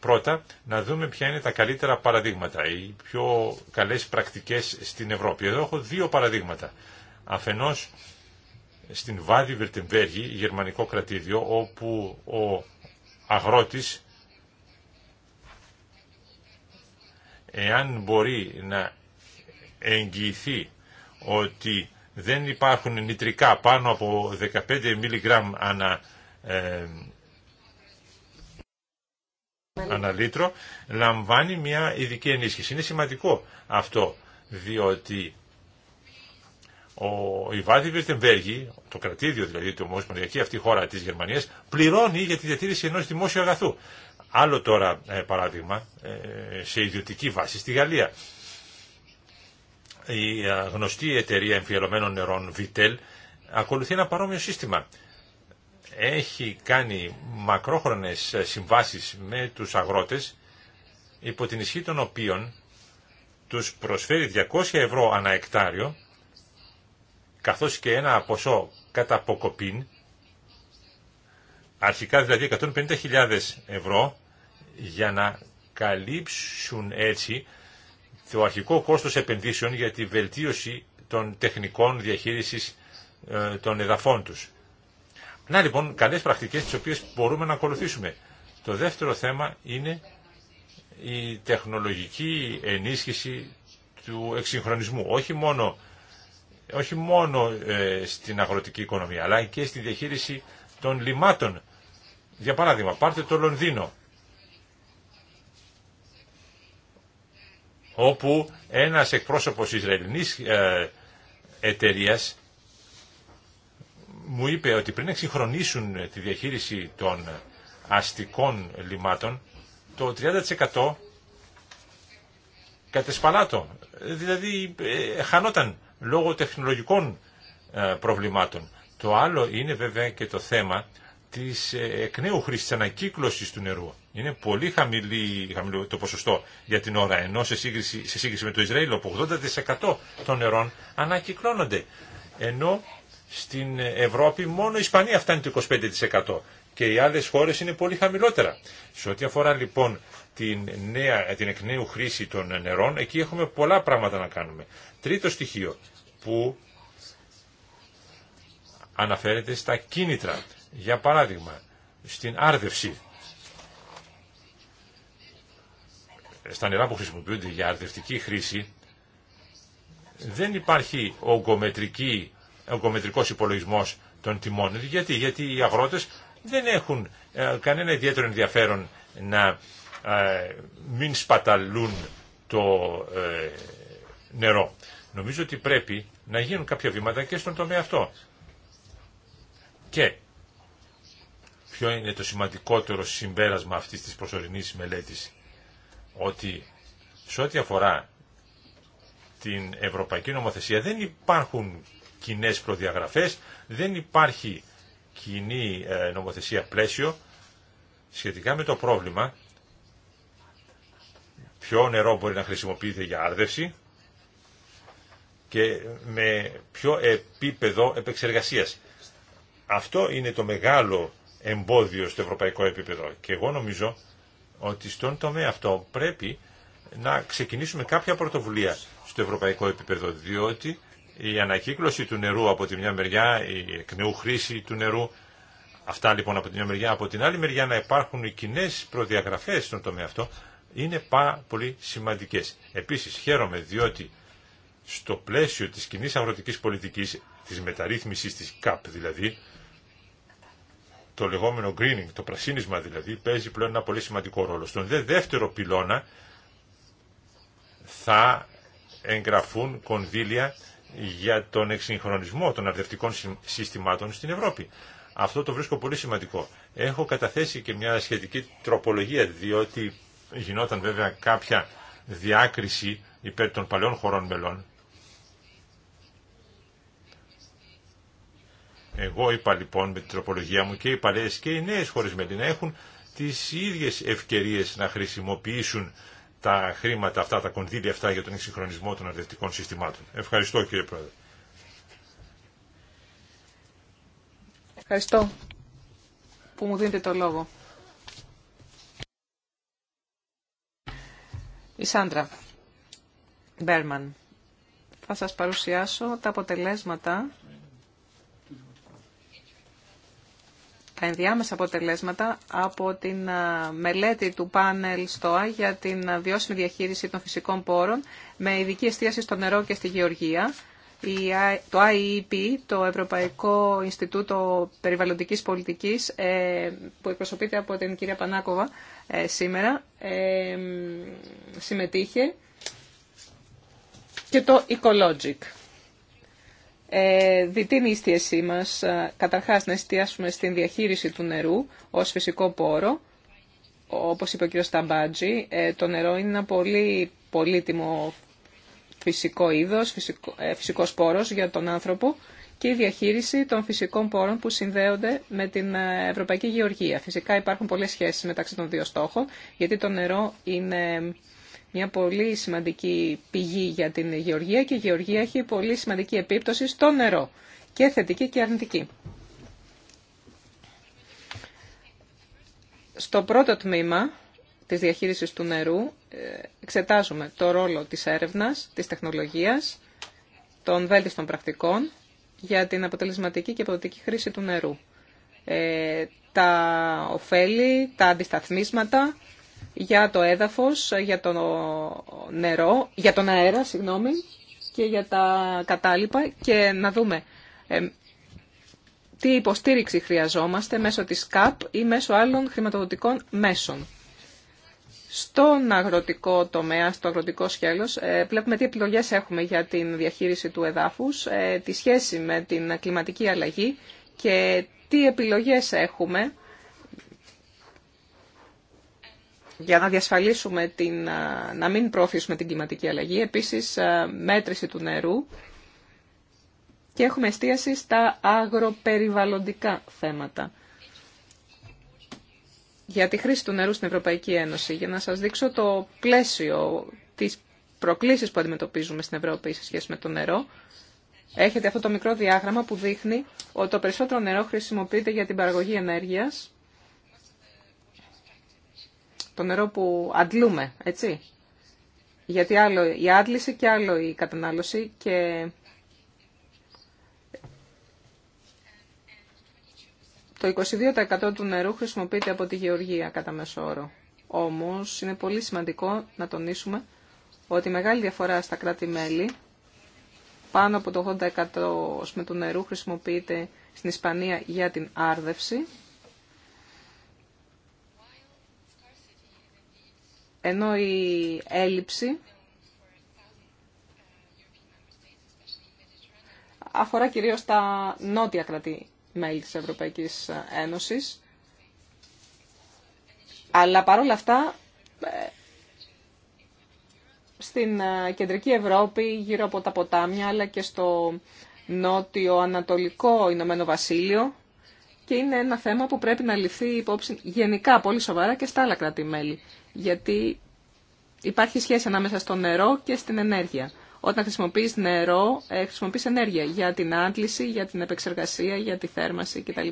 πρώτα να δούμε ποια είναι τα καλύτερα παραδείγματα, οι πιο καλές πρακτικές στην Ευρώπη. Εδώ έχω δύο παραδείγματα. Αφενός στην Βάδη Βερτεμβέργη, γερμανικό κρατήδιο, όπου ο αγρότης, εάν μπορεί να εγγυηθεί ότι δεν υπάρχουν νητρικά πάνω από 15 μιλιγκράμμ ανά ε, Αναλύτρω λαμβάνει μια ειδική ενίσχυση. Είναι σημαντικό αυτό, διότι ο, η Βάδη Βιρτεμβέργη, το κρατήδιο δηλαδή του Ομοσπονδιακή αυτή η χώρα της Γερμανίας, πληρώνει για τη διατήρηση ενός δημόσιου αγαθού. Άλλο τώρα ε, παράδειγμα, ε, σε ιδιωτική βάση στη Γαλλία. Η ε, γνωστή εταιρεία εμφιαλωμένων νερών Vitel ακολουθεί ένα παρόμοιο σύστημα έχει κάνει μακρόχρονες συμβάσεις με τους αγρότες υπό την ισχύ των οποίων τους προσφέρει 200 ευρώ ανά εκτάριο καθώς και ένα ποσό κατά αποκοπήν αρχικά δηλαδή 150.000 ευρώ για να καλύψουν έτσι το αρχικό κόστος επενδύσεων για τη βελτίωση των τεχνικών διαχείρισης ε, των εδαφών τους. Να λοιπόν, καλές πρακτικές τις οποίες μπορούμε να ακολουθήσουμε. Το δεύτερο θέμα είναι η τεχνολογική ενίσχυση του εξυγχρονισμού. Όχι μόνο, όχι μόνο ε, στην αγροτική οικονομία, αλλά και στη διαχείριση των λιμάτων. Για παράδειγμα, πάρτε το Λονδίνο, όπου ένας εκπρόσωπος Ισραηλινής ε, εταιρείας μου είπε ότι πριν εξυγχρονίσουν ε, τη διαχείριση των ε, αστικών λιμάτων, το 30% κατεσπαλάτο. Δηλαδή ε, χανόταν λόγω τεχνολογικών προβλημάτων. Το άλλο είναι βέβαια και το θέμα της εκ νέου χρήσης, ανακύκλωσης του νερού. Είναι πολύ χαμηλή, χαμηλό το ποσοστό για την ώρα, ενώ σε σύγκριση, σε σύγκριση με το Ισραήλ, όπου 80% των νερών ανακυκλώνονται. Ενώ στην Ευρώπη μόνο η Ισπανία φτάνει το 25% και οι άλλες χώρες είναι πολύ χαμηλότερα. Σε ό,τι αφορά λοιπόν την, νέα, την εκ νέου χρήση των νερών, εκεί έχουμε πολλά πράγματα να κάνουμε. Τρίτο στοιχείο που αναφέρεται στα κίνητρα. Για παράδειγμα, στην άρδευση. Στα νερά που χρησιμοποιούνται για αρδευτική χρήση δεν υπάρχει ογκομετρική ογκομετρικός υπολογισμός των τιμών. Γιατί, γιατί οι αγρότες δεν έχουν ε, κανένα ιδιαίτερο ενδιαφέρον να ε, μην σπαταλούν το ε, νερό. Νομίζω ότι πρέπει να γίνουν κάποια βήματα και στον τομέα αυτό. Και ποιο είναι το σημαντικότερο συμπέρασμα αυτής της προσωρινής μελέτης. Ότι σε ό,τι αφορά την Ευρωπαϊκή Νομοθεσία δεν υπάρχουν κοινέ προδιαγραφές, δεν υπάρχει κοινή ε, νομοθεσία πλαίσιο σχετικά με το πρόβλημα ποιο νερό μπορεί να χρησιμοποιείται για άρδευση και με ποιο επίπεδο επεξεργασίας. Αυτό είναι το μεγάλο εμπόδιο στο ευρωπαϊκό επίπεδο και εγώ νομίζω ότι στον τομέα αυτό πρέπει να ξεκινήσουμε κάποια πρωτοβουλία στο ευρωπαϊκό επίπεδο διότι η ανακύκλωση του νερού από τη μια μεριά, η εκ νεού χρήση του νερού, αυτά λοιπόν από τη μια μεριά, από την άλλη μεριά να υπάρχουν οι κοινέ προδιαγραφέ στον τομέα αυτό, είναι πάρα πολύ σημαντικές. Επίσης χαίρομαι διότι στο πλαίσιο της κοινή αγροτική πολιτικής, της μεταρρύθμισης τη ΚΑΠ δηλαδή, το λεγόμενο greening, το πρασίνισμα δηλαδή, παίζει πλέον ένα πολύ σημαντικό ρόλο. Στον δεύτερο πυλώνα θα εγγραφούν κονδύλια για τον εξυγχρονισμό των αρδευτικών συστημάτων στην Ευρώπη. Αυτό το βρίσκω πολύ σημαντικό. Έχω καταθέσει και μια σχετική τροπολογία, διότι γινόταν βέβαια κάποια διάκριση υπέρ των παλαιών χωρών μελών. Εγώ είπα λοιπόν με την τροπολογία μου και οι παλαιές και οι νέες χώρες μελή να έχουν τις ίδιες ευκαιρίες να χρησιμοποιήσουν τα χρήματα αυτά, τα κονδύλια αυτά για τον εξυγχρονισμό των αρδευτικών συστημάτων. Ευχαριστώ κύριε Πρόεδρε. Ευχαριστώ που μου δίνετε το λόγο. Η Σάντρα Μπέρμαν. Θα σας παρουσιάσω τα αποτελέσματα τα ενδιάμεσα αποτελέσματα από την ε, μελέτη του πάνελ ΣΤΟΑ για την ε, βιώσιμη διαχείριση των φυσικών πόρων με ειδική εστίαση στο νερό και στη γεωργία. Το IEP, το Ευρωπαϊκό Ινστιτούτο Περιβαλλοντικής Πολιτικής, ε, που εκπροσωπείται από την κυρία Πανάκοβα σήμερα, συμμετείχε και το Ecologic. Ε, διτή είναι η εστίασή μας, ε, καταρχάς να εστιάσουμε στην διαχείριση του νερού ως φυσικό πόρο. Όπως είπε ο κ. Σταμπάτζη, ε, το νερό είναι ένα πολύ πολύτιμο φυσικό είδος, φυσικό, ε, φυσικός πόρος για τον άνθρωπο και η διαχείριση των φυσικών πόρων που συνδέονται με την ε, Ευρωπαϊκή Γεωργία. Φυσικά υπάρχουν πολλές σχέσεις μεταξύ των δύο στόχων, γιατί το νερό είναι μια πολύ σημαντική πηγή για την γεωργία και η γεωργία έχει πολύ σημαντική επίπτωση στο νερό και θετική και αρνητική. Στο πρώτο τμήμα της διαχείρισης του νερού ε, εξετάζουμε το ρόλο της έρευνας, της τεχνολογίας, των βέλτιστων πρακτικών για την αποτελεσματική και αποδοτική χρήση του νερού. Ε, τα ωφέλη, τα αντισταθμίσματα, για το έδαφος, για το νερό, για τον αέρα, συγγνώμη, και για τα κατάλοιπα και να δούμε ε, τι υποστήριξη χρειαζόμαστε μέσω της ΚΑΠ ή μέσω άλλων χρηματοδοτικών μέσων. Στον αγροτικό τομέα, στο αγροτικό σχέλος, ε, βλέπουμε τι επιλογές έχουμε για την διαχείριση του εδάφους, ε, τη σχέση με την κλιματική αλλαγή και τι επιλογές έχουμε για να διασφαλίσουμε την, να μην προωθήσουμε την κλιματική αλλαγή. Επίσης, μέτρηση του νερού και έχουμε εστίαση στα αγροπεριβαλλοντικά θέματα. Για τη χρήση του νερού στην Ευρωπαϊκή Ένωση, για να σας δείξω το πλαίσιο της προκλήσεις που αντιμετωπίζουμε στην Ευρώπη σε σχέση με το νερό, έχετε αυτό το μικρό διάγραμμα που δείχνει ότι το περισσότερο νερό χρησιμοποιείται για την παραγωγή ενέργειας, το νερό που αντλούμε, έτσι. Γιατί άλλο η άντληση και άλλο η κατανάλωση και το 22% του νερού χρησιμοποιείται από τη γεωργία κατά μέσο όρο. Όμως είναι πολύ σημαντικό να τονίσουμε ότι η μεγάλη διαφορά στα κράτη-μέλη, πάνω από το 80% το νερού χρησιμοποιείται στην Ισπανία για την άρδευση Ενώ η έλλειψη αφορά κυρίως τα νότια κρατή μέλη της Ευρωπαϊκής Ένωσης. Αλλά παρόλα αυτά, ε, στην ε, κεντρική Ευρώπη, γύρω από τα ποτάμια, αλλά και στο νότιο-ανατολικό Ηνωμένο Βασίλειο, και είναι ένα θέμα που πρέπει να ληφθεί υπόψη γενικά πολύ σοβαρά και στα άλλα κράτη-μέλη γιατί υπάρχει σχέση ανάμεσα στο νερό και στην ενέργεια. Όταν χρησιμοποιείς νερό, ε, χρησιμοποιείς ενέργεια για την άντληση, για την επεξεργασία, για τη θέρμαση κτλ.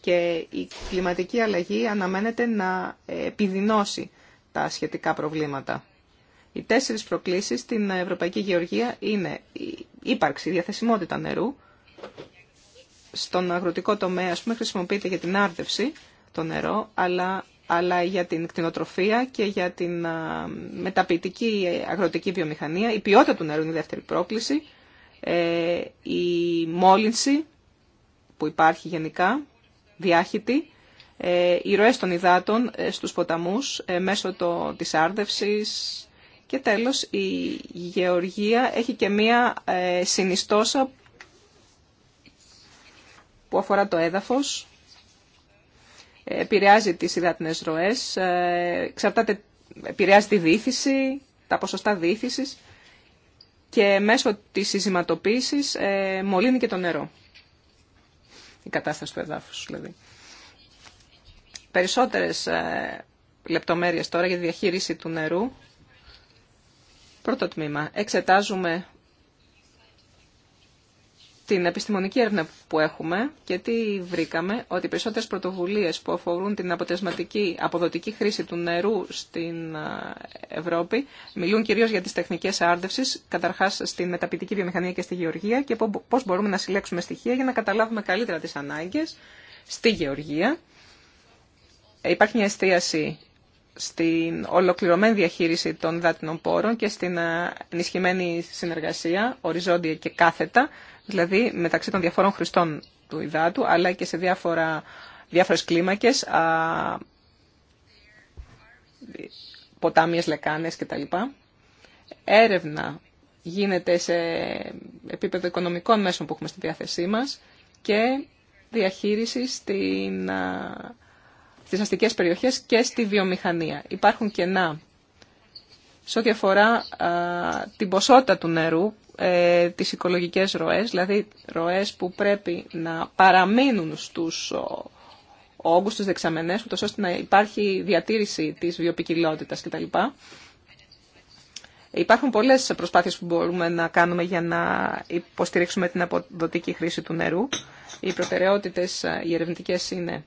Και η κλιματική αλλαγή αναμένεται να ε, επιδεινώσει τα σχετικά προβλήματα. Οι τέσσερις προκλήσεις στην Ευρωπαϊκή Γεωργία είναι η ύπαρξη, η διαθεσιμότητα νερού. Στον αγροτικό τομέα, ας πούμε, χρησιμοποιείται για την άρδευση το νερό, αλλά αλλά για την κτηνοτροφία και για την μεταποιητική αγροτική βιομηχανία. Η ποιότητα του νερού είναι η δεύτερη πρόκληση, ε, η μόλυνση που υπάρχει γενικά, διάχυτη, ε, οι ροές των υδάτων ε, στους ποταμούς μέσω το, της άρδευσης και τέλος η γεωργία έχει και μία συνιστόσα που αφορά το έδαφος επηρεάζει τις υδάτινες ροές, ε, εξαρτάται, επηρεάζει τη δίθηση, τα ποσοστά δίθησης και μέσω της συζηματοποίησης ε, μολύνει και το νερό. Η κατάσταση του εδάφους δηλαδή. Περισσότερες ε, λεπτομέρειες τώρα για τη διαχείριση του νερού. Πρώτο τμήμα. Εξετάζουμε στην επιστημονική έρευνα που έχουμε και τι βρήκαμε, ότι οι περισσότερε πρωτοβουλίε που αφορούν την αποτελεσματική αποδοτική χρήση του νερού στην Ευρώπη μιλούν κυρίω για τι τεχνικέ άρδευση, καταρχά στην μεταπητική βιομηχανία και στη γεωργία και πώ μπορούμε να συλλέξουμε στοιχεία για να καταλάβουμε καλύτερα τι ανάγκε στη γεωργία. Υπάρχει μια εστίαση στην ολοκληρωμένη διαχείριση των δάτινων πόρων και στην ενισχυμένη συνεργασία, οριζόντια και κάθετα, δηλαδή μεταξύ των διαφόρων χρηστών του υδάτου, αλλά και σε διάφορα, διάφορες κλίμακες, α, ποτάμιες, λεκάνες κτλ. Έρευνα γίνεται σε επίπεδο οικονομικών μέσων που έχουμε στη διάθεσή μας και διαχείριση στην, στις αστικές περιοχές και στη βιομηχανία. Υπάρχουν κενά σε ό,τι αφορά την ποσότητα του νερού, ε, τις οικολογικές ροές, δηλαδή ροές που πρέπει να παραμείνουν στους ο, όγκους, στους δεξαμενές, ούτως ώστε να υπάρχει διατήρηση της βιοπικιλότητας κτλ. Υπάρχουν πολλές προσπάθειες που μπορούμε να κάνουμε για να υποστηρίξουμε την αποδοτική χρήση του νερού. Οι προτεραιότητες, οι ερευνητικές είναι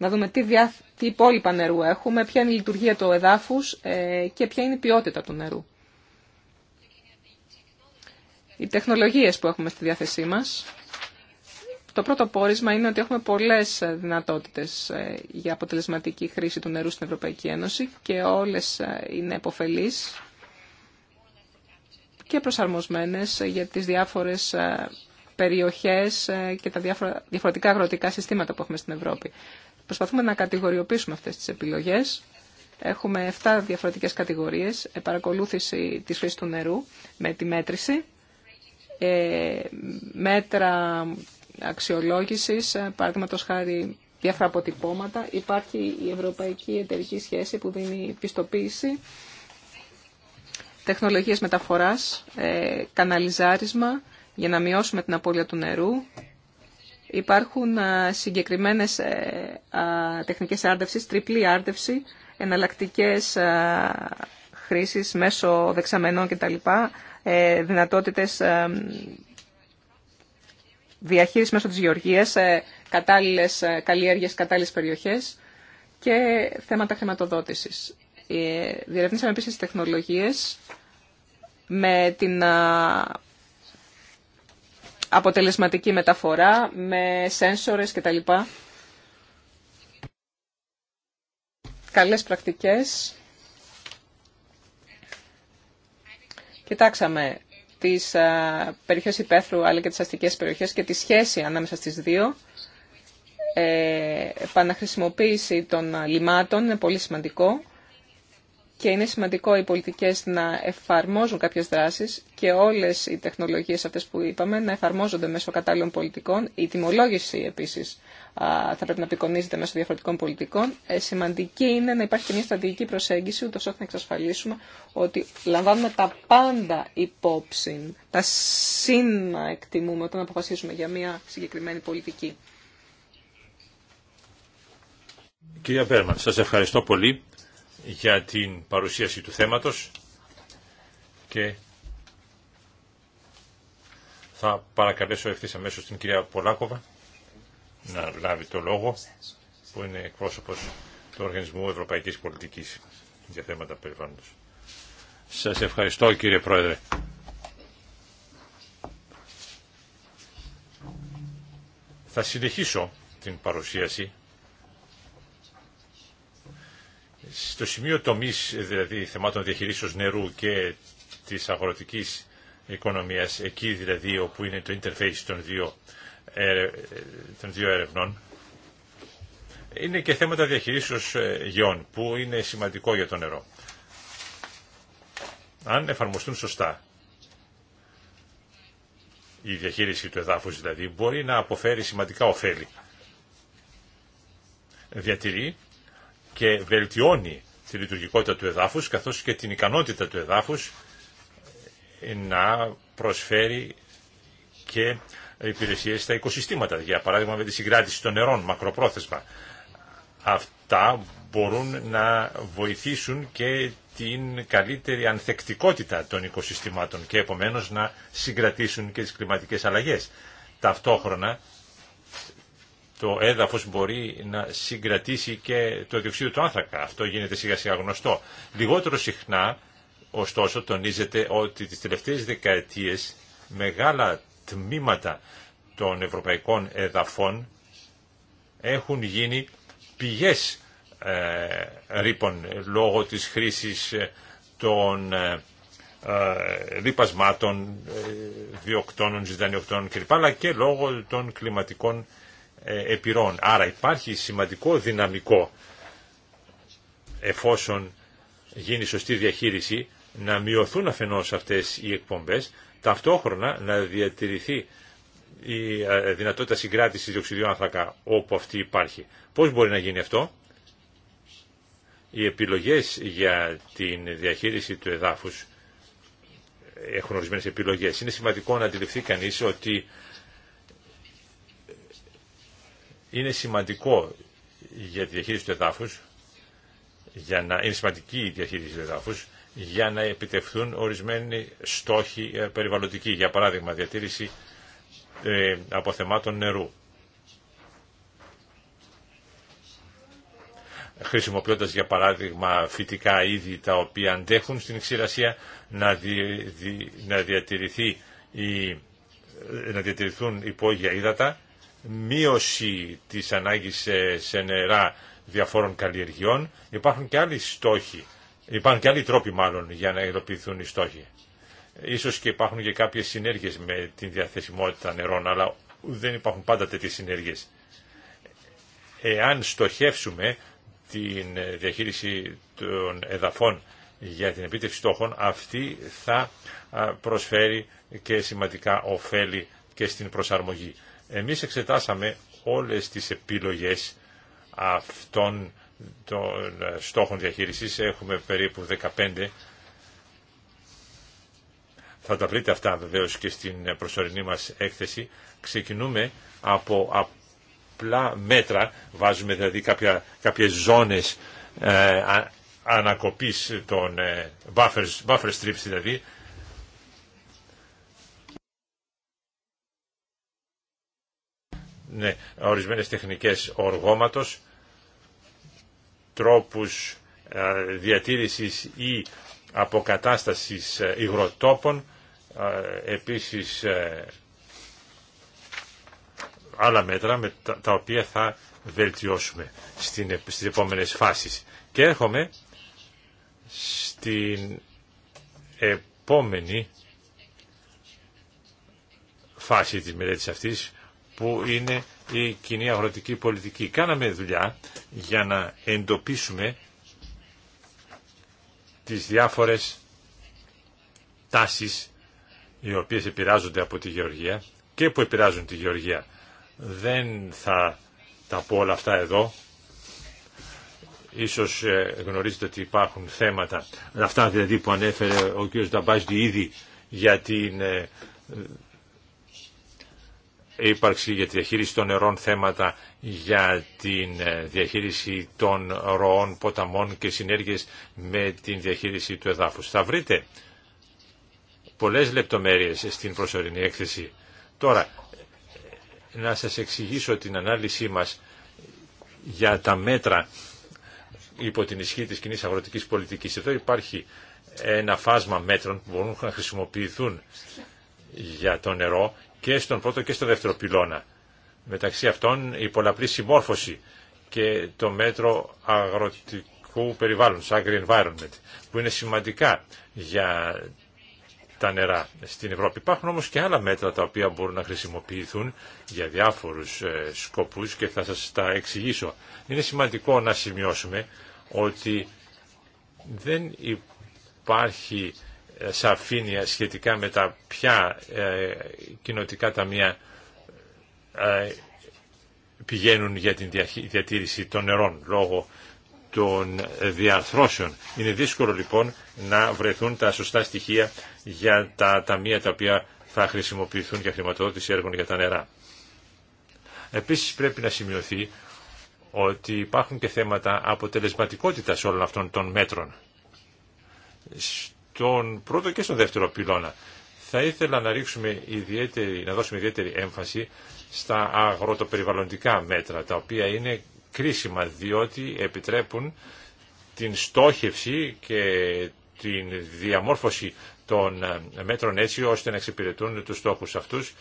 να δούμε τι, διά, υπόλοιπα νερού έχουμε, ποια είναι η λειτουργία του εδάφους ε, και ποια είναι η ποιότητα του νερού. Οι τεχνολογίες που έχουμε στη διάθεσή μας. Το πρώτο πόρισμα είναι ότι έχουμε πολλές δυνατότητες ε, για αποτελεσματική χρήση του νερού στην Ευρωπαϊκή Ένωση και όλες ε, είναι επωφελείς και προσαρμοσμένες για τις διάφορες περιοχές και τα διαφορετικά αγροτικά συστήματα που έχουμε στην Ευρώπη. Προσπαθούμε να κατηγοριοποιήσουμε αυτές τις επιλογές. Έχουμε 7 διαφορετικές κατηγορίες. Ε, παρακολούθηση της χρήσης του νερού με τη μέτρηση. Ε, μέτρα αξιολόγησης, ε, παραδείγματο χάρη διάφορα αποτυπώματα. Υπάρχει η Ευρωπαϊκή Εταιρική Σχέση που δίνει πιστοποίηση, τεχνολογίες μεταφοράς, καναλιζάρισμα για να μειώσουμε την απώλεια του νερού, Υπάρχουν ε, συγκεκριμένες ε, τεχνικές άρδευσης, τριπλή άρτευση, εναλλακτικές χρήσεις μέσω δεξαμενών κτλ, ε, δυνατότητες διαχείριση μέσω της γεωργίας, κατάλληλες καλλιέργειες, κατάλληλες περιοχές και θέματα χρηματοδότησης. Διερευνήσαμε επίσης τεχνολογίες με την αποτελεσματική μεταφορά με σένσορες κτλ. Καλές πρακτικές. Κοιτάξαμε τις περιοχές υπαίθρου αλλά και τις αστικές περιοχές και τη σχέση ανάμεσα στις δύο. Ε, Παναχρησιμοποίηση των λιμάτων είναι πολύ σημαντικό και είναι σημαντικό οι πολιτικές να εφαρμόζουν κάποιες δράσεις και όλες οι τεχνολογίες αυτές που είπαμε να εφαρμόζονται μέσω κατάλληλων πολιτικών. Η τιμολόγηση επίσης θα πρέπει να απεικονίζεται μέσω διαφορετικών πολιτικών. Ε, σημαντική είναι να υπάρχει και μια στρατηγική προσέγγιση ούτως ώστε να εξασφαλίσουμε ότι λαμβάνουμε τα πάντα υπόψη, τα σύνα εκτιμούμε όταν αποφασίζουμε για μια συγκεκριμένη πολιτική. Κυρία Πέρμαν, σας ευχαριστώ πολύ για την παρουσίαση του θέματος και θα παρακαλέσω ευθύς αμέσως την κυρία Πολάκοβα να λάβει το λόγο που είναι εκπρόσωπος του Οργανισμού Ευρωπαϊκής Πολιτικής για θέματα περιβάλλοντος. Σας ευχαριστώ κύριε Πρόεδρε. Θα συνεχίσω την παρουσίαση Στο σημείο τομής, δηλαδή θεμάτων διαχειρίσεως νερού και της αγροτικής οικονομίας, εκεί δηλαδή όπου είναι το interface των δύο, ε, των δύο ερευνών, είναι και θέματα διαχειρίσεως ε, γεών, που είναι σημαντικό για το νερό. Αν εφαρμοστούν σωστά, η διαχείριση του εδάφους δηλαδή, μπορεί να αποφέρει σημαντικά ωφέλη. Διατηρεί και βελτιώνει τη λειτουργικότητα του εδάφους καθώς και την ικανότητα του εδάφους ε, να προσφέρει και υπηρεσίες στα οικοσυστήματα, για παράδειγμα με τη συγκράτηση των νερών μακροπρόθεσμα. Αυτά μπορούν να βοηθήσουν και την καλύτερη ανθεκτικότητα των οικοσυστημάτων και επομένως να συγκρατήσουν και τις κλιματικές αλλαγές. Ταυτόχρονα το έδαφος μπορεί να συγκρατήσει και το διοξείδιο του άνθρακα. Αυτό γίνεται σιγά σιγά γνωστό. Λιγότερο συχνά, ωστόσο, τονίζεται ότι τις τελευταίες δεκαετίες μεγάλα τμήματα των ευρωπαϊκών εδαφών έχουν γίνει πηγές ε, ρήπων λόγω της χρήσης ε, των ε, ε, ε διοκτώνων, ζητανιοκτώνων κλπ. αλλά και λόγω των κλιματικών ε, επιρών, Άρα υπάρχει σημαντικό δυναμικό εφόσον γίνει σωστή διαχείριση να μειωθούν αφενός αυτές οι εκπομπές, ταυτόχρονα να διατηρηθεί η ε, δυνατότητα συγκράτησης διοξιδιού άνθρακα όπου αυτή υπάρχει. Πώς μπορεί να γίνει αυτό? Οι επιλογές για την διαχείριση του εδάφους έχουν ορισμένες επιλογές. Είναι σημαντικό να αντιληφθεί κανείς ότι είναι σημαντικό για τη διαχείριση του είναι σημαντική η διαχείριση του εδάφου, για να επιτευχθούν ορισμένοι στόχοι ε, περιβαλλοντικοί, για παράδειγμα διατήρηση ε, αποθεμάτων νερού. Χρησιμοποιώντα για παράδειγμα φυτικά είδη τα οποία αντέχουν στην ξηρασία να, διατηρηθεί η, ε, να διατηρηθούν υπόγεια ύδατα μείωση της ανάγκης σε, νερά διαφόρων καλλιεργιών. Υπάρχουν και άλλοι στόχοι, υπάρχουν και άλλοι τρόποι μάλλον για να υλοποιηθούν οι στόχοι. Ίσως και υπάρχουν και κάποιες συνέργειες με την διαθεσιμότητα νερών, αλλά δεν υπάρχουν πάντα τέτοιες συνέργειες. Εάν στοχεύσουμε την διαχείριση των εδαφών για την επίτευξη στόχων, αυτή θα προσφέρει και σημαντικά ωφέλη και στην προσαρμογή. Εμείς εξετάσαμε όλες τις επιλογές αυτών των ε, στόχων διαχείρισης. Έχουμε περίπου 15. Θα τα βρείτε αυτά βεβαίως και στην προσωρινή μας έκθεση. Ξεκινούμε από απλά μέτρα. Βάζουμε δηλαδή κάποια, κάποιες ζώνες ε, ανακοπής των ε, buffers buffer strips δηλαδή ναι, ορισμένες τεχνικές οργώματος, τρόπους ε, διατήρησης ή αποκατάστασης ε, υγροτόπων, ε, επίσης άλλα μέτρα με τα οποία θα βελτιώσουμε στις επόμενες φάσεις. Και έρχομαι στην επόμενη φάση της μελέτης αυτής που είναι η κοινή αγροτική πολιτική. Κάναμε δουλειά για να εντοπίσουμε τις διάφορες τάσεις οι οποίες επηρεάζονται από τη γεωργία και που επηρεάζουν τη γεωργία. Δεν θα τα πω όλα αυτά εδώ. Ίσως ε, γνωρίζετε ότι υπάρχουν θέματα, αυτά δηλαδή που ανέφερε ο κ. Νταμπάζδη ήδη για την ε, ύπαρξη για τη διαχείριση των νερών θέματα, για τη ε, διαχείριση των ροών ποταμών και συνέργειες με τη διαχείριση του εδάφους. Θα βρείτε πολλές λεπτομέρειες στην προσωρινή έκθεση. Τώρα, να σας εξηγήσω την ανάλυση μας για τα μέτρα υπό την ισχύ της κοινή αγροτικής πολιτικής. Εδώ υπάρχει ένα φάσμα μέτρων που μπορούν να χρησιμοποιηθούν για το νερό και στον πρώτο και στο δεύτερο πυλώνα. Μεταξύ αυτών η πολλαπλή συμμόρφωση και το μέτρο αγροτικού περιβάλλοντος, agri environment, που είναι σημαντικά για τα νερά στην Ευρώπη. Υπάρχουν όμως και άλλα μέτρα τα οποία μπορούν να χρησιμοποιηθούν για διάφορους ε, σκοπούς και θα σας τα εξηγήσω. Είναι σημαντικό να σημειώσουμε ότι δεν υπάρχει σαφήνεια σχετικά με τα ποια ε, κοινοτικά ταμεία ε, πηγαίνουν για την διατήρηση των νερών λόγω των διαρθρώσεων. Είναι δύσκολο λοιπόν να βρεθούν τα σωστά στοιχεία για τα ταμεία τα οποία θα χρησιμοποιηθούν για χρηματοδότηση έργων για τα νερά. Επίσης πρέπει να σημειωθεί ότι υπάρχουν και θέματα αποτελεσματικότητας όλων αυτών των μέτρων στον πρώτο και στον δεύτερο πυλώνα. Θα ήθελα να, ρίξουμε ιδιαίτερη, να δώσουμε ιδιαίτερη έμφαση στα αγροτοπεριβαλλοντικά μέτρα, τα οποία είναι κρίσιμα διότι επιτρέπουν την στόχευση και την διαμόρφωση των ε, μέτρων έτσι ώστε να εξυπηρετούν τους στόχους αυτούς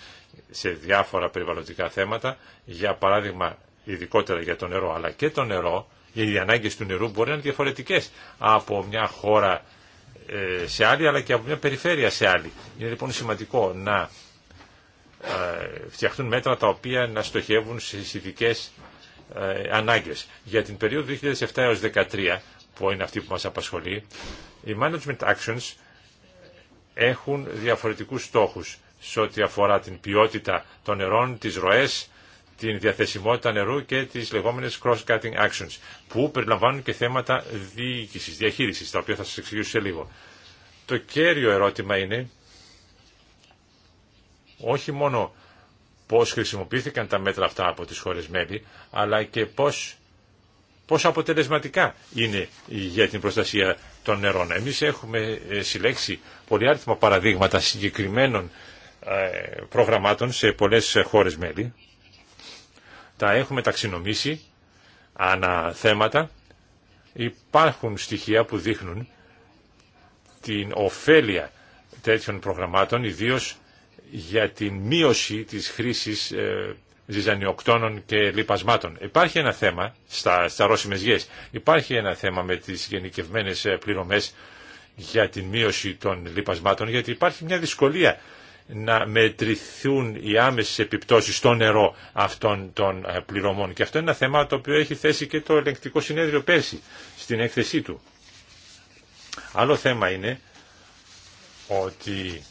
σε διάφορα περιβαλλοντικά θέματα, για παράδειγμα ειδικότερα για το νερό, αλλά και το νερό, οι ανάγκες του νερού μπορεί να είναι διαφορετικές από μια χώρα ε, σε άλλη αλλά και από μια περιφέρεια σε άλλη. Είναι λοιπόν σημαντικό να ε, φτιαχτούν μέτρα τα οποία να στοχεύουν σε ειδικέ ε, ανάγκες. Για την περίοδο 2007 έως 2013 που είναι αυτή που μας απασχολεί, οι management actions έχουν διαφορετικούς στόχους σε ό,τι αφορά την ποιότητα των νερών, τις ροές, την διαθεσιμότητα νερού και τις λεγόμενες cross-cutting actions, που περιλαμβάνουν και θέματα διοίκησης, διαχείρισης, τα οποία θα σας εξηγήσω σε λίγο. Το κέριο ερώτημα είναι όχι μόνο πώς χρησιμοποιήθηκαν τα μέτρα αυτά από τις χώρες μέλη, αλλά και πώς, πώς αποτελεσματικά είναι για την προστασία των νερών. Εμείς έχουμε ε, συλλέξει πολύ άριθμα παραδείγματα συγκεκριμένων ε, προγραμμάτων σε πολλές χώρες μέλη τα έχουμε ταξινομήσει ανά θέματα. Υπάρχουν στοιχεία που δείχνουν την ωφέλεια τέτοιων προγραμμάτων, ιδίως για την μείωση της χρήσης ε, ζυζανιοκτώνων και λιπασμάτων. Υπάρχει ένα θέμα στα, στα ρώσιμες Υπάρχει ένα θέμα με τις γενικευμένες ε, πληρωμές για την μείωση των λιπασμάτων, γιατί υπάρχει μια δυσκολία να μετρηθούν οι άμεσες επιπτώσεις στο νερό αυτών των ε, πληρωμών. Και αυτό είναι ένα θέμα το οποίο έχει θέσει και το ελεγκτικό συνέδριο πέρσι στην έκθεσή του. Άλλο θέμα είναι ότι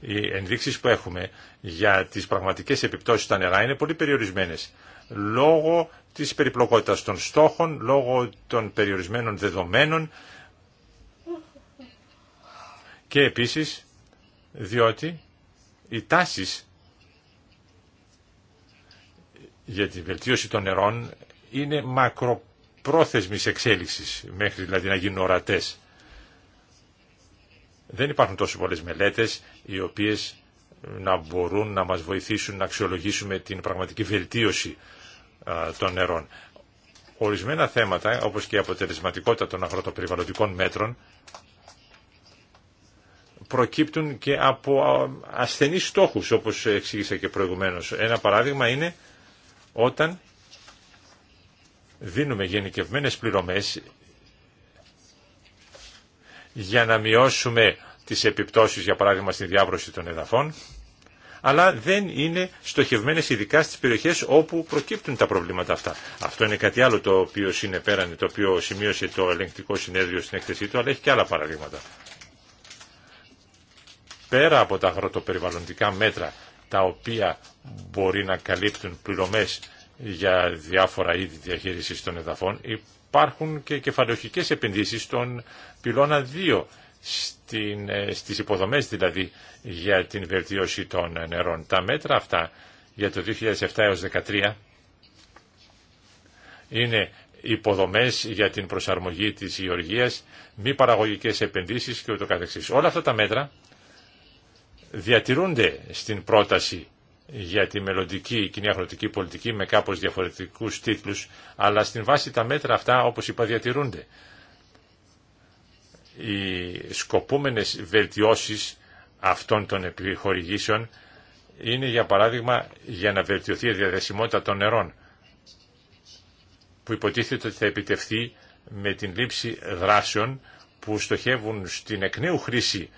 οι ενδείξεις που έχουμε για τις πραγματικές επιπτώσεις στα νερά είναι πολύ περιορισμένες λόγω της περιπλοκότητας των στόχων, λόγω των περιορισμένων δεδομένων και επίσης διότι οι τάσεις για τη βελτίωση των νερών είναι μακροπρόθεσμης εξέλιξης μέχρι δηλαδή να γίνουν ορατές. Δεν υπάρχουν τόσο πολλές μελέτες οι οποίες να μπορούν να μας βοηθήσουν να αξιολογήσουμε την πραγματική βελτίωση των νερών. Ορισμένα θέματα, όπως και η αποτελεσματικότητα των αγροτοπεριβαλλοντικών μέτρων, προκύπτουν και από ασθενείς στόχους, όπως εξήγησα και προηγουμένως. Ένα παράδειγμα είναι όταν δίνουμε γενικευμένες πληρωμές για να μειώσουμε τις επιπτώσεις, για παράδειγμα, στη διάβρωση των εδαφών, αλλά δεν είναι στοχευμένες ειδικά στις περιοχές όπου προκύπτουν τα προβλήματα αυτά. Αυτό είναι κάτι άλλο το οποίο συνεπέρανε, το οποίο σημείωσε το ελεγκτικό συνέδριο στην έκθεσή του, αλλά έχει και άλλα παραδείγματα πέρα από τα αγροτοπεριβαλλοντικά μέτρα τα οποία μπορεί να καλύπτουν πληρωμές για διάφορα είδη διαχείρισης των εδαφών υπάρχουν και κεφαλαιοχικές επενδύσεις στον πυλώνα 2 στην, ε, στις υποδομές δηλαδή για την βελτίωση των νερών. Τα μέτρα αυτά για το 2007 έως 2013 είναι υποδομές για την προσαρμογή της γεωργίας, μη παραγωγικές επενδύσεις και ούτω Όλα αυτά τα μέτρα διατηρούνται στην πρόταση για τη μελλοντική κοινή αγροτική πολιτική με κάπως διαφορετικούς τίτλους, αλλά στην βάση τα μέτρα αυτά, όπως είπα, διατηρούνται. Οι σκοπούμενες βελτιώσεις αυτών των επιχορηγήσεων είναι, για παράδειγμα, για να βελτιωθεί η διαδεσιμότητα των νερών, που υποτίθεται ότι θα επιτευθεί με την λήψη δράσεων που στοχεύουν στην εκ νέου χρήση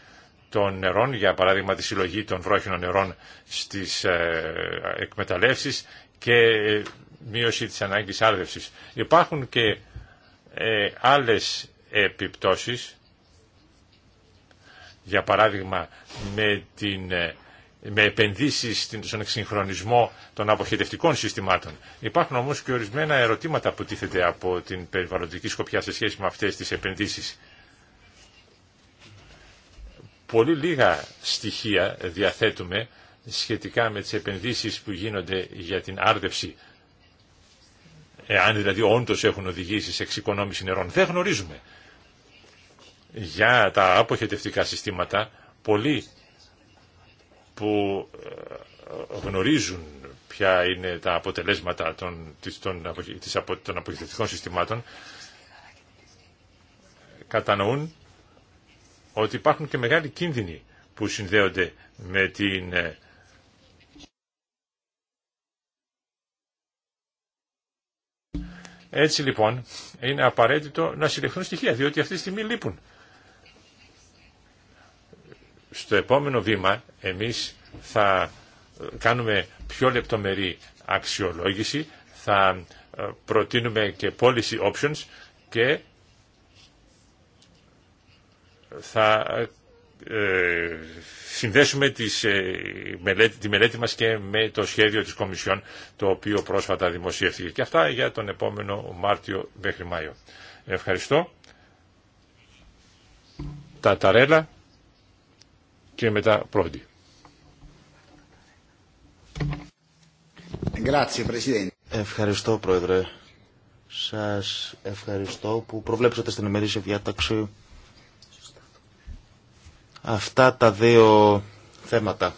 των νερών, για παράδειγμα τη συλλογή των βρόχινων νερών στις ε, εκμεταλλεύσεις και ε, μείωση της ανάγκης άρδευσης. Υπάρχουν και ε, άλλες επιπτώσεις, για παράδειγμα με, την, με επενδύσεις στον εξυγχρονισμό των αποχετευτικών συστημάτων. Υπάρχουν όμως και ορισμένα ερωτήματα που τίθεται από την περιβαλλοντική σκοπιά σε σχέση με αυτές τις επενδύσεις πολύ λίγα στοιχεία διαθέτουμε σχετικά με τις επενδύσεις που γίνονται για την άρδευση, εάν δηλαδή όντως έχουν οδηγήσει σε εξοικονόμηση νερών. Δεν γνωρίζουμε. Για τα αποχετευτικά συστήματα, πολλοί που ε, γνωρίζουν ποια είναι τα αποτελέσματα των, των, των αποχετευτικών συστημάτων, κατανοούν ότι υπάρχουν και μεγάλοι κίνδυνοι που συνδέονται με την ε, Έτσι λοιπόν είναι απαραίτητο να συλλεχθούν στοιχεία, διότι αυτή τη στιγμή λείπουν. Στο επόμενο βήμα εμείς θα ε, κάνουμε πιο λεπτομερή αξιολόγηση, θα ε, προτείνουμε και policy options και θα ε, συνδέσουμε τις, ε, μελέτη, τη μελέτη μας και με το σχέδιο της Κομισιόν το οποίο πρόσφατα δημοσιεύτηκε. Και αυτά για τον επόμενο Μάρτιο μέχρι Μάιο. Ευχαριστώ. Τα Ταρέλα και μετά Πρόντι. Ευχαριστώ Πρόεδρε. Σας ευχαριστώ που προβλέψατε στην ημερήσια διάταξη αυτά τα δύο θέματα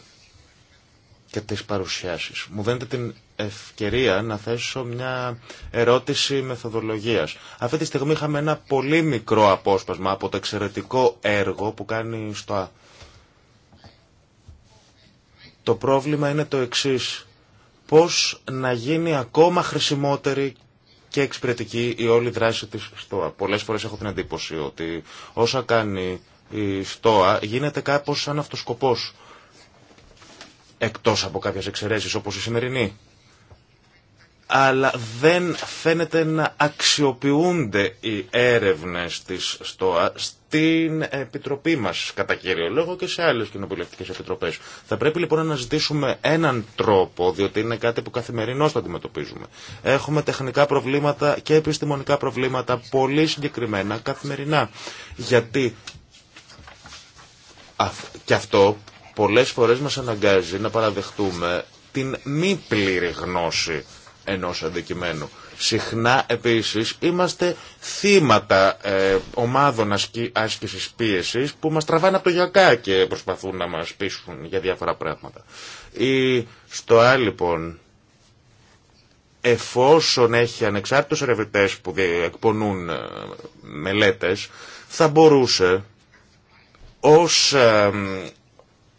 και τις παρουσιάσεις. Μου δίνετε την ευκαιρία να θέσω μια ερώτηση μεθοδολογίας. Αυτή τη στιγμή είχαμε ένα πολύ μικρό απόσπασμα από το εξαιρετικό έργο που κάνει στο Το πρόβλημα είναι το εξής. Πώς να γίνει ακόμα χρησιμότερη και εξυπηρετική η όλη δράση της ΣΤΟΑ. Πολλές φορές έχω την εντύπωση ότι όσα κάνει η στόα γίνεται κάπως σαν αυτοσκοπός εκτός από κάποιες εξαιρέσεις όπως η σημερινή αλλά δεν φαίνεται να αξιοποιούνται οι έρευνες της ΣΤΟΑ στην Επιτροπή μας, κατά κύριο λόγο, και σε άλλες κοινοβουλευτικές επιτροπές. Θα πρέπει λοιπόν να ζητήσουμε έναν τρόπο, διότι είναι κάτι που καθημερινώς το αντιμετωπίζουμε. Έχουμε τεχνικά προβλήματα και επιστημονικά προβλήματα πολύ συγκεκριμένα καθημερινά. Γιατί και αυτό πολλές φορές μας αναγκάζει να παραδεχτούμε την μη πλήρη γνώση ενός αντικειμένου. Συχνά επίσης είμαστε θύματα ε, ομάδων ασκή, άσκησης πίεσης που μας τραβάνε από το γιακά και προσπαθούν να μας πείσουν για διάφορα πράγματα. Ή στο άλλο λοιπόν, εφόσον έχει ανεξάρτητους ερευνητές που εκπονούν ε, μελέτες, θα μπορούσε ως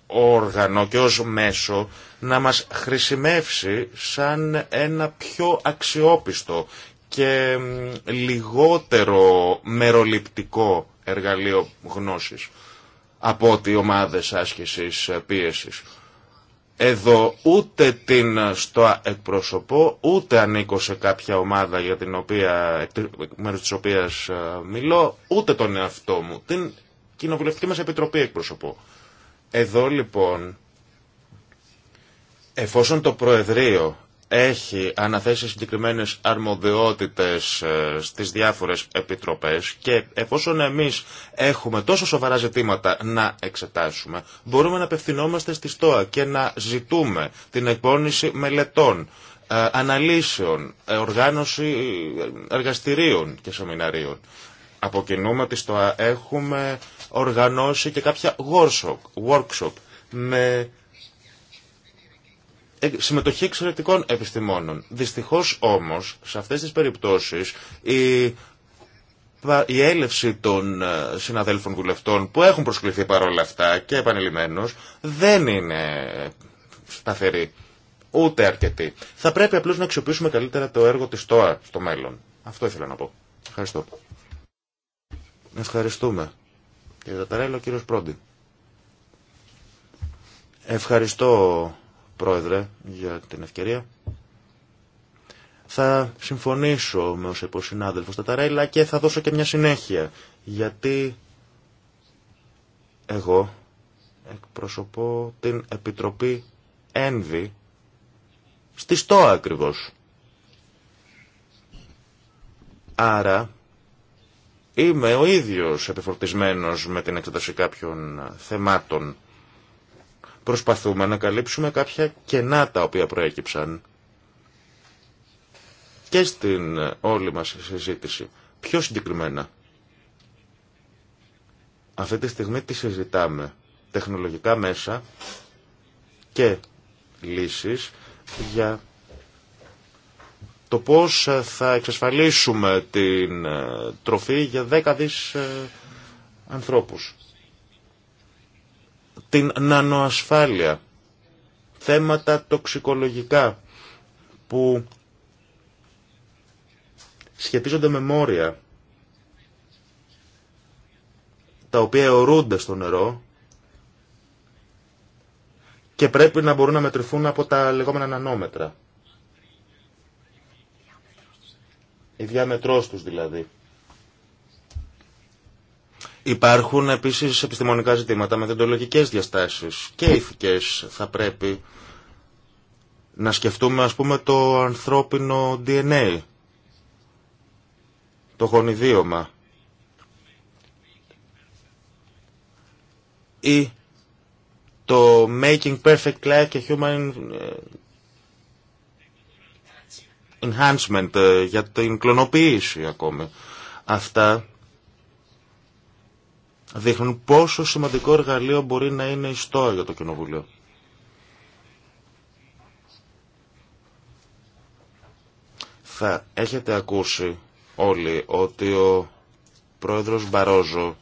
όργανο και ως μέσο να μας χρησιμεύσει σαν ένα πιο αξιόπιστο και λιγότερο μεροληπτικό εργαλείο γνώσης από ότι ομάδες άσκησης ε, πίεσης. Εδώ ούτε την ε, στο εκπροσωπώ, ούτε ανήκω σε κάποια ομάδα για την οποία, μέρος της οποίας ε, μιλώ, ούτε τον εαυτό μου. Την κοινοβουλευτική μας επιτροπή εκπροσωπώ. Εδώ λοιπόν, εφόσον το Προεδρείο έχει αναθέσει συγκεκριμένες αρμοδιότητες ε, στις διάφορες επιτροπές και εφόσον εμείς έχουμε τόσο σοβαρά ζητήματα να εξετάσουμε, μπορούμε να απευθυνόμαστε στη ΣΤΟΑ και να ζητούμε την εκπόνηση μελετών, ε, αναλύσεων, ε, οργάνωση εργαστηρίων και σεμιναρίων. Από κοινού τη ΣΤΟΑ έχουμε οργανώσει και κάποια workshop με ε, συμμετοχή εξαιρετικών επιστημόνων. Δυστυχώς όμως, σε αυτές τις περιπτώσεις, η, η έλευση των ε, συναδέλφων βουλευτών που έχουν προσκληθεί παρόλα αυτά και επανειλημμένως, δεν είναι σταθερή, ούτε αρκετή. Θα πρέπει απλώς να αξιοποιήσουμε καλύτερα το έργο της ΣΤΟΑ στο μέλλον. Αυτό ήθελα να πω. Ευχαριστώ. Ευχαριστούμε. Κύριε κύριος Πρόντι. Ευχαριστώ, Πρόεδρε, για την ευκαιρία. Θα συμφωνήσω με ως υποσυνάδελφος Ταταρέλα και θα δώσω και μια συνέχεια, γιατί εγώ εκπροσωπώ την Επιτροπή Ένβη στη ΣΤΟΑ ακριβώς. Άρα Είμαι ο ίδιος επιφορτισμένος με την εξέταση κάποιων θεμάτων. Προσπαθούμε να καλύψουμε κάποια κενά τα οποία προέκυψαν και στην όλη μας συζήτηση. Πιο συγκεκριμένα. Αυτή τη στιγμή τη συζητάμε. Τεχνολογικά μέσα και λύσεις για το πώς θα εξασφαλίσουμε την ε, τροφή για δέκα ε, ανθρώπους. Την νανοασφάλεια, θέματα τοξικολογικά που σχετίζονται με μόρια τα οποία ορούνται στο νερό και πρέπει να μπορούν να μετρηθούν από τα λεγόμενα νανόμετρα. η διάμετρός τους δηλαδή. Υπάρχουν επίσης επιστημονικά ζητήματα, με μεθεντολογικές διαστάσεις και ηθικές θα πρέπει να σκεφτούμε ας πούμε το ανθρώπινο DNA, το γονιδίωμα ή το making perfect life και human ε, enhancement, ε, για την κλωνοποίηση ακόμη. Αυτά δείχνουν πόσο σημαντικό εργαλείο μπορεί να είναι η για το Κοινοβούλιο. Θα έχετε ακούσει όλοι ότι ο πρόεδρος Μπαρόζο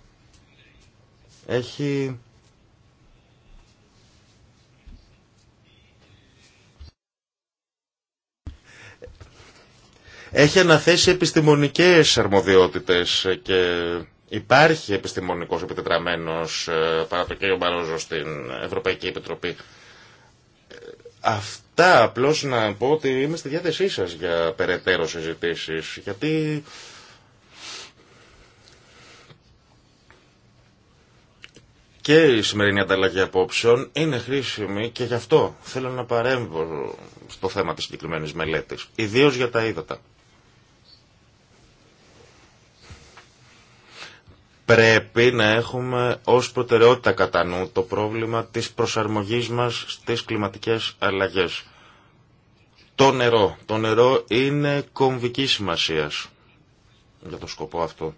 έχει έχει αναθέσει επιστημονικές αρμοδιότητες και υπάρχει επιστημονικός επιτετραμένος ε, παρά το κ. Μπαρόζο στην Ευρωπαϊκή Επιτροπή. Ε, αυτά απλώς να πω ότι είμαι στη διάθεσή σας για περαιτέρω συζητήσεις, γιατί και η σημερινή ανταλλαγή απόψεων είναι χρήσιμη και γι' αυτό θέλω να παρέμβω στο θέμα της συγκεκριμένη μελέτης, ιδίως για τα είδατα. Πρέπει να έχουμε ως προτεραιότητα κατά νου το πρόβλημα της προσαρμογής μας στις κλιματικές αλλαγές. Το νερό. Το νερό είναι κομβική σημασία για το σκοπό αυτό.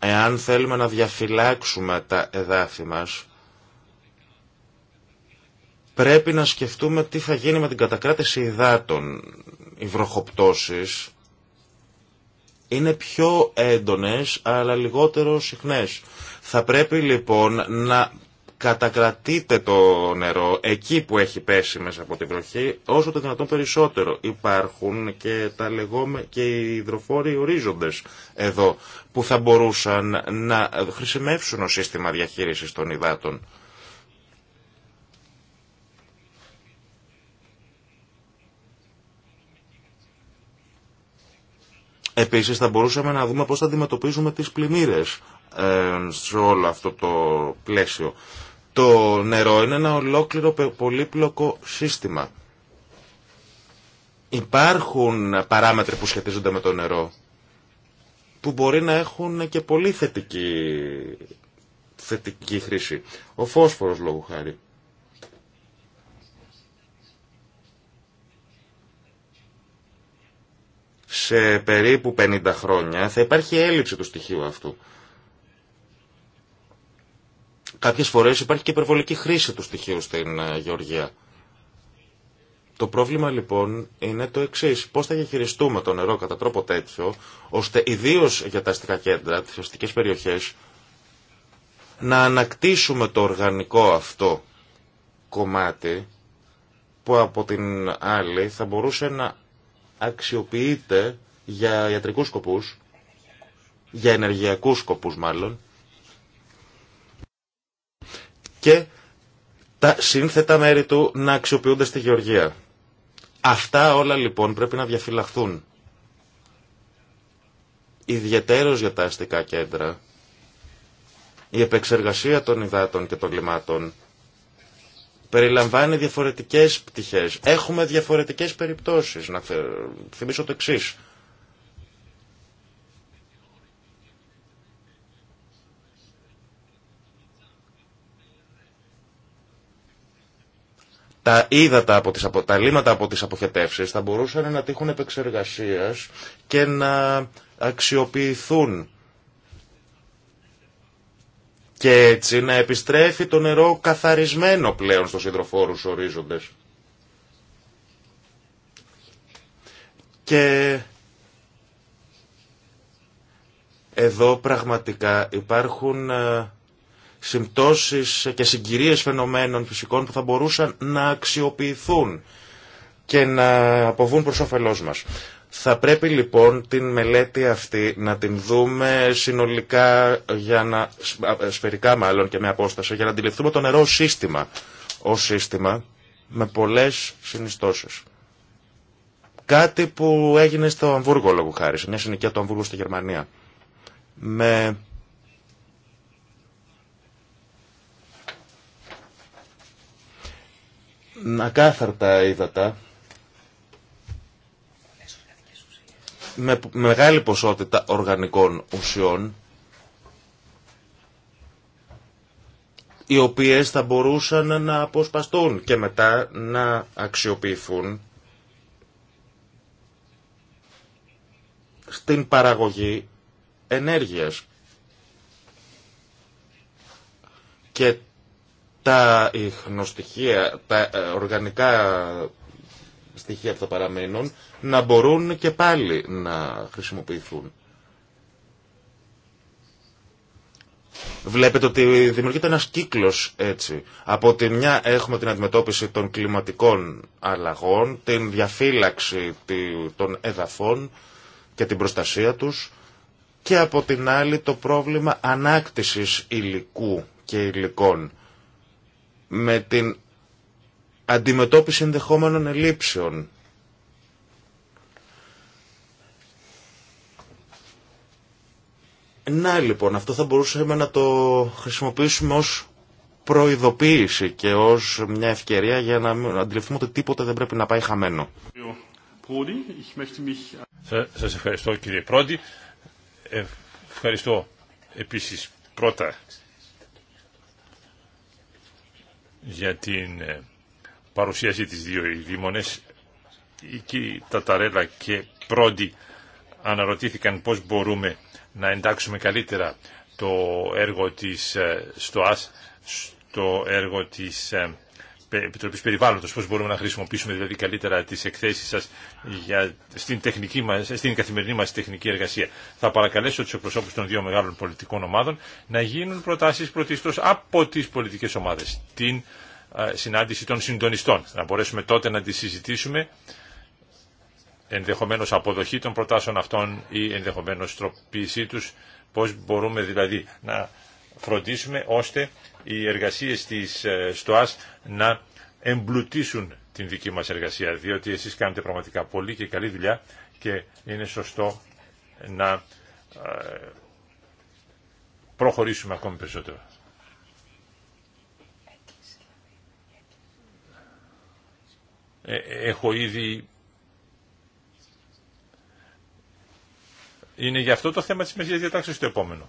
Εάν θέλουμε να διαφυλάξουμε τα εδάφη μας, πρέπει να σκεφτούμε τι θα γίνει με την κατακράτηση υδάτων. Οι βροχοπτώσεις είναι πιο έντονες αλλά λιγότερο συχνές. Θα πρέπει λοιπόν να κατακρατείτε το νερό εκεί που έχει πέσει μέσα από την βροχή όσο το δυνατόν περισσότερο. Υπάρχουν και, τα λεγόμε, και οι υδροφόροι ορίζοντες εδώ που θα μπορούσαν να χρησιμεύσουν ο σύστημα διαχείρισης των υδάτων. Επίσης θα μπορούσαμε να δούμε πώς θα αντιμετωπίζουμε τις πλημμύρες ε, σε όλο αυτό το πλαίσιο. Το νερό είναι ένα ολόκληρο πολύπλοκο σύστημα. Υπάρχουν παράμετροι που σχετίζονται με το νερό που μπορεί να έχουν και πολύ θετική, χρήση. Ο φόσφορος λόγου χάρη. σε περίπου 50 χρόνια θα υπάρχει έλλειψη του στοιχείου αυτού. Κάποιες φορές υπάρχει και υπερβολική χρήση του στοιχείου στην ε, Γεωργία. Το πρόβλημα λοιπόν είναι το εξή. Πώ θα διαχειριστούμε το νερό κατά τρόπο τέτοιο, ώστε ιδίω για τα αστικά κέντρα, τι αστικέ περιοχέ, να ανακτήσουμε το οργανικό αυτό κομμάτι που από την άλλη θα μπορούσε να αξιοποιείται για ιατρικούς σκοπούς, για ενεργειακούς σκοπούς μάλλον, και τα σύνθετα μέρη του να αξιοποιούνται στη γεωργία. Αυτά όλα λοιπόν πρέπει να διαφυλαχθούν. Ιδιαιτέρως για τα αστικά κέντρα, η επεξεργασία των υδάτων και των λιμάτων περιλαμβάνει διαφορετικές πτυχές. Έχουμε διαφορετικές περιπτώσεις. Να θυμίσω το εξή. Τα ύδατα από τις, τα λίματα από τις αποχετεύσεις θα μπορούσαν να τύχουν επεξεργασίας και να αξιοποιηθούν και έτσι να επιστρέφει το νερό καθαρισμένο πλέον στους υδροφόρους ορίζοντες. Και εδώ πραγματικά υπάρχουν ε, συμπτώσεις και συγκυρίες φαινομένων φυσικών που θα μπορούσαν να αξιοποιηθούν και να αποβούν προς όφελός μας. Θα πρέπει λοιπόν την μελέτη αυτή να την δούμε συνολικά, για να, σφαιρικά μάλλον και με απόσταση, για να αντιληφθούμε το νερό σύστημα ως σύστημα με πολλές συνιστώσεις. Κάτι που έγινε στο Αμβούργο λόγω χάρη, σε μια συνοικία του Αμβούργου στη Γερμανία. Με ακάθαρτα ύδατα με μεγάλη ποσότητα οργανικών ουσιών οι οποίες θα μπορούσαν να αποσπαστούν και μετά να αξιοποιηθούν στην παραγωγή ενέργειας. Και τα ιχνοστοιχεία, τα ε, οργανικά στοιχεία που θα παραμείνουν να μπορούν και πάλι να χρησιμοποιηθούν. Βλέπετε ότι δημιουργείται ένας κύκλος έτσι. Από τη μια έχουμε την αντιμετώπιση των κλιματικών αλλαγών, την διαφύλαξη των εδαφών και την προστασία τους και από την άλλη το πρόβλημα ανάκτησης υλικού και υλικών με την αντιμετώπιση ενδεχόμενων ελλείψεων. Να λοιπόν, αυτό θα μπορούσαμε να το χρησιμοποιήσουμε ως προειδοποίηση και ως μια ευκαιρία για να αντιληφθούμε ότι τίποτα δεν πρέπει να πάει χαμένο. Σας ευχαριστώ κύριε Πρόντι. Ευχαριστώ επίσης πρώτα για την ε, παρουσίασε τις δύο ειδήμονες, η κ. Ταταρέλα και Πρόντι αναρωτήθηκαν πώς μπορούμε να εντάξουμε καλύτερα το έργο της ε, ΣΤΟΑΣ στο έργο της ε, Επιτροπής Περιβάλλοντος, πώς μπορούμε να χρησιμοποιήσουμε δηλαδή καλύτερα τις εκθέσεις σας για, στην, τεχνική μας, στην καθημερινή μας τεχνική εργασία. Θα παρακαλέσω τους εκπροσώπους των δύο μεγάλων πολιτικών ομάδων να γίνουν προτάσεις πρωτίστως από τις πολιτικές ομάδες. Την ε, συνάντηση των συντονιστών. Να μπορέσουμε τότε να τη συζητήσουμε ενδεχομένως αποδοχή των προτάσεων αυτών ή ενδεχομένως τροποίησή τους, πώς μπορούμε δηλαδή να φροντίσουμε ώστε οι εργασίες της ε, ΣΤΟΑΣ να εμπλουτίσουν την δική μας εργασία, διότι εσείς κάνετε πραγματικά πολύ και καλή δουλειά και είναι σωστό να ε, προχωρήσουμε ακόμη περισσότερο. Ε, έχω ήδη... Είναι γι' αυτό το θέμα της μεσαίας διατάξεως το επόμενο.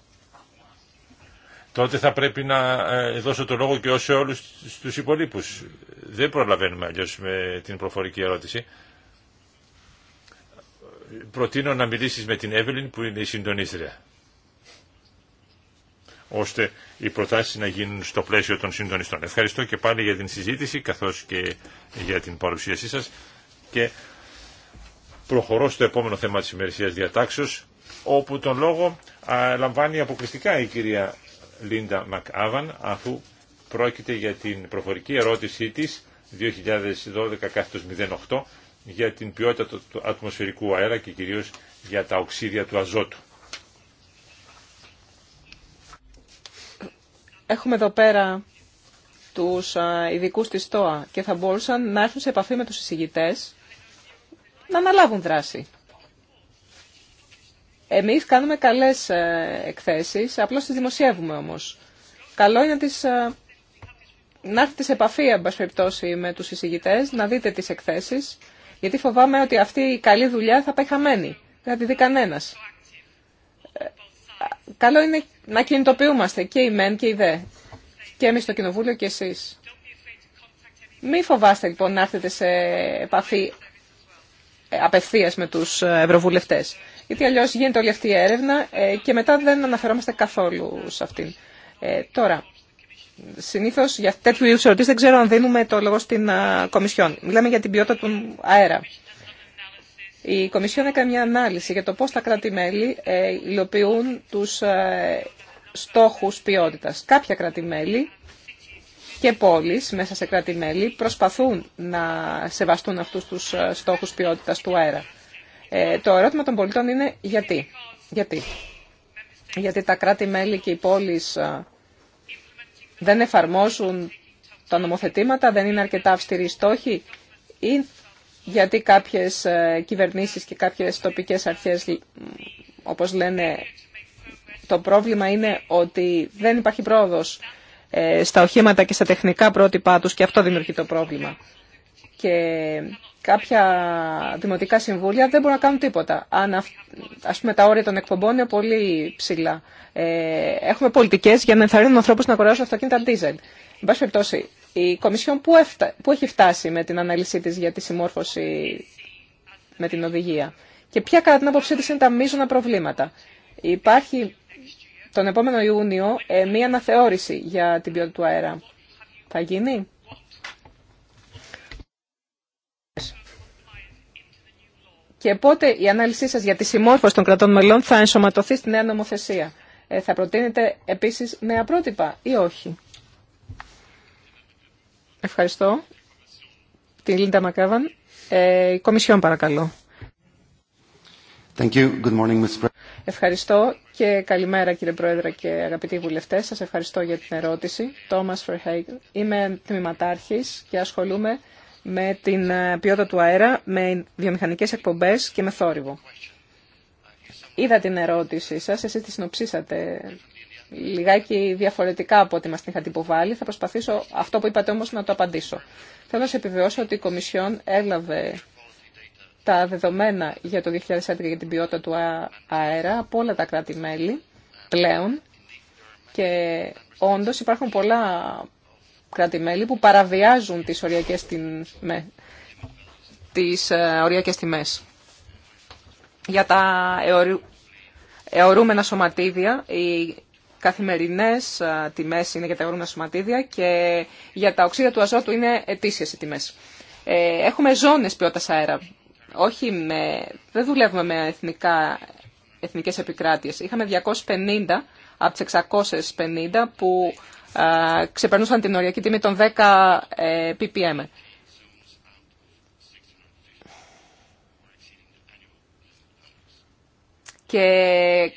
Τότε θα πρέπει να ε, δώσω το λόγο και ως σε όλους τους υπολείπους. Δεν προλαβαίνουμε αλλιώς με την προφορική ερώτηση. Προτείνω να μιλήσεις με την Εύελιν που είναι η συντονίστρια ώστε οι προτάσεις να γίνουν στο πλαίσιο των συντονιστών. Ευχαριστώ και πάλι για την συζήτηση καθώς και για την παρουσίασή σας και προχωρώ στο επόμενο θέμα της ημερησίας διατάξεως όπου τον λόγο λαμβάνει αποκλειστικά η κυρία Λίντα Μακάβαν αφού πρόκειται για την προφορική ερώτησή της 2012-08 για την ποιότητα του ατμοσφαιρικού αέρα και κυρίως για τα οξύδια του αζότου. Έχουμε εδώ πέρα τους ειδικού της ΣΤΟΑ και θα μπορούσαν να έρθουν σε επαφή με τους εισηγητές να αναλάβουν δράση. Εμείς κάνουμε καλές ε, εκθέσεις, απλώς τις δημοσιεύουμε όμως. Καλό είναι τις, ε, να έρθει σε επαφή, με τους εισηγητές, να δείτε τις εκθέσεις, γιατί φοβάμαι ότι αυτή η καλή δουλειά θα πάει χαμένη. Δεν θα τη δει κανένας καλό είναι να κινητοποιούμαστε και οι μεν και οι δε. Και εμείς στο Κοινοβούλιο και εσείς. Μη φοβάστε λοιπόν να έρθετε σε επαφή ε, απευθείας με τους ε, ευρωβουλευτές. Γιατί αλλιώς γίνεται όλη αυτή η έρευνα ε, και μετά δεν αναφερόμαστε καθόλου σε αυτήν. τώρα, συνήθως για τέτοιου είδους ερωτήσεις δεν ξέρω αν δίνουμε το λόγο στην Κομισιόν. Μιλάμε για την ποιότητα του αέρα. Η Κομισιόν έκανε μια ανάλυση για το πώς τα κράτη-μέλη ε, υλοποιούν τους ε, στόχους ποιότητας. Κάποια κράτη-μέλη και πόλεις μέσα σε κράτη-μέλη προσπαθούν να σεβαστούν αυτούς τους ε, στόχους ποιότητας του αέρα. Το ερώτημα των πολιτών είναι γιατί. Γιατί, γιατί τα κράτη-μέλη και οι πόλεις δεν εφαρμόζουν τα νομοθετήματα, δεν είναι αρκετά αυστηροί στόχοι γιατί κάποιες ε, κυβερνήσεις και κάποιες τοπικές αρχές, όπως λένε, το πρόβλημα είναι ότι δεν υπάρχει πρόοδος ε, στα οχήματα και στα τεχνικά πρότυπά τους και αυτό δημιουργεί το πρόβλημα. Και κάποια δημοτικά συμβούλια δεν μπορούν να κάνουν τίποτα. Αν ας πούμε τα όρια των εκπομπών είναι πολύ ψηλά. Ε, έχουμε πολιτικές για να ενθαρρύνουν ανθρώπους να αγοράσουν αυτοκίνητα diesel. Εν πάση περιπτώσει, η Κομισιόν πού, έχει φτάσει με την ανάλυση της για τη συμμόρφωση με την οδηγία και ποια κατά την άποψή της είναι τα μείζωνα προβλήματα. Υπάρχει τον επόμενο Ιούνιο ε, μία αναθεώρηση για την ποιότητα του αέρα. Θα γίνει. Και πότε η ανάλυση σας για τη συμμόρφωση των κρατών μελών θα ενσωματωθεί στη νέα νομοθεσία. Ε, θα προτείνετε επίσης νέα πρότυπα ή όχι. Ευχαριστώ. Την Λίντα Μακάβαν. Ε, η Κομισιόν παρακαλώ. Thank you. Good morning, Ευχαριστώ και καλημέρα κύριε Πρόεδρε και αγαπητοί βουλευτές. Σας ευχαριστώ για την ερώτηση. Τόμας Είμαι τμήματάρχης και ασχολούμαι με την ε, ποιότητα του αέρα, με βιομηχανικές εκπομπές και με θόρυβο. Είδα την ερώτησή σας, εσείς τη συνοψίσατε λιγάκι διαφορετικά από ό,τι μας την είχατε υποβάλει. Θα προσπαθήσω αυτό που είπατε όμως να το απαντήσω. Θέλω να σε επιβεβαιώσω ότι η Κομισιόν έλαβε τα δεδομένα για το 2011 για την ποιότητα του αέρα από όλα τα κράτη-μέλη πλέον και όντως υπάρχουν πολλά κράτη-μέλη που παραβιάζουν τις οριακές, τιμέ, τις ε, οριακές τιμές για τα αιωρούμενα σωματίδια. Οι καθημερινές τιμές είναι για τα αιωρούμενα σωματίδια και για τα οξύδια του αζότου είναι ετήσιες οι τιμές. Ε, έχουμε ζώνες ποιότητας αέρα. Όχι με, δεν δουλεύουμε με εθνικά, εθνικές επικράτειες. Είχαμε 250 από τις 650 που ξεπερνούσαν την οριακή τιμή των 10 ppm. Ε, και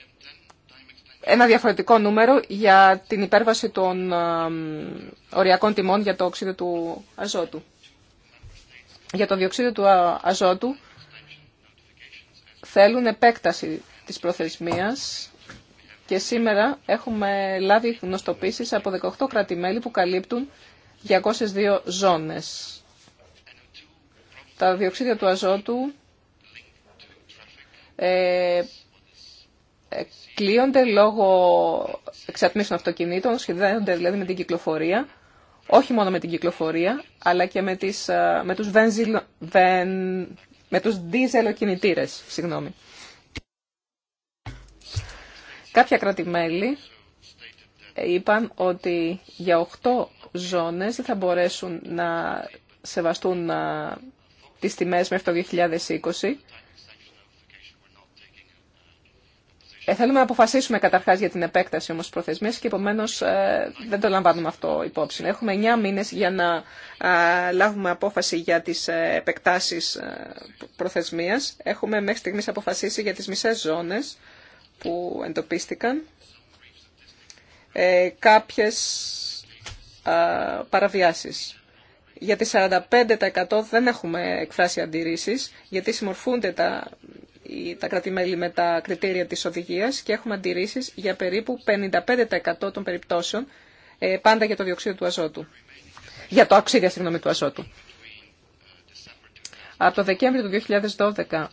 ένα διαφορετικό νούμερο για την υπέρβαση των ε, οριακών τιμών για το οξύδιο του αζότου. Για το διοξείδιο του αζότου θέλουν επέκταση της προθεσμίας και σήμερα έχουμε λάβει γνωστοποίησεις από 18 κρατημέλη που καλύπτουν 202 ζώνες. Τα διοξίδια του αζότου ε, κλείονται λόγω εξατμίσεων αυτοκινήτων, σχεδιάζονται δηλαδή με την κυκλοφορία, όχι μόνο με την κυκλοφορία, αλλά και με, τις, ε, με τους, βενζιλο, βεν, διζελοκινητήρες. Συγγνώμη. Κάποια κρατημέλη είπαν ότι για 8 ζώνες δεν θα μπορέσουν να σεβαστούν ε, τις τιμές μέχρι το 2020 Ε, θέλουμε να αποφασίσουμε καταρχά για την επέκταση όμω προθεσμία και επομένω ε, δεν το λαμβάνουμε αυτό υπόψη. Έχουμε 9 μήνε για να λάβουμε απόφαση για τι ε, επεκτάσει προθεσμία. Έχουμε μέχρι στιγμή αποφασίσει για τι μισέ ζώνε που εντοπίστηκαν. Ε, κάποιες παραβιάσεις. Για τις 45% δεν έχουμε εκφράσει αντιρρήσεις, γιατί συμμορφούνται τα τα κρατημέλη με τα κριτήρια της οδηγίας και έχουμε αντιρρήσεις για περίπου 55% των περιπτώσεων ε, πάντα για το διοξείδιο του αζότου. Για το αξίδια, συγγνώμη, του αζότου. Από το Δεκέμβριο του 2012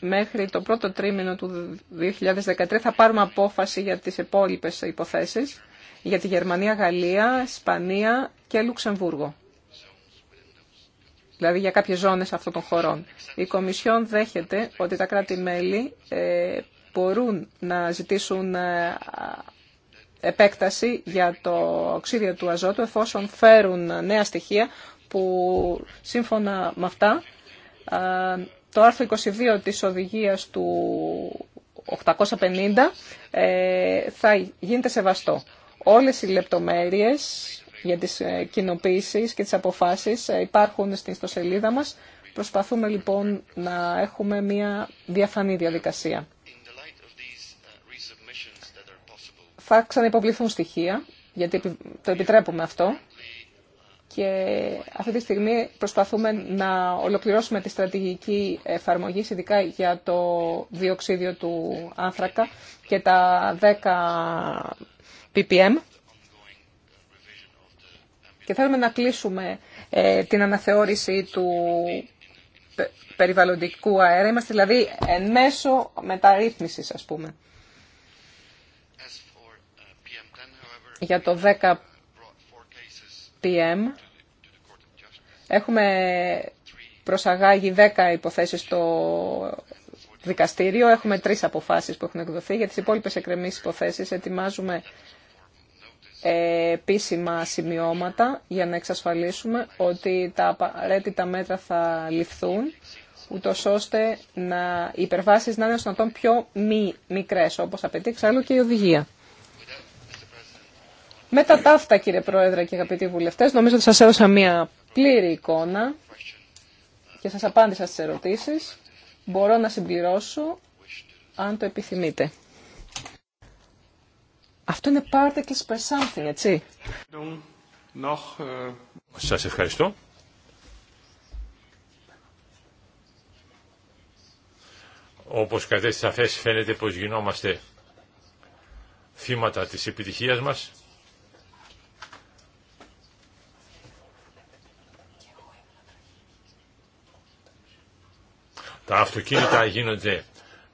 μέχρι το πρώτο τρίμηνο του 2013 θα πάρουμε απόφαση για τις υπόλοιπε υποθέσεις για τη Γερμανία, Γαλλία, Ισπανία και Λουξεμβούργο δηλαδή για κάποιες ζώνες αυτών των χωρών. Η Κομισιόν δέχεται ότι τα κράτη-μέλη ε, μπορούν να ζητήσουν ε, επέκταση για το οξύδιο του αζότου εφόσον φέρουν νέα στοιχεία που σύμφωνα με αυτά ε, το άρθρο 22 της οδηγίας του 850 θα γίνεται σεβαστό. Όλες οι λεπτομέρειες για τις ε, κοινοποίησεις και τις αποφάσεις ε, υπάρχουν στην ιστοσελίδα μας. Προσπαθούμε λοιπόν να έχουμε μια διαφανή διαδικασία. Θα ξαναυποβληθούν στοιχεία, γιατί το επιτρέπουμε αυτό. Και αυτή τη στιγμή προσπαθούμε να ολοκληρώσουμε τη στρατηγική εφαρμογή, ειδικά για το διοξίδιο του άνθρακα και τα 10 ppm και θέλουμε να κλείσουμε ε, την αναθεώρηση του περιβαλλοντικού αέρα. Είμαστε δηλαδή εν μέσω μεταρρύθμισης, ας πούμε. Για το 10 PM έχουμε προσαγάγει 10 υποθέσεις στο δικαστήριο. Έχουμε τρεις αποφάσεις που έχουν εκδοθεί. Για τις υπόλοιπες εκκρεμίσεις υποθέσεις ετοιμάζουμε επίσημα σημειώματα για να εξασφαλίσουμε ότι τα απαραίτητα μέτρα θα ληφθούν ούτω ώστε να, οι υπερβάσεις να είναι στον πιο μη μικρές, όπως απαιτεί και η οδηγία. Με τα αυτά, κύριε Πρόεδρε και αγαπητοί βουλευτές, νομίζω ότι σας έδωσα μία πλήρη εικόνα και σας απάντησα στις ερωτήσεις. Μπορώ να συμπληρώσω αν το επιθυμείτε. Αυτό είναι particles per something, έτσι. Ε, Σας ευχαριστώ. Όπως κατέστησα αφές φαίνεται πως γινόμαστε θύματα της επιτυχίας μας. Τα αυτοκίνητα γίνονται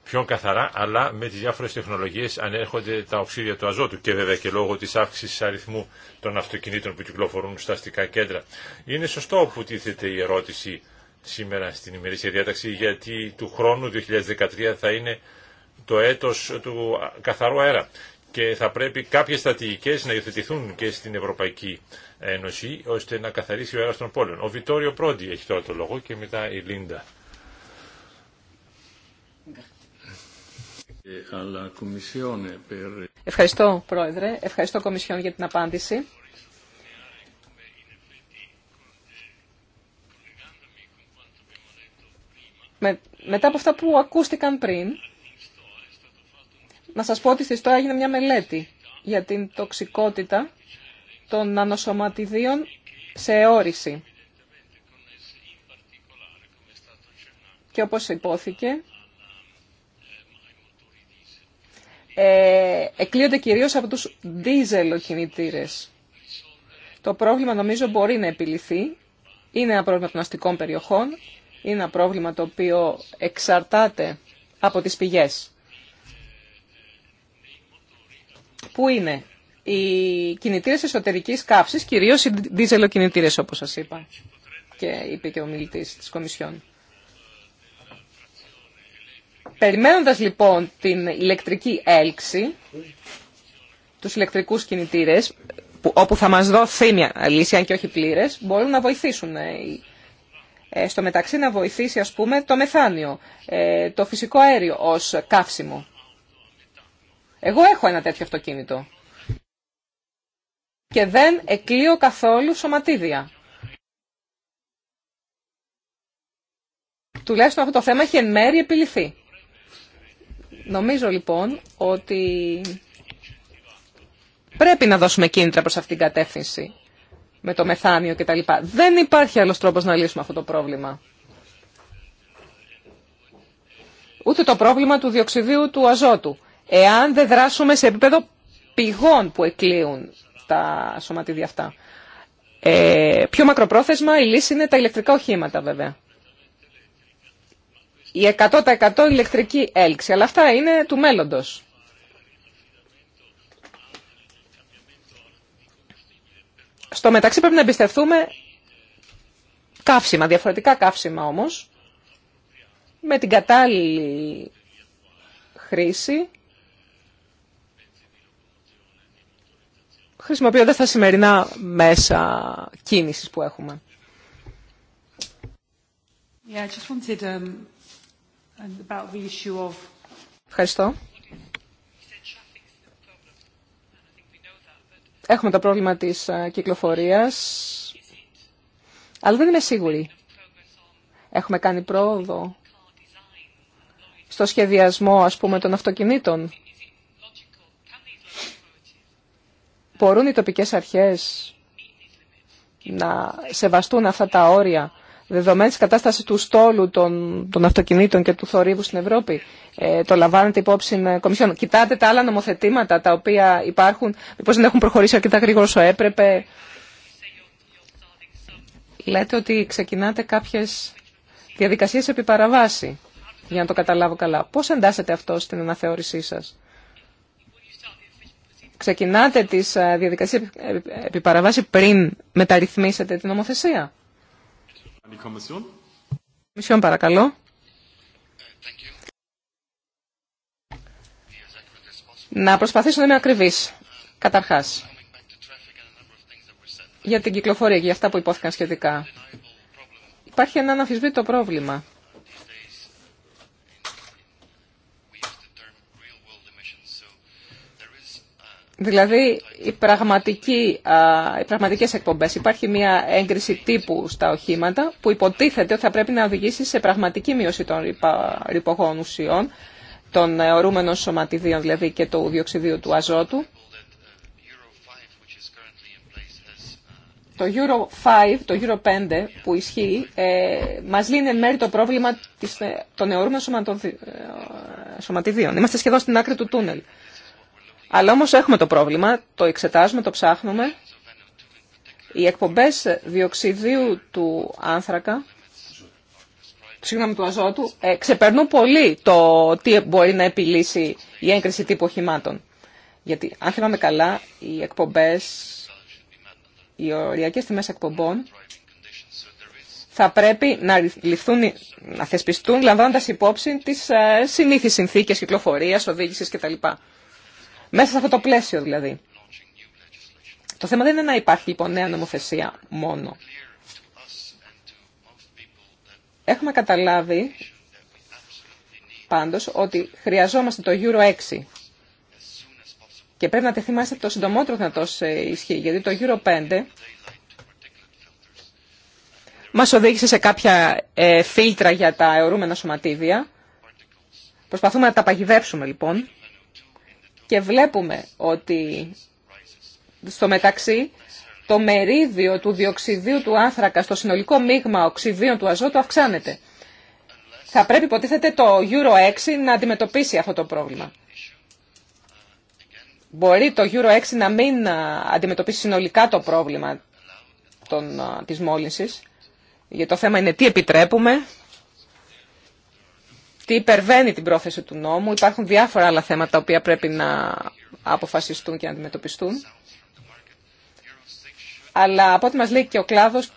πιο καθαρά, αλλά με τις διάφορες τεχνολογίες ανέρχονται τα οξύδια του αζότου και βέβαια και λόγω της αύξησης αριθμού των αυτοκινήτων που κυκλοφορούν στα αστικά κέντρα. Είναι σωστό που τίθεται η ερώτηση σήμερα στην ημερήσια διάταξη, γιατί του χρόνου 2013 θα είναι το έτος του καθαρού αέρα και θα πρέπει κάποιες στρατηγικές να υιοθετηθούν και στην Ευρωπαϊκή Ένωση ώστε να καθαρίσει ο αέρας των πόλεων. Ο Βιτόριο Πρόντι έχει τώρα το λόγο και μετά η Λίντα. Ευχαριστώ, Πρόεδρε. Ευχαριστώ, Κομισιόν, για την απάντηση. Με, μετά από αυτά που ακούστηκαν πριν, να σας πω ότι στη ΣΤΟΑ έγινε μια μελέτη για την τοξικότητα των νανοσωματιδίων σε αιώρηση. Και όπως υπόθηκε, Ε, εκλείονται κυρίως από τους δίζελο κινητήρες. Το πρόβλημα νομίζω μπορεί να επιληθεί. Είναι ένα πρόβλημα των αστικών περιοχών. Είναι ένα πρόβλημα το οποίο εξαρτάται από τις πηγές. Πού είναι οι κινητήρες εσωτερικής καύσης, κυρίως οι δίζελο κινητήρες όπως σας είπα και είπε και ο μιλητής της Κομισιόν. Περιμένοντας λοιπόν την ηλεκτρική έλξη, τους ηλεκτρικούς κινητήρες, όπου θα μας δω μια λύση, αν και όχι πλήρες, μπορούν να βοηθήσουν ε, ε, στο μεταξύ να βοηθήσει ας πούμε το μεθάνιο, ε, το φυσικό αέριο ως καύσιμο. Εγώ έχω ένα τέτοιο αυτοκίνητο και δεν εκλείω καθόλου σωματίδια. Τουλάχιστον αυτό το θέμα έχει εν επιληθεί. Νομίζω λοιπόν ότι πρέπει να δώσουμε κίνητρα προς αυτήν την κατεύθυνση με το μεθάνιο κτλ. Δεν υπάρχει άλλος τρόπος να λύσουμε αυτό το πρόβλημα. Ούτε το πρόβλημα του διοξιδίου του αζότου. Εάν δεν δράσουμε σε επίπεδο πηγών που εκλείουν τα σωματίδια αυτά. Ε, πιο μακροπρόθεσμα η λύση είναι τα ηλεκτρικά οχήματα βέβαια η 100% ηλεκτρική έλξη. Αλλά αυτά είναι του μέλλοντος. Στο μεταξύ πρέπει να εμπιστευτούμε καύσιμα, διαφορετικά καύσιμα όμως, με την κατάλληλη χρήση, χρησιμοποιώντας τα σημερινά μέσα κίνησης που έχουμε. Yeah, I just wanted, um, Ευχαριστώ. Έχουμε το πρόβλημα της κυκλοφορίας, αλλά δεν είμαι σίγουρη. Έχουμε κάνει πρόοδο στο σχεδιασμό, ας πούμε, των αυτοκινήτων. Μπορούν οι τοπικές αρχές να σεβαστούν αυτά τα όρια η κατάσταση του στόλου των, των αυτοκινήτων και του θορύβου στην Ευρώπη. Ε, το λαμβάνετε υπόψη Κομισιόν. Κοιτάτε τα άλλα νομοθετήματα τα οποία υπάρχουν, μήπως δεν έχουν προχωρήσει αρκετά γρήγορα όσο έπρεπε. Λέτε ότι ξεκινάτε κάποιες διαδικασίες επί παραβάση, για να το καταλάβω καλά. Πώς εντάσσετε αυτό στην αναθεώρησή σας. Ξεκινάτε τις ε, διαδικασίες επί παραβάση πριν μεταρρυθμίσετε την νομοθεσία. Κομισιόν Να προσπαθήσω να είμαι ακριβή Καταρχάς, για την κυκλοφορία και για αυτά που υπόθηκαν σχετικά. Υπάρχει ένα αναφυσβήτο πρόβλημα Δηλαδή, οι, πραγματικέ οι πραγματικές εκπομπές. Υπάρχει μια έγκριση τύπου στα οχήματα που υποτίθεται ότι θα πρέπει να οδηγήσει σε πραγματική μείωση των ρηπογών ουσιών, των ορούμενων σωματιδίων δηλαδή και του διοξιδίου του αζότου. Το Euro 5, το Euro 5 που ισχύει, ε, μας λύνει εν μέρη το πρόβλημα ε, των αιωρούμενων ε, σωματιδίων. Είμαστε σχεδόν στην άκρη του τούνελ. Αλλά όμως έχουμε το πρόβλημα, το εξετάζουμε, το ψάχνουμε. Οι εκπομπές διοξιδίου του άνθρακα, συγγνώμη του αζότου, ε, ξεπερνούν πολύ το τι μπορεί να επιλύσει η έγκριση τύπου οχημάτων. Γιατί αν θυμάμαι καλά, οι εκπομπές, οι οριακές τιμές εκπομπών θα πρέπει να, ληφθούν, να θεσπιστούν λαμβάνοντας υπόψη τις ε, συνήθεις συνθήκες κυκλοφορίας, οδήγησης κτλ. Μέσα σε αυτό το πλαίσιο δηλαδή. Το θέμα δεν είναι να υπάρχει λοιπόν νέα νομοθεσία μόνο. Έχουμε καταλάβει πάντως ότι χρειαζόμαστε το Euro 6 και πρέπει να τεθεί θυμάστε το συντομότερο δυνατό σε ισχύ, γιατί το Euro 5 μας οδήγησε σε κάποια ε, φίλτρα για τα αιωρούμενα σωματίδια. Προσπαθούμε να τα παγιδεύσουμε λοιπόν. Και βλέπουμε ότι στο μεταξύ το μερίδιο του διοξιδίου του άνθρακα στο συνολικό μείγμα οξυδίων του αζότου αυξάνεται. Θα πρέπει υποτίθεται το Euro 6 να αντιμετωπίσει αυτό το πρόβλημα. Μπορεί το Euro 6 να μην αντιμετωπίσει συνολικά το πρόβλημα των, της μόλυνσης, γιατί το θέμα είναι τι επιτρέπουμε αυτή υπερβαίνει την πρόθεση του νόμου. Υπάρχουν διάφορα άλλα θέματα τα οποία πρέπει να αποφασιστούν και να αντιμετωπιστούν. Αλλά από ό,τι μας λέει και ο κλάδος,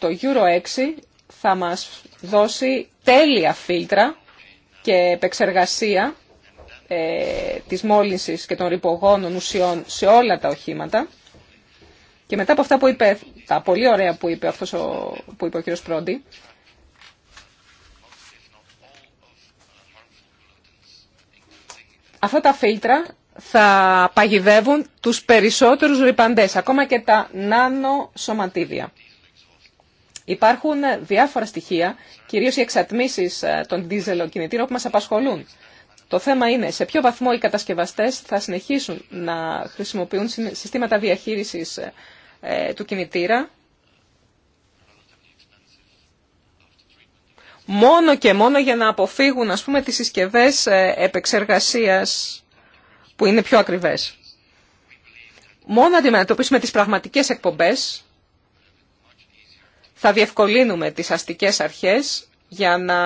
το Euro 6 θα μας δώσει τέλεια φίλτρα και επεξεργασία ε, της μόλυνσης και των ρηπογόνων ουσιών σε όλα τα οχήματα. Και μετά από αυτά που είπε, τα πολύ ωραία που είπε, αυτός ο, που είπε ο κύριος Πρόντι, Αυτά τα φίλτρα θα παγιδεύουν τους περισσότερους ρυπαντές, ακόμα και τα νάνο σωματίδια. Υπάρχουν διάφορα στοιχεία, κυρίως οι εξατμίσεις ε, των δίζελοκινητήρων που μας απασχολούν. Το θέμα είναι σε ποιο βαθμό οι κατασκευαστές θα συνεχίσουν να χρησιμοποιούν συστήματα διαχείρισης ε, ε, του κινητήρα μόνο και μόνο για να αποφύγουν ας πούμε τις συσκευές ε, επεξεργασίας που είναι πιο ακριβές. Μόνο αντιμετωπίσουμε τις πραγματικές εκπομπές θα διευκολύνουμε τις αστικές αρχές για να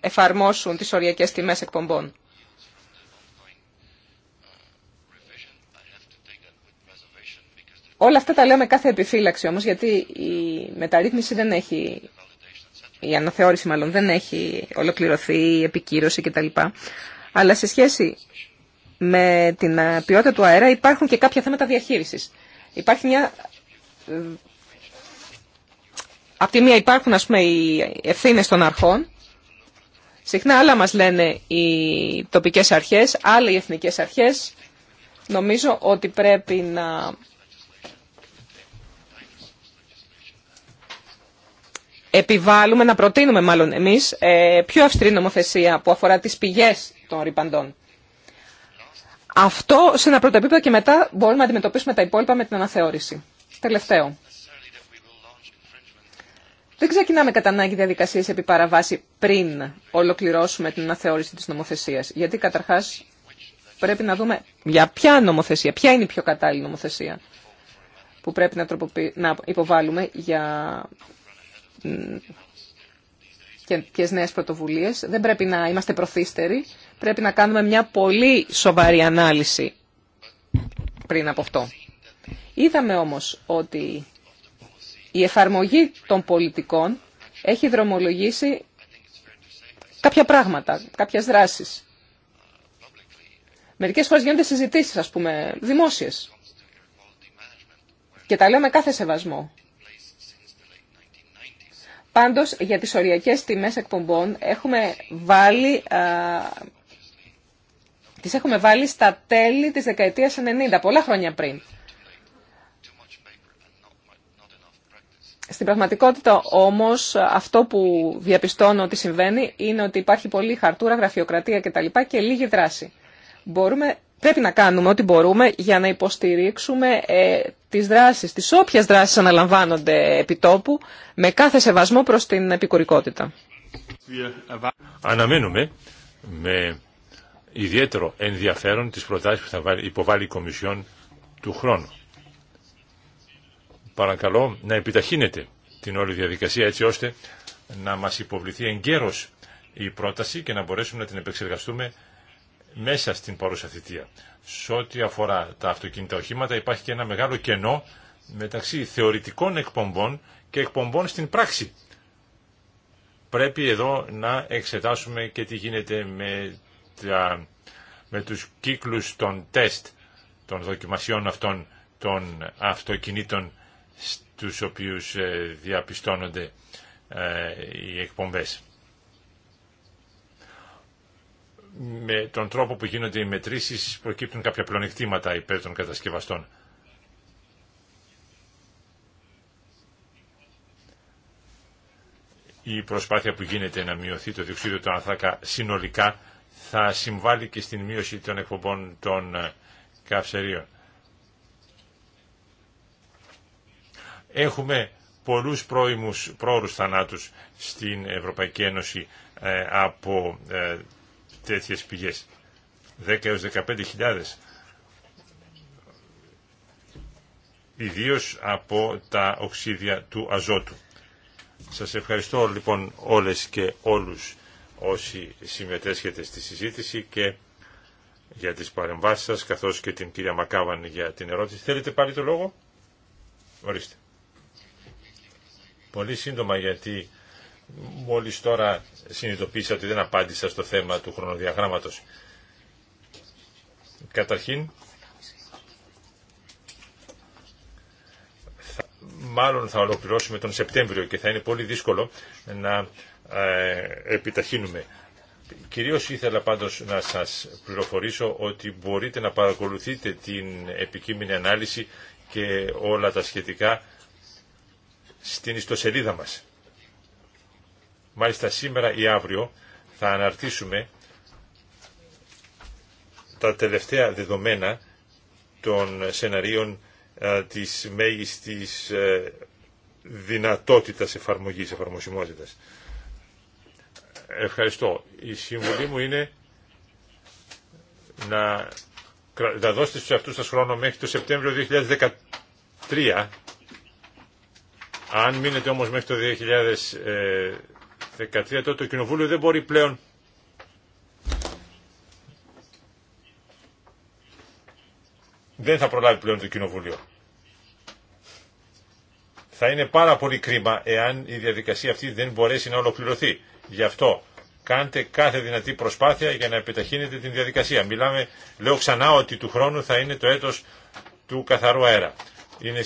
εφαρμόσουν τις οριακές τιμές εκπομπών. Όλα αυτά τα λέω με κάθε επιφύλαξη όμως, γιατί η μεταρρύθμιση δεν έχει η αναθεώρηση μάλλον δεν έχει ολοκληρωθεί, η επικύρωση κτλ. Αλλά σε σχέση με την ε, ποιότητα του αέρα υπάρχουν και κάποια θέματα διαχείρισης. Υπάρχει μια... Ε, απ' τη μία υπάρχουν ας πούμε οι ευθύνε των αρχών. Συχνά άλλα μας λένε οι τοπικές αρχές, άλλα οι εθνικές αρχές. Νομίζω ότι πρέπει να επιβάλλουμε, να προτείνουμε μάλλον εμείς, ε, πιο αυστηρή νομοθεσία που αφορά τις πηγές των ρηπαντών. Αυτό σε ένα πρώτο επίπεδο και μετά μπορούμε να αντιμετωπίσουμε τα υπόλοιπα με την αναθεώρηση. Τελευταίο. Δεν ξεκινάμε κατά ανάγκη διαδικασίε επί παραβάση πριν ολοκληρώσουμε την αναθεώρηση τη νομοθεσία. Γιατί καταρχά πρέπει να δούμε για ποια νομοθεσία, ποια είναι η πιο κατάλληλη νομοθεσία που πρέπει να, να υποβάλουμε για και ποιες νέες πρωτοβουλίες. Δεν πρέπει να είμαστε προθύστεροι. Πρέπει να κάνουμε μια πολύ σοβαρή ανάλυση πριν από αυτό. Είδαμε όμως ότι η εφαρμογή των πολιτικών έχει δρομολογήσει κάποια πράγματα, κάποιες δράσεις. Μερικές φορές γίνονται συζητήσεις, ας πούμε, δημόσιες. Και τα λέω με κάθε σεβασμό. Πάντως, για τις οριακές τιμές εκπομπών έχουμε βάλει, τις έχουμε βάλει στα τέλη της δεκαετίας 90, πολλά χρόνια πριν. Στην πραγματικότητα όμως αυτό που διαπιστώνω ότι συμβαίνει είναι ότι υπάρχει πολλή χαρτούρα, γραφειοκρατία κτλ. και λίγη δράση. Μπορούμε, πρέπει να κάνουμε ό,τι μπορούμε για να υποστηρίξουμε ε, τις δράσεις, τις όποιες δράσεις αναλαμβάνονται επιτόπου, με κάθε σεβασμό προς την επικουρικότητα. Αναμένουμε με ιδιαίτερο ενδιαφέρον τις προτάσεις που θα υποβάλει η Κομισιόν του χρόνου. Παρακαλώ να επιταχύνετε την όλη διαδικασία έτσι ώστε να μας υποβληθεί εγκαίρως η πρόταση και να μπορέσουμε να την επεξεργαστούμε μέσα στην παρούσα θητεία. Σε ό,τι αφορά τα αυτοκίνητα οχήματα υπάρχει και ένα μεγάλο κενό μεταξύ θεωρητικών εκπομπών και εκπομπών στην πράξη. Πρέπει εδώ να εξετάσουμε και τι γίνεται με, τα, με τους κύκλους των τεστ, των δοκιμασιών αυτών των αυτοκινήτων στους οποίους ε, διαπιστώνονται ε, οι εκπομπές με τον τρόπο που γίνονται οι μετρήσεις προκύπτουν κάποια πλονεκτήματα υπέρ των κατασκευαστών. Η προσπάθεια που γίνεται να μειωθεί το διοξείδιο του ανθράκα συνολικά θα συμβάλλει και στην μείωση των εκπομπών των ε, καυσερίων. Έχουμε πολλούς πρώιμους, πρόωρους θανάτους στην Ευρωπαϊκή Ένωση ε, από ε, τέτοιες πηγές. 10 έως 15.000 ιδίως από τα οξύδια του αζότου. Σας ευχαριστώ λοιπόν όλες και όλους όσοι συμμετέσχετε στη συζήτηση και για τις παρεμβάσεις σας, καθώς και την κυρία Μακάβαν για την ερώτηση. Θέλετε πάλι το λόγο? Ορίστε. Πολύ σύντομα γιατί Μόλις τώρα συνειδητοποίησα ότι δεν απάντησα στο θέμα του χρονοδιαγράμματος. Καταρχήν, μάλλον θα ολοκληρώσουμε τον Σεπτέμβριο και θα είναι πολύ δύσκολο να ε, επιταχύνουμε. Κυρίως ήθελα πάντως να σας πληροφορήσω ότι μπορείτε να παρακολουθείτε την επικείμενη ανάλυση και όλα τα σχετικά στην ιστοσελίδα μας. Μάλιστα σήμερα ή αύριο θα αναρτήσουμε τα τελευταία δεδομένα των σεναρίων της μέγιστης ε, δυνατότητας εφαρμογής, εφαρμοσιμότητας. Ευχαριστώ. Η συμβουλή μου είναι να, να δώσετε στους αυτούς σας χρόνο μέχρι το Σεπτέμβριο 2013. Αν μείνετε όμως μέχρι το 2013 τότε το Κοινοβούλιο δεν μπορεί πλέον δεν θα προλάβει πλέον το Κοινοβούλιο. Θα είναι πάρα πολύ κρίμα εάν η διαδικασία αυτή δεν μπορέσει να ολοκληρωθεί. Γι' αυτό κάντε κάθε δυνατή προσπάθεια για να επιταχύνετε την διαδικασία. Μιλάμε, λέω ξανά ότι του χρόνου θα είναι το έτος του καθαρού αέρα. Είναι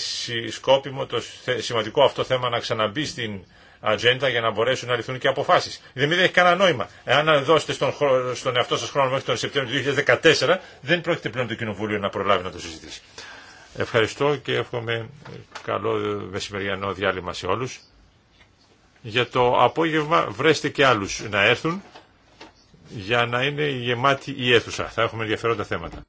σκόπιμο το σημαντικό αυτό θέμα να ξαναμπεί στην ατζέντα για να μπορέσουν να ληφθούν και αποφάσει. Δεν έχει κανένα νόημα. Εάν δώσετε στον, στον εαυτό σα χρόνο μέχρι τον Σεπτέμβριο του 2014, δεν πρόκειται πλέον το Κοινοβούλιο να προλάβει να το συζητήσει. Ευχαριστώ και εύχομαι καλό μεσημεριανό διάλειμμα σε όλου. Για το απόγευμα βρέστε και άλλου να έρθουν για να είναι γεμάτη η αίθουσα. Θα έχουμε ενδιαφέροντα θέματα.